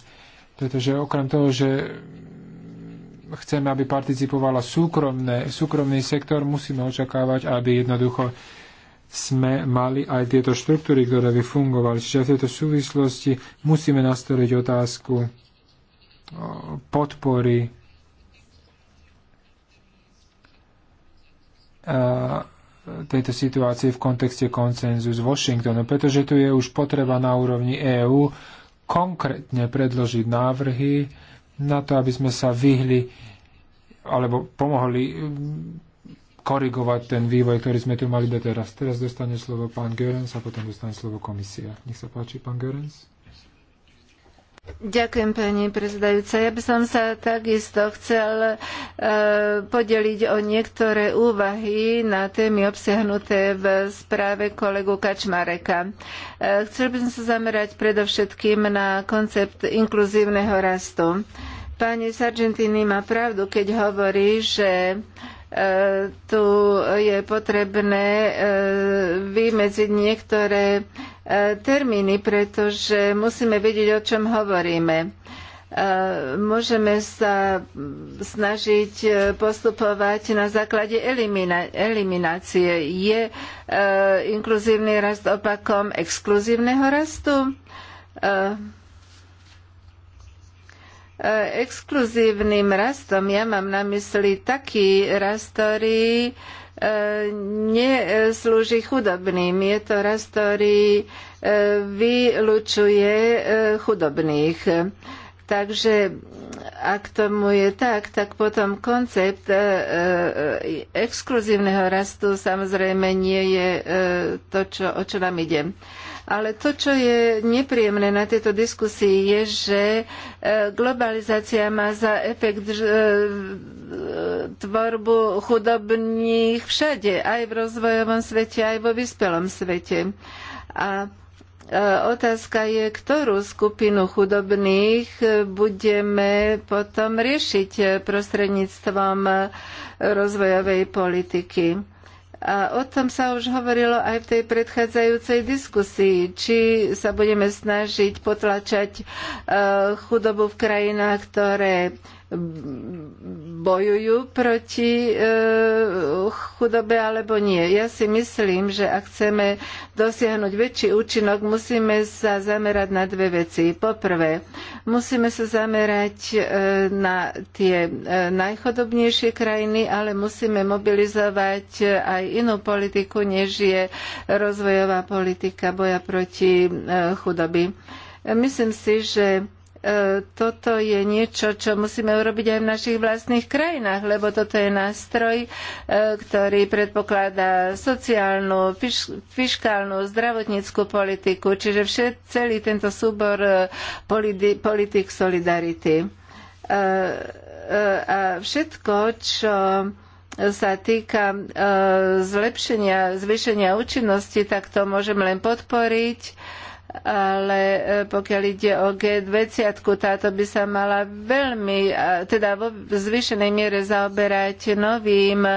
pretože okrem toho, že chceme, aby participovala súkromné, súkromný sektor, musíme očakávať, aby jednoducho sme mali aj tieto štruktúry, ktoré by fungovali. Čiže v tejto súvislosti musíme nastoliť otázku podpory tejto situácie v kontexte koncenzu z Washingtonu, pretože tu je už potreba na úrovni EÚ konkrétne predložiť návrhy na to, aby sme sa vyhli alebo pomohli mm, korigovať ten vývoj, ktorý sme tu mali doteraz. Teraz dostane slovo pán Görens a potom dostane slovo komisia. Nech sa páči, pán Görens. Ďakujem, pani prezidajúca. Ja by som sa takisto chcel e, podeliť o niektoré úvahy na témy obsiahnuté v správe kolegu Kačmareka. E, chcel by som sa zamerať predovšetkým na koncept inkluzívneho rastu. Pani Sargentini má pravdu, keď hovorí, že e, tu je potrebné e, vymedziť niektoré e, termíny, pretože musíme vedieť, o čom hovoríme. E, môžeme sa snažiť postupovať na základe elimina- eliminácie. Je inkluzívny rast opakom exkluzívneho rastu? exkluzívnym rastom ja mám na mysli taký rast, ktorý e, neslúži chudobným. Je to rast, ktorý e, vylučuje e, chudobných. Takže ak tomu je tak, tak potom koncept exkluzívneho rastu samozrejme nie je to, čo, o čo nám ide. Ale to, čo je nepríjemné na tejto diskusii, je, že e, globalizácia má za efekt e, tvorbu chudobných všade, aj v rozvojovom svete, aj vo vyspelom svete. A e, otázka je, ktorú skupinu chudobných budeme potom riešiť prostredníctvom rozvojovej politiky. A o tom sa už hovorilo aj v tej predchádzajúcej diskusii, či sa budeme snažiť potlačať eh, chudobu v krajinách, ktoré bojujú proti e, chudobe alebo nie. Ja si myslím, že ak chceme dosiahnuť väčší účinok, musíme sa zamerať na dve veci. Poprvé, musíme sa zamerať e, na tie e, najchodobnejšie krajiny, ale musíme mobilizovať aj inú politiku, než je rozvojová politika boja proti chudobi. Myslím si, že E, toto je niečo, čo musíme urobiť aj v našich vlastných krajinách, lebo toto je nástroj, e, ktorý predpokladá sociálnu, fiškálnu, zdravotníckú politiku, čiže všet, celý tento súbor e, politi, politik solidarity. A všetko, čo sa týka zlepšenia, zvýšenia účinnosti, tak to môžem len podporiť ale e, pokiaľ ide o G20, táto by sa mala veľmi, teda vo zvyšenej miere zaoberať novým e,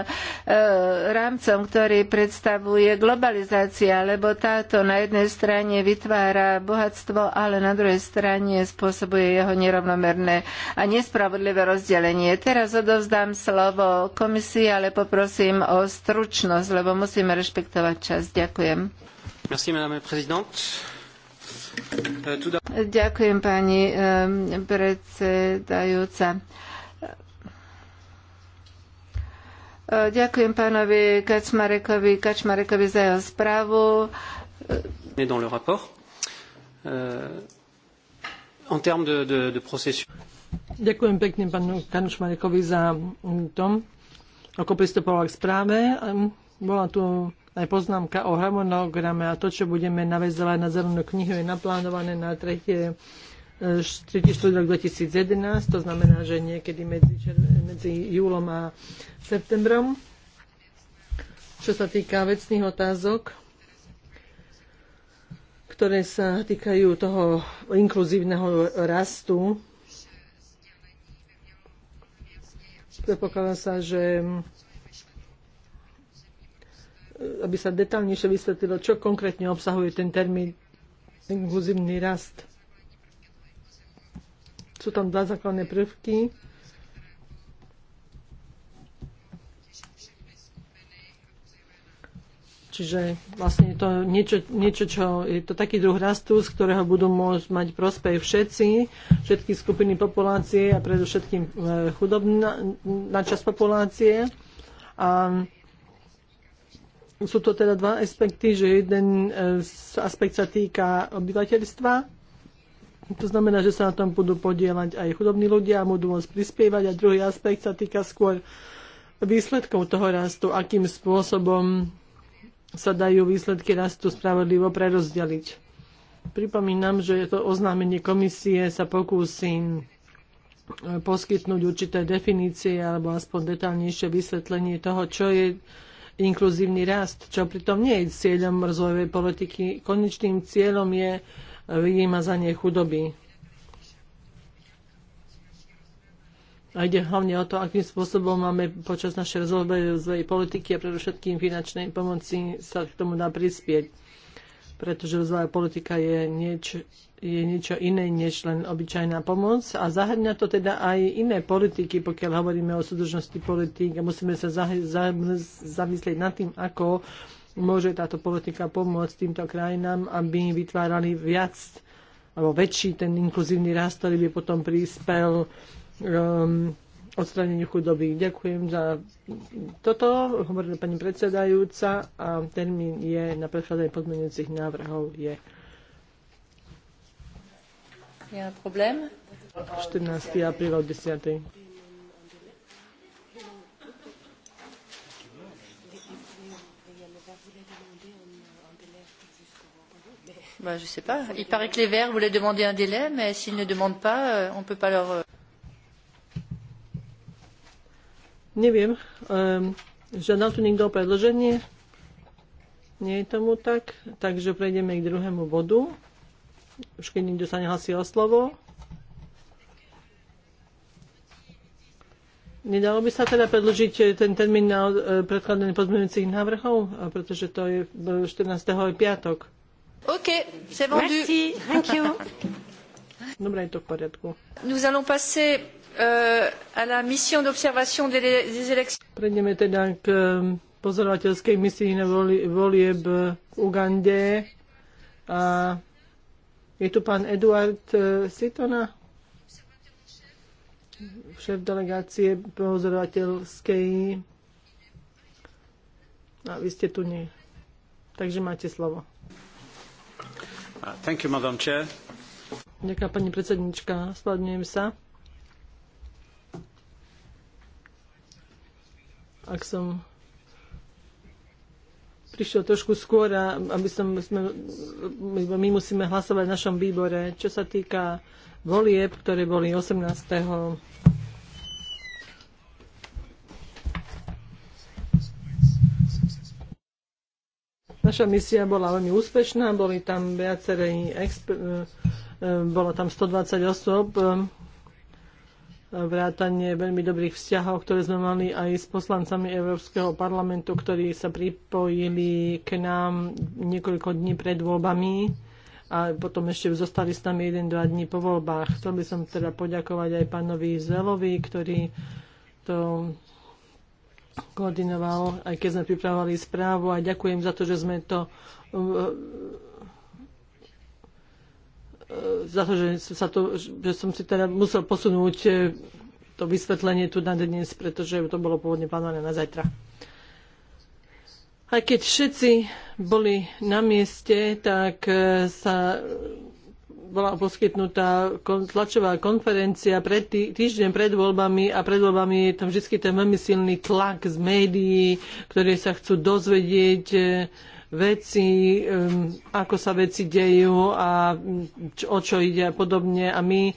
rámcom, ktorý predstavuje globalizácia, lebo táto na jednej strane vytvára bohatstvo, ale na druhej strane spôsobuje jeho nerovnomerné a nespravodlivé rozdelenie. Teraz odovzdám slovo komisii, ale poprosím o stručnosť, lebo musíme rešpektovať čas. Ďakujem. Merci, Ďakujem pani ehm, predsedajúca. E, ďakujem pánovi Kačmarekovi, Kačmarekovi za jeho správu. E, e, ďakujem pekne pánu Kačmarekovi za tom, ako pristupoval k správe. Ehm, bola tu aj poznámka o harmonograme a to, čo budeme navezovať na zelenú knihu, je naplánované na 3. 4. rok 2011, to znamená, že niekedy medzi, medzi júlom a septembrom. Čo sa týka vecných otázok, ktoré sa týkajú toho inkluzívneho rastu, predpokladá sa, že aby sa detálnejšie vysvetlilo, čo konkrétne obsahuje ten termín inkluzívny rast. Sú tam dva základné prvky. Čiže vlastne je to niečo, niečo, čo je to taký druh rastu, z ktorého budú môcť mať prospech všetci, všetky skupiny populácie a predovšetkým e, chudobná časť populácie. A sú to teda dva aspekty, že jeden e, aspekt sa týka obyvateľstva, to znamená, že sa na tom budú podielať aj chudobní ľudia a budú môcť prispievať a druhý aspekt sa týka skôr výsledkov toho rastu, akým spôsobom sa dajú výsledky rastu spravodlivo prerozdeliť. Pripomínam, že je to oznámenie komisie sa pokúsim e, poskytnúť určité definície alebo aspoň detálnejšie vysvetlenie toho, čo je inkluzívny rast, čo pritom nie je cieľom rozvojovej politiky. Konečným cieľom je vymazanie chudoby. A ide hlavne o to, akým spôsobom máme počas našej rozvojovej politiky a predovšetkým finančnej pomoci sa k tomu dá prispieť pretože rozvojová politika je, nieč, je niečo iné než len obyčajná pomoc a zahrňa to teda aj iné politiky, pokiaľ hovoríme o súdržnosti politík a musíme sa za, za, zamyslieť nad tým, ako môže táto politika pomôcť týmto krajinám, aby vytvárali viac alebo väčší ten inkluzívny rast, ktorý by potom prispel um, odstraneniu chudoby. Ďakujem za toto, hovorila pani predsedajúca a termín je na predkladanie podmenujúcich návrhov je ja, problém? 14. apríl o 10. Bah, je sais pas. Il paraît que les Verts voulaient demander un délai, mais s'ils ne demandent pas, euh, on ne peut pas leur. Euh, Neviem, um, ehm, žiadal tu nikto predloženie? Nie je tomu tak, takže prejdeme k druhému bodu. Už keď nikto sa nehlasí o slovo. Nedalo by sa teda predložiť eh, ten termín na eh, predkladanie pozmeňujúcich návrhov, eh, pretože to je 14. je piatok. OK, c'est vendu. Merci, thank you. Dobre, je to v poriadku. Nous allons passer Euh, Prejdeme teda k um, pozorovateľskej misii na volieb v Ugande. A je tu pán Eduard e, Sitona, šéf delegácie pozorovateľskej. A vy ste tu nie. Takže máte slovo. Thank you, Madam Chair. Ďakujem, pani predsednička. Spadnem sa. ak som prišiel trošku skôr, aby som, sme, my musíme hlasovať v našom výbore, čo sa týka volieb, ktoré boli 18. Naša misia bola veľmi úspešná, boli tam viaceré exper- eh, eh, bolo tam 120 osôb, vrátanie veľmi dobrých vzťahov, ktoré sme mali aj s poslancami Európskeho parlamentu, ktorí sa pripojili k nám niekoľko dní pred voľbami a potom ešte zostali s nami 1-2 dní po voľbách. Chcel by som teda poďakovať aj pánovi Zelovi, ktorý to koordinoval, aj keď sme pripravovali správu a ďakujem za to, že sme to E, za to, že som, sa to, že som si teda musel posunúť e, to vysvetlenie tu na dnes, pretože to bolo pôvodne plánované na zajtra. Aj keď všetci boli na mieste, tak e, sa bola poskytnutá tlačová konferencia pred tý, týždeň pred voľbami a pred voľbami je tam vždy ten veľmi silný tlak z médií, ktoré sa chcú dozvedieť veci, ako sa veci dejú a o čo ide a podobne. A my e,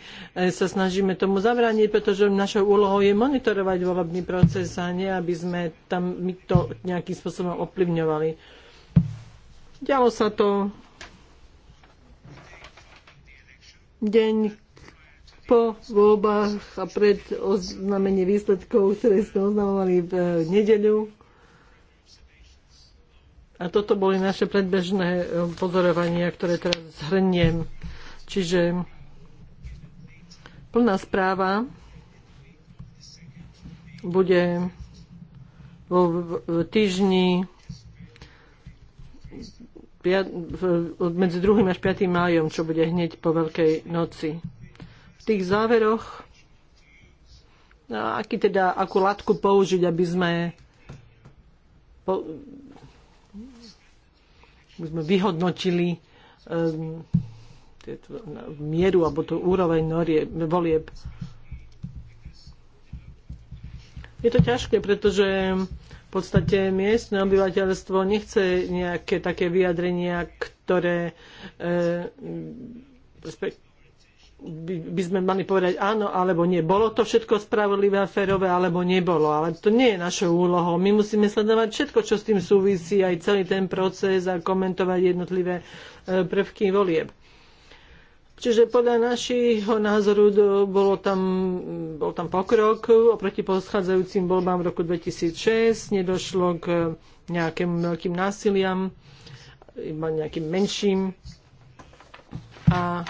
sa snažíme tomu zabrániť, pretože našou úlohou je monitorovať volebný proces a nie, aby sme tam my to nejakým spôsobom ovplyvňovali. Dialo sa to deň, po voľbách a pred oznámení výsledkov, ktoré sme oznamovali v e, nedeľu. A toto boli naše predbežné e, pozorovania, ktoré teraz zhrniem. Čiže plná správa bude vo týždni medzi 2. až 5. májom, čo bude hneď po Veľkej noci. V tých záveroch, aký teda, akú látku použiť, aby sme po, sme vyhodnotili ehm, mieru alebo tú úroveň volieb. Je to ťažké, pretože v podstate miestne obyvateľstvo nechce nejaké také vyjadrenia, ktoré e, by, by sme mali povedať áno alebo nie. Bolo to všetko spravodlivé a férové alebo nebolo. Ale to nie je našou úlohou. My musíme sledovať všetko, čo s tým súvisí, aj celý ten proces a komentovať jednotlivé e, prvky volieb. Čiže podľa našho názoru bolo tam, bol tam pokrok oproti poschádzajúcim voľbám v roku 2006. Nedošlo k nejakým veľkým násiliam, iba nejakým menším. A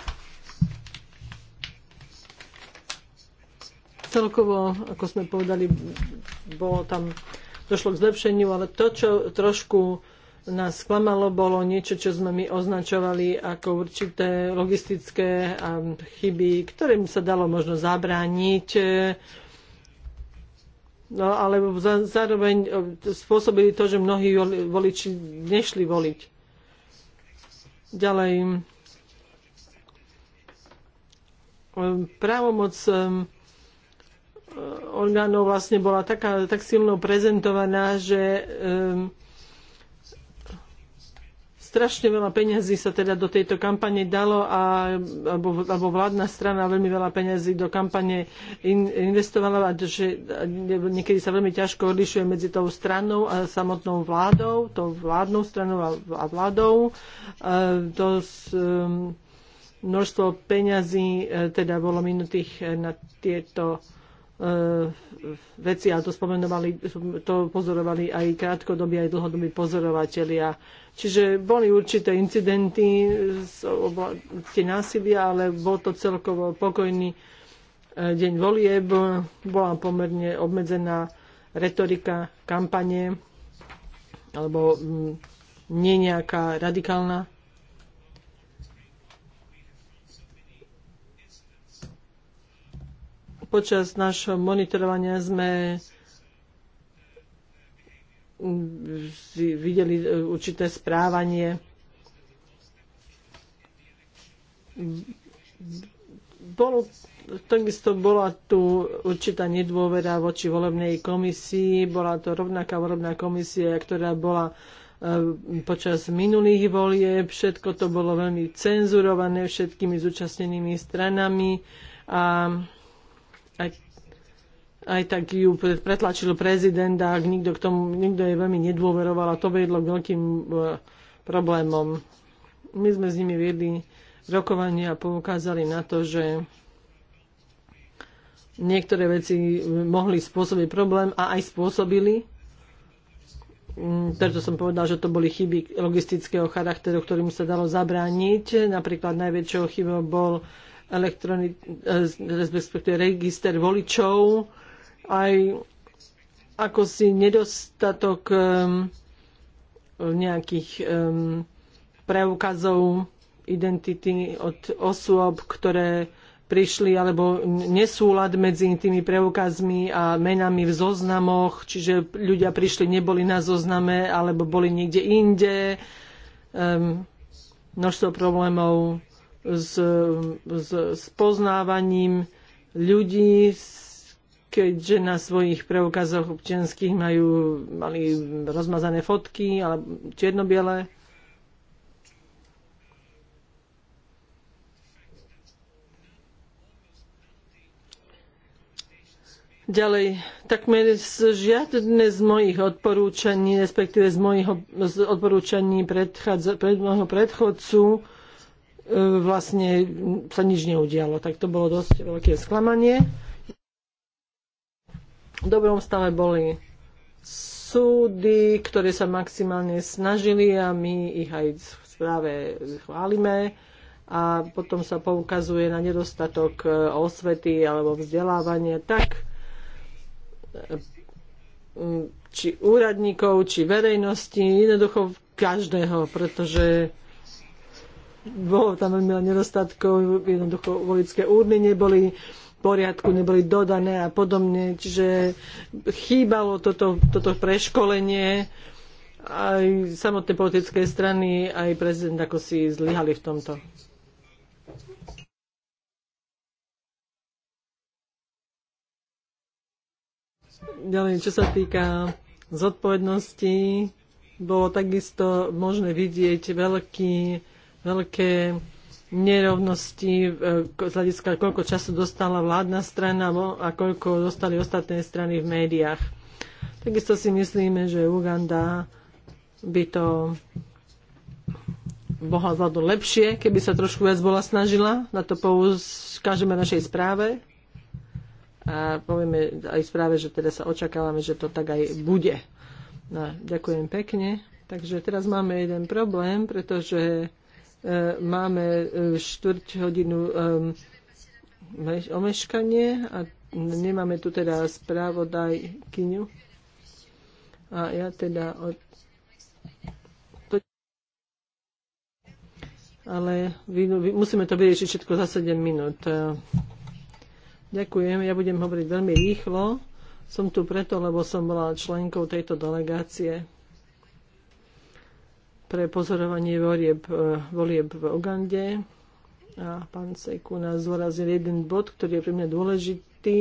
celkovo, ako sme povedali, bolo tam, došlo k zlepšeniu, ale to, čo trošku nás sklamalo, bolo niečo, čo sme my označovali ako určité logistické um, chyby, ktorým sa dalo možno zabrániť. No ale zároveň um, spôsobili to, že mnohí voliči nešli voliť. Ďalej. Um, právomoc Eh, orgánov vlastne bola taká, tak silno prezentovaná, že um, strašne veľa peňazí sa teda do tejto kampane dalo a, alebo, alebo vládna strana veľmi veľa peňazí do kampane in, investovala a že niekedy sa veľmi ťažko odlišuje medzi tou stranou a samotnou vládou, tou vládnou stranou a, a vládou. A eh, to s, um, množstvo peňazí teda bolo minutých na tieto E, veci, a to spomenovali, to pozorovali aj krátkodobí, aj dlhodobí pozorovatelia. Čiže boli určité incidenty z oblasti násilia, ale bol to celkovo pokojný e, deň volieb, bola pomerne obmedzená retorika kampane, alebo nie nejaká radikálna Počas našho monitorovania sme mm, videli e, určité správanie bolo, takisto bola tu určitá nedôvera voči volebnej komisii. Bola to rovnaká volebná komisia, ktorá bola e, počas minulých volieb. Všetko to bolo veľmi cenzurované všetkými zúčastnenými stranami a aj, aj tak ju pretlačil prezident a nikto, k tomu, nikto jej veľmi nedôveroval a to vedlo k veľkým e, problémom. My sme s nimi viedli rokovania a poukázali na to, že niektoré veci mohli spôsobiť problém a aj spôsobili mm, preto som povedal, že to boli chyby logistického charakteru, ktorým sa dalo zabrániť. Napríklad najväčšou chybou bol elektroni- eh, respektíve register voličov, aj ako si nedostatok um, nejakých um, preukazov identity od osôb, ktoré prišli, alebo nesúlad medzi tými preukazmi a menami v zoznamoch, čiže ľudia prišli, neboli na zozname, alebo boli niekde inde. Um, množstvo problémov s, s spoznávaním ľudí, keďže na svojich preukazoch občianských majú, mali rozmazané fotky alebo čiernobiele. Ďalej, takmer žiadne z mojich odporúčaní, respektíve z mojich odporúčaní predchádza, pred môjho predchodcu, E, vlastne sa nič neudialo. Tak to bolo dosť veľké sklamanie. V dobrom stave boli súdy, ktoré sa maximálne snažili a my ich aj v správe chválime a potom sa poukazuje na nedostatok e, osvety alebo vzdelávania tak e, či úradníkov, či verejnosti, jednoducho každého, pretože bolo tam veľmi nedostatkov, jednoducho volické úrny neboli poriadku, neboli dodané a podobne. Čiže chýbalo toto, toto preškolenie aj samotné politické strany, aj prezident ako si zlyhali v tomto. Ďalej, čo sa týka zodpovednosti, bolo takisto možné vidieť veľký veľké nerovnosti e, z hľadiska, koľko času dostala vládna strana a koľko dostali ostatné strany v médiách. Takisto si myslíme, že Uganda by to mohla zvládnuť lepšie, keby sa trošku viac bola snažila. Na to poukážeme našej správe a povieme aj správe, že teda sa očakávame, že to tak aj bude. No, ďakujem pekne. Takže teraz máme jeden problém, pretože E, máme e, štvrť hodinu omeškanie a nemáme tu teda správodajkyňu. A ja teda od... Ale musíme to vyriešiť všetko za 7 minút. E, ďakujem, ja budem hovoriť veľmi rýchlo. Som tu preto, lebo som bola členkou tejto delegácie pre pozorovanie volieb, e, volieb v Ugande. A pán nás zvorazil jeden bod, ktorý je pre mňa dôležitý.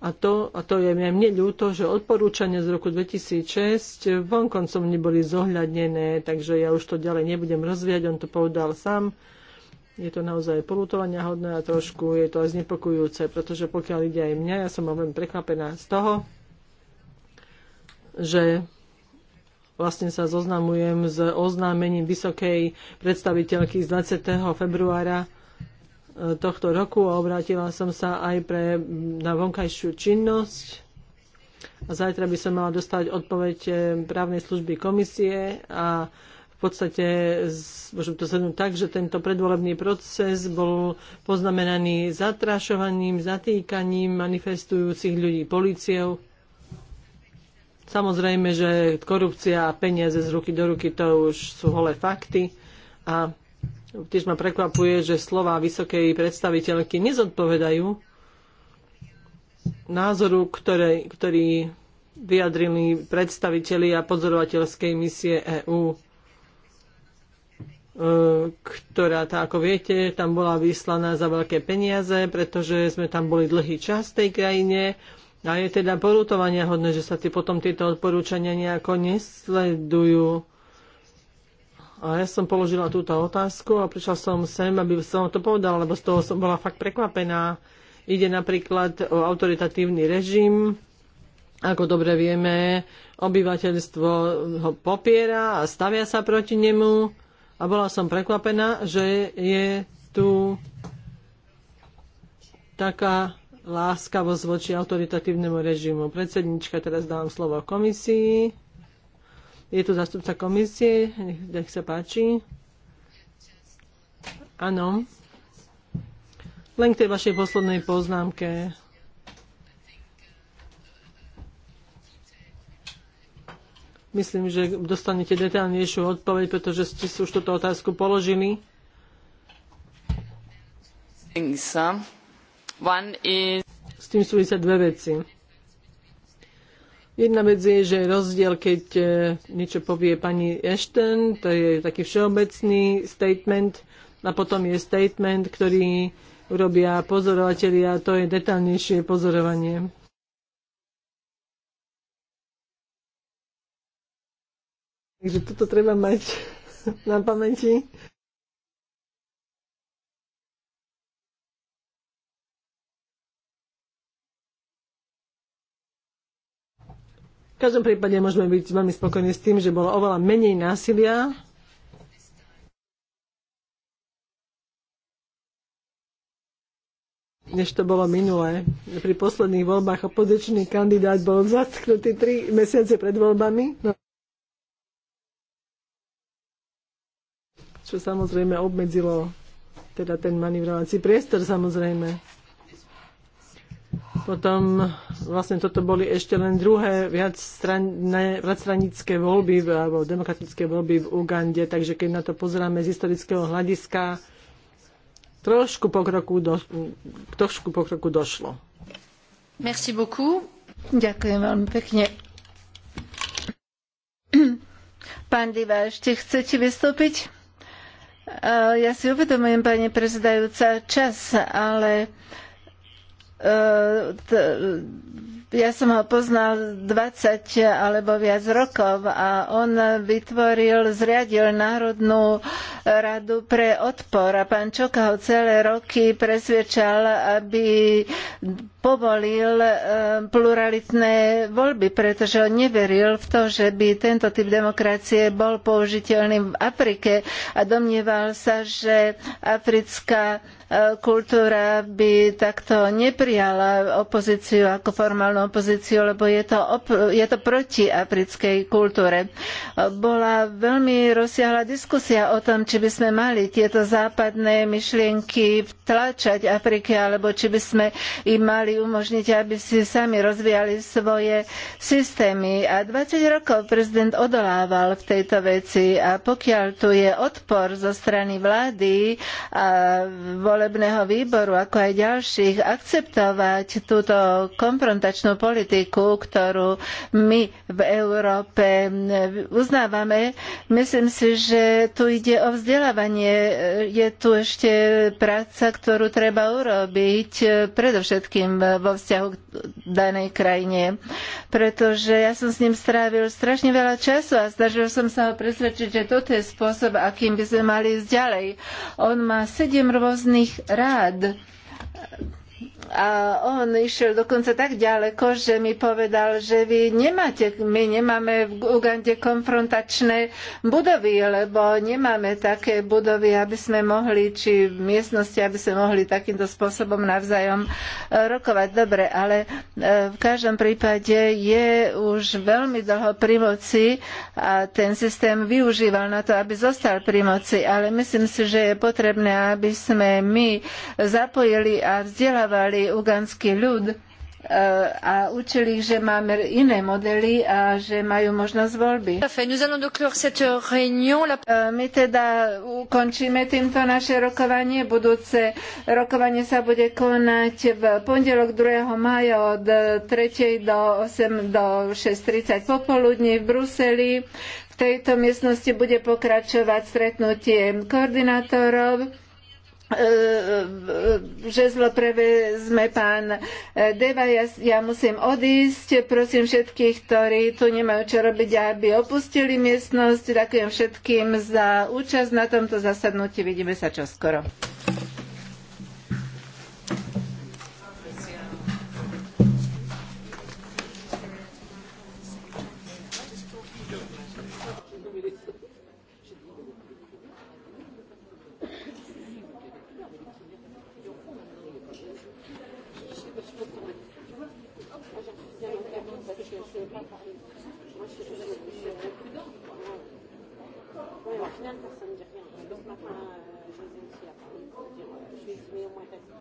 A to, a to je mne ľúto, že odporúčania z roku 2006 vonkoncom neboli zohľadnené, takže ja už to ďalej nebudem rozvíjať, on to povedal sám. Je to naozaj polutovania hodné a trošku je to aj znepokojúce, pretože pokiaľ ide aj mňa, ja som veľmi prekvapená z toho, že vlastne sa zoznamujem s oznámením vysokej predstaviteľky z 20. februára e, tohto roku a obrátila som sa aj pre, na vonkajšiu činnosť. A zajtra by som mala dostať odpoveď e, právnej služby komisie a v podstate môžem to zhrnúť tak, že tento predvolebný proces bol poznamenaný zatrašovaním, zatýkaním manifestujúcich ľudí policiou Samozrejme, že korupcia a peniaze z ruky do ruky to už sú holé fakty a tiež ma prekvapuje, že slova vysokej predstaviteľky nezodpovedajú názoru, ktoré, ktorý vyjadrili predstavitelia pozorovateľskej misie EÚ, e, ktorá, tá, ako viete, tam bola vyslaná za veľké peniaze, pretože sme tam boli dlhý čas v tej krajine a je teda porútovania hodné, že sa tí, potom tieto odporúčania nejako nesledujú. A ja som položila túto otázku a prišla som sem, aby som to povedala, lebo z toho som bola fakt prekvapená. Ide napríklad o autoritatívny režim, ako dobre vieme, obyvateľstvo ho popiera a stavia sa proti nemu. A bola som prekvapená, že je tu taká láskavosť voči autoritatívnemu režimu. Predsednička, teraz dávam slovo komisii. Je tu zastupca komisie, nech, nech sa páči. Áno. Len k tej vašej poslednej poznámke. Myslím, že dostanete detailnejšiu odpoveď, pretože ste si už túto otázku položili. Thanks, s tým súvisia dve veci. Jedna vec je, že rozdiel, keď e, niečo povie pani Ashton, to je taký všeobecný statement, a potom je statement, ktorý urobia pozorovatelia, to je detálnejšie pozorovanie. Takže toto treba mať [laughs] na pamäti. V každom prípade môžeme byť veľmi spokojní s tým, že bolo oveľa menej násilia než to bolo minulé. Pri posledných voľbách opozičný kandidát bol zatknutý tri mesiace pred voľbami. No. Čo samozrejme obmedzilo teda ten manivrovací priestor samozrejme potom vlastne toto boli ešte len druhé viac viacstranické voľby alebo demokratické voľby v Ugande, takže keď na to pozeráme z historického hľadiska, trošku pokroku, do, trošku pokroku došlo. Merci beaucoup. Ďakujem veľmi pekne. Pán Diva, ešte chcete vystúpiť? E, ja si uvedomujem, pani prezidajúca, čas, ale uh, ja som ho poznal 20 alebo viac rokov a on vytvoril, zriadil Národnú radu pre odpor a pán Čoka ho celé roky presvedčal, aby povolil e, pluralitné voľby, pretože on neveril v to, že by tento typ demokracie bol použiteľný v Afrike a domnieval sa, že africká kultúra by takto neprijala opozíciu ako formálnu opozíciu, lebo je to, je to proti africkej kultúre. Bola veľmi rozsiahla diskusia o tom, či by sme mali tieto západné myšlienky vtlačať Afrike, alebo či by sme im mali umožniť, aby si sami rozvíjali svoje systémy. A 20 rokov prezident odolával v tejto veci a pokiaľ tu je odpor zo strany vlády a volebného výboru, ako aj ďalších, akceptovať túto konfrontačnú politiku, ktorú my v Európe uznávame. Myslím si, že tu ide o vzdelávanie. Je tu ešte práca, ktorú treba urobiť eh, predovšetkým vo vzťahu k danej krajine. Pretože ja som s ním strávil strašne veľa času a snažil som sa ho presvedčiť, že toto je spôsob, akým by sme mali ísť ďalej. On má sedem rôznych ich rád a on išiel dokonca tak ďaleko, že mi povedal, že vy nemáte, my nemáme v Ugande konfrontačné budovy, lebo nemáme také budovy, aby sme mohli, či miestnosti, aby sme mohli takýmto spôsobom navzájom e, rokovať. Dobre, ale e, v každom prípade je už veľmi dlho pri moci a ten systém využíval na to, aby zostal pri moci, ale myslím si, že je potrebné, aby sme my zapojili a vzdelávali učili ugandský ľud e, a učili ich, že máme iné modely a že majú možnosť voľby. E, my teda ukončíme týmto naše rokovanie. Budúce rokovanie sa bude konať v pondelok 2. maja od 3. E, do 8 do 6.30 popoludní v Bruseli. V tejto miestnosti bude pokračovať stretnutie koordinátorov. E, e, žezlo prevezme pán e, Deva. Ja, ja musím odísť. Prosím všetkých, ktorí tu nemajú čo robiť, aby opustili miestnosť. Ďakujem všetkým za účasť na tomto zasadnutí. Vidíme sa čoskoro.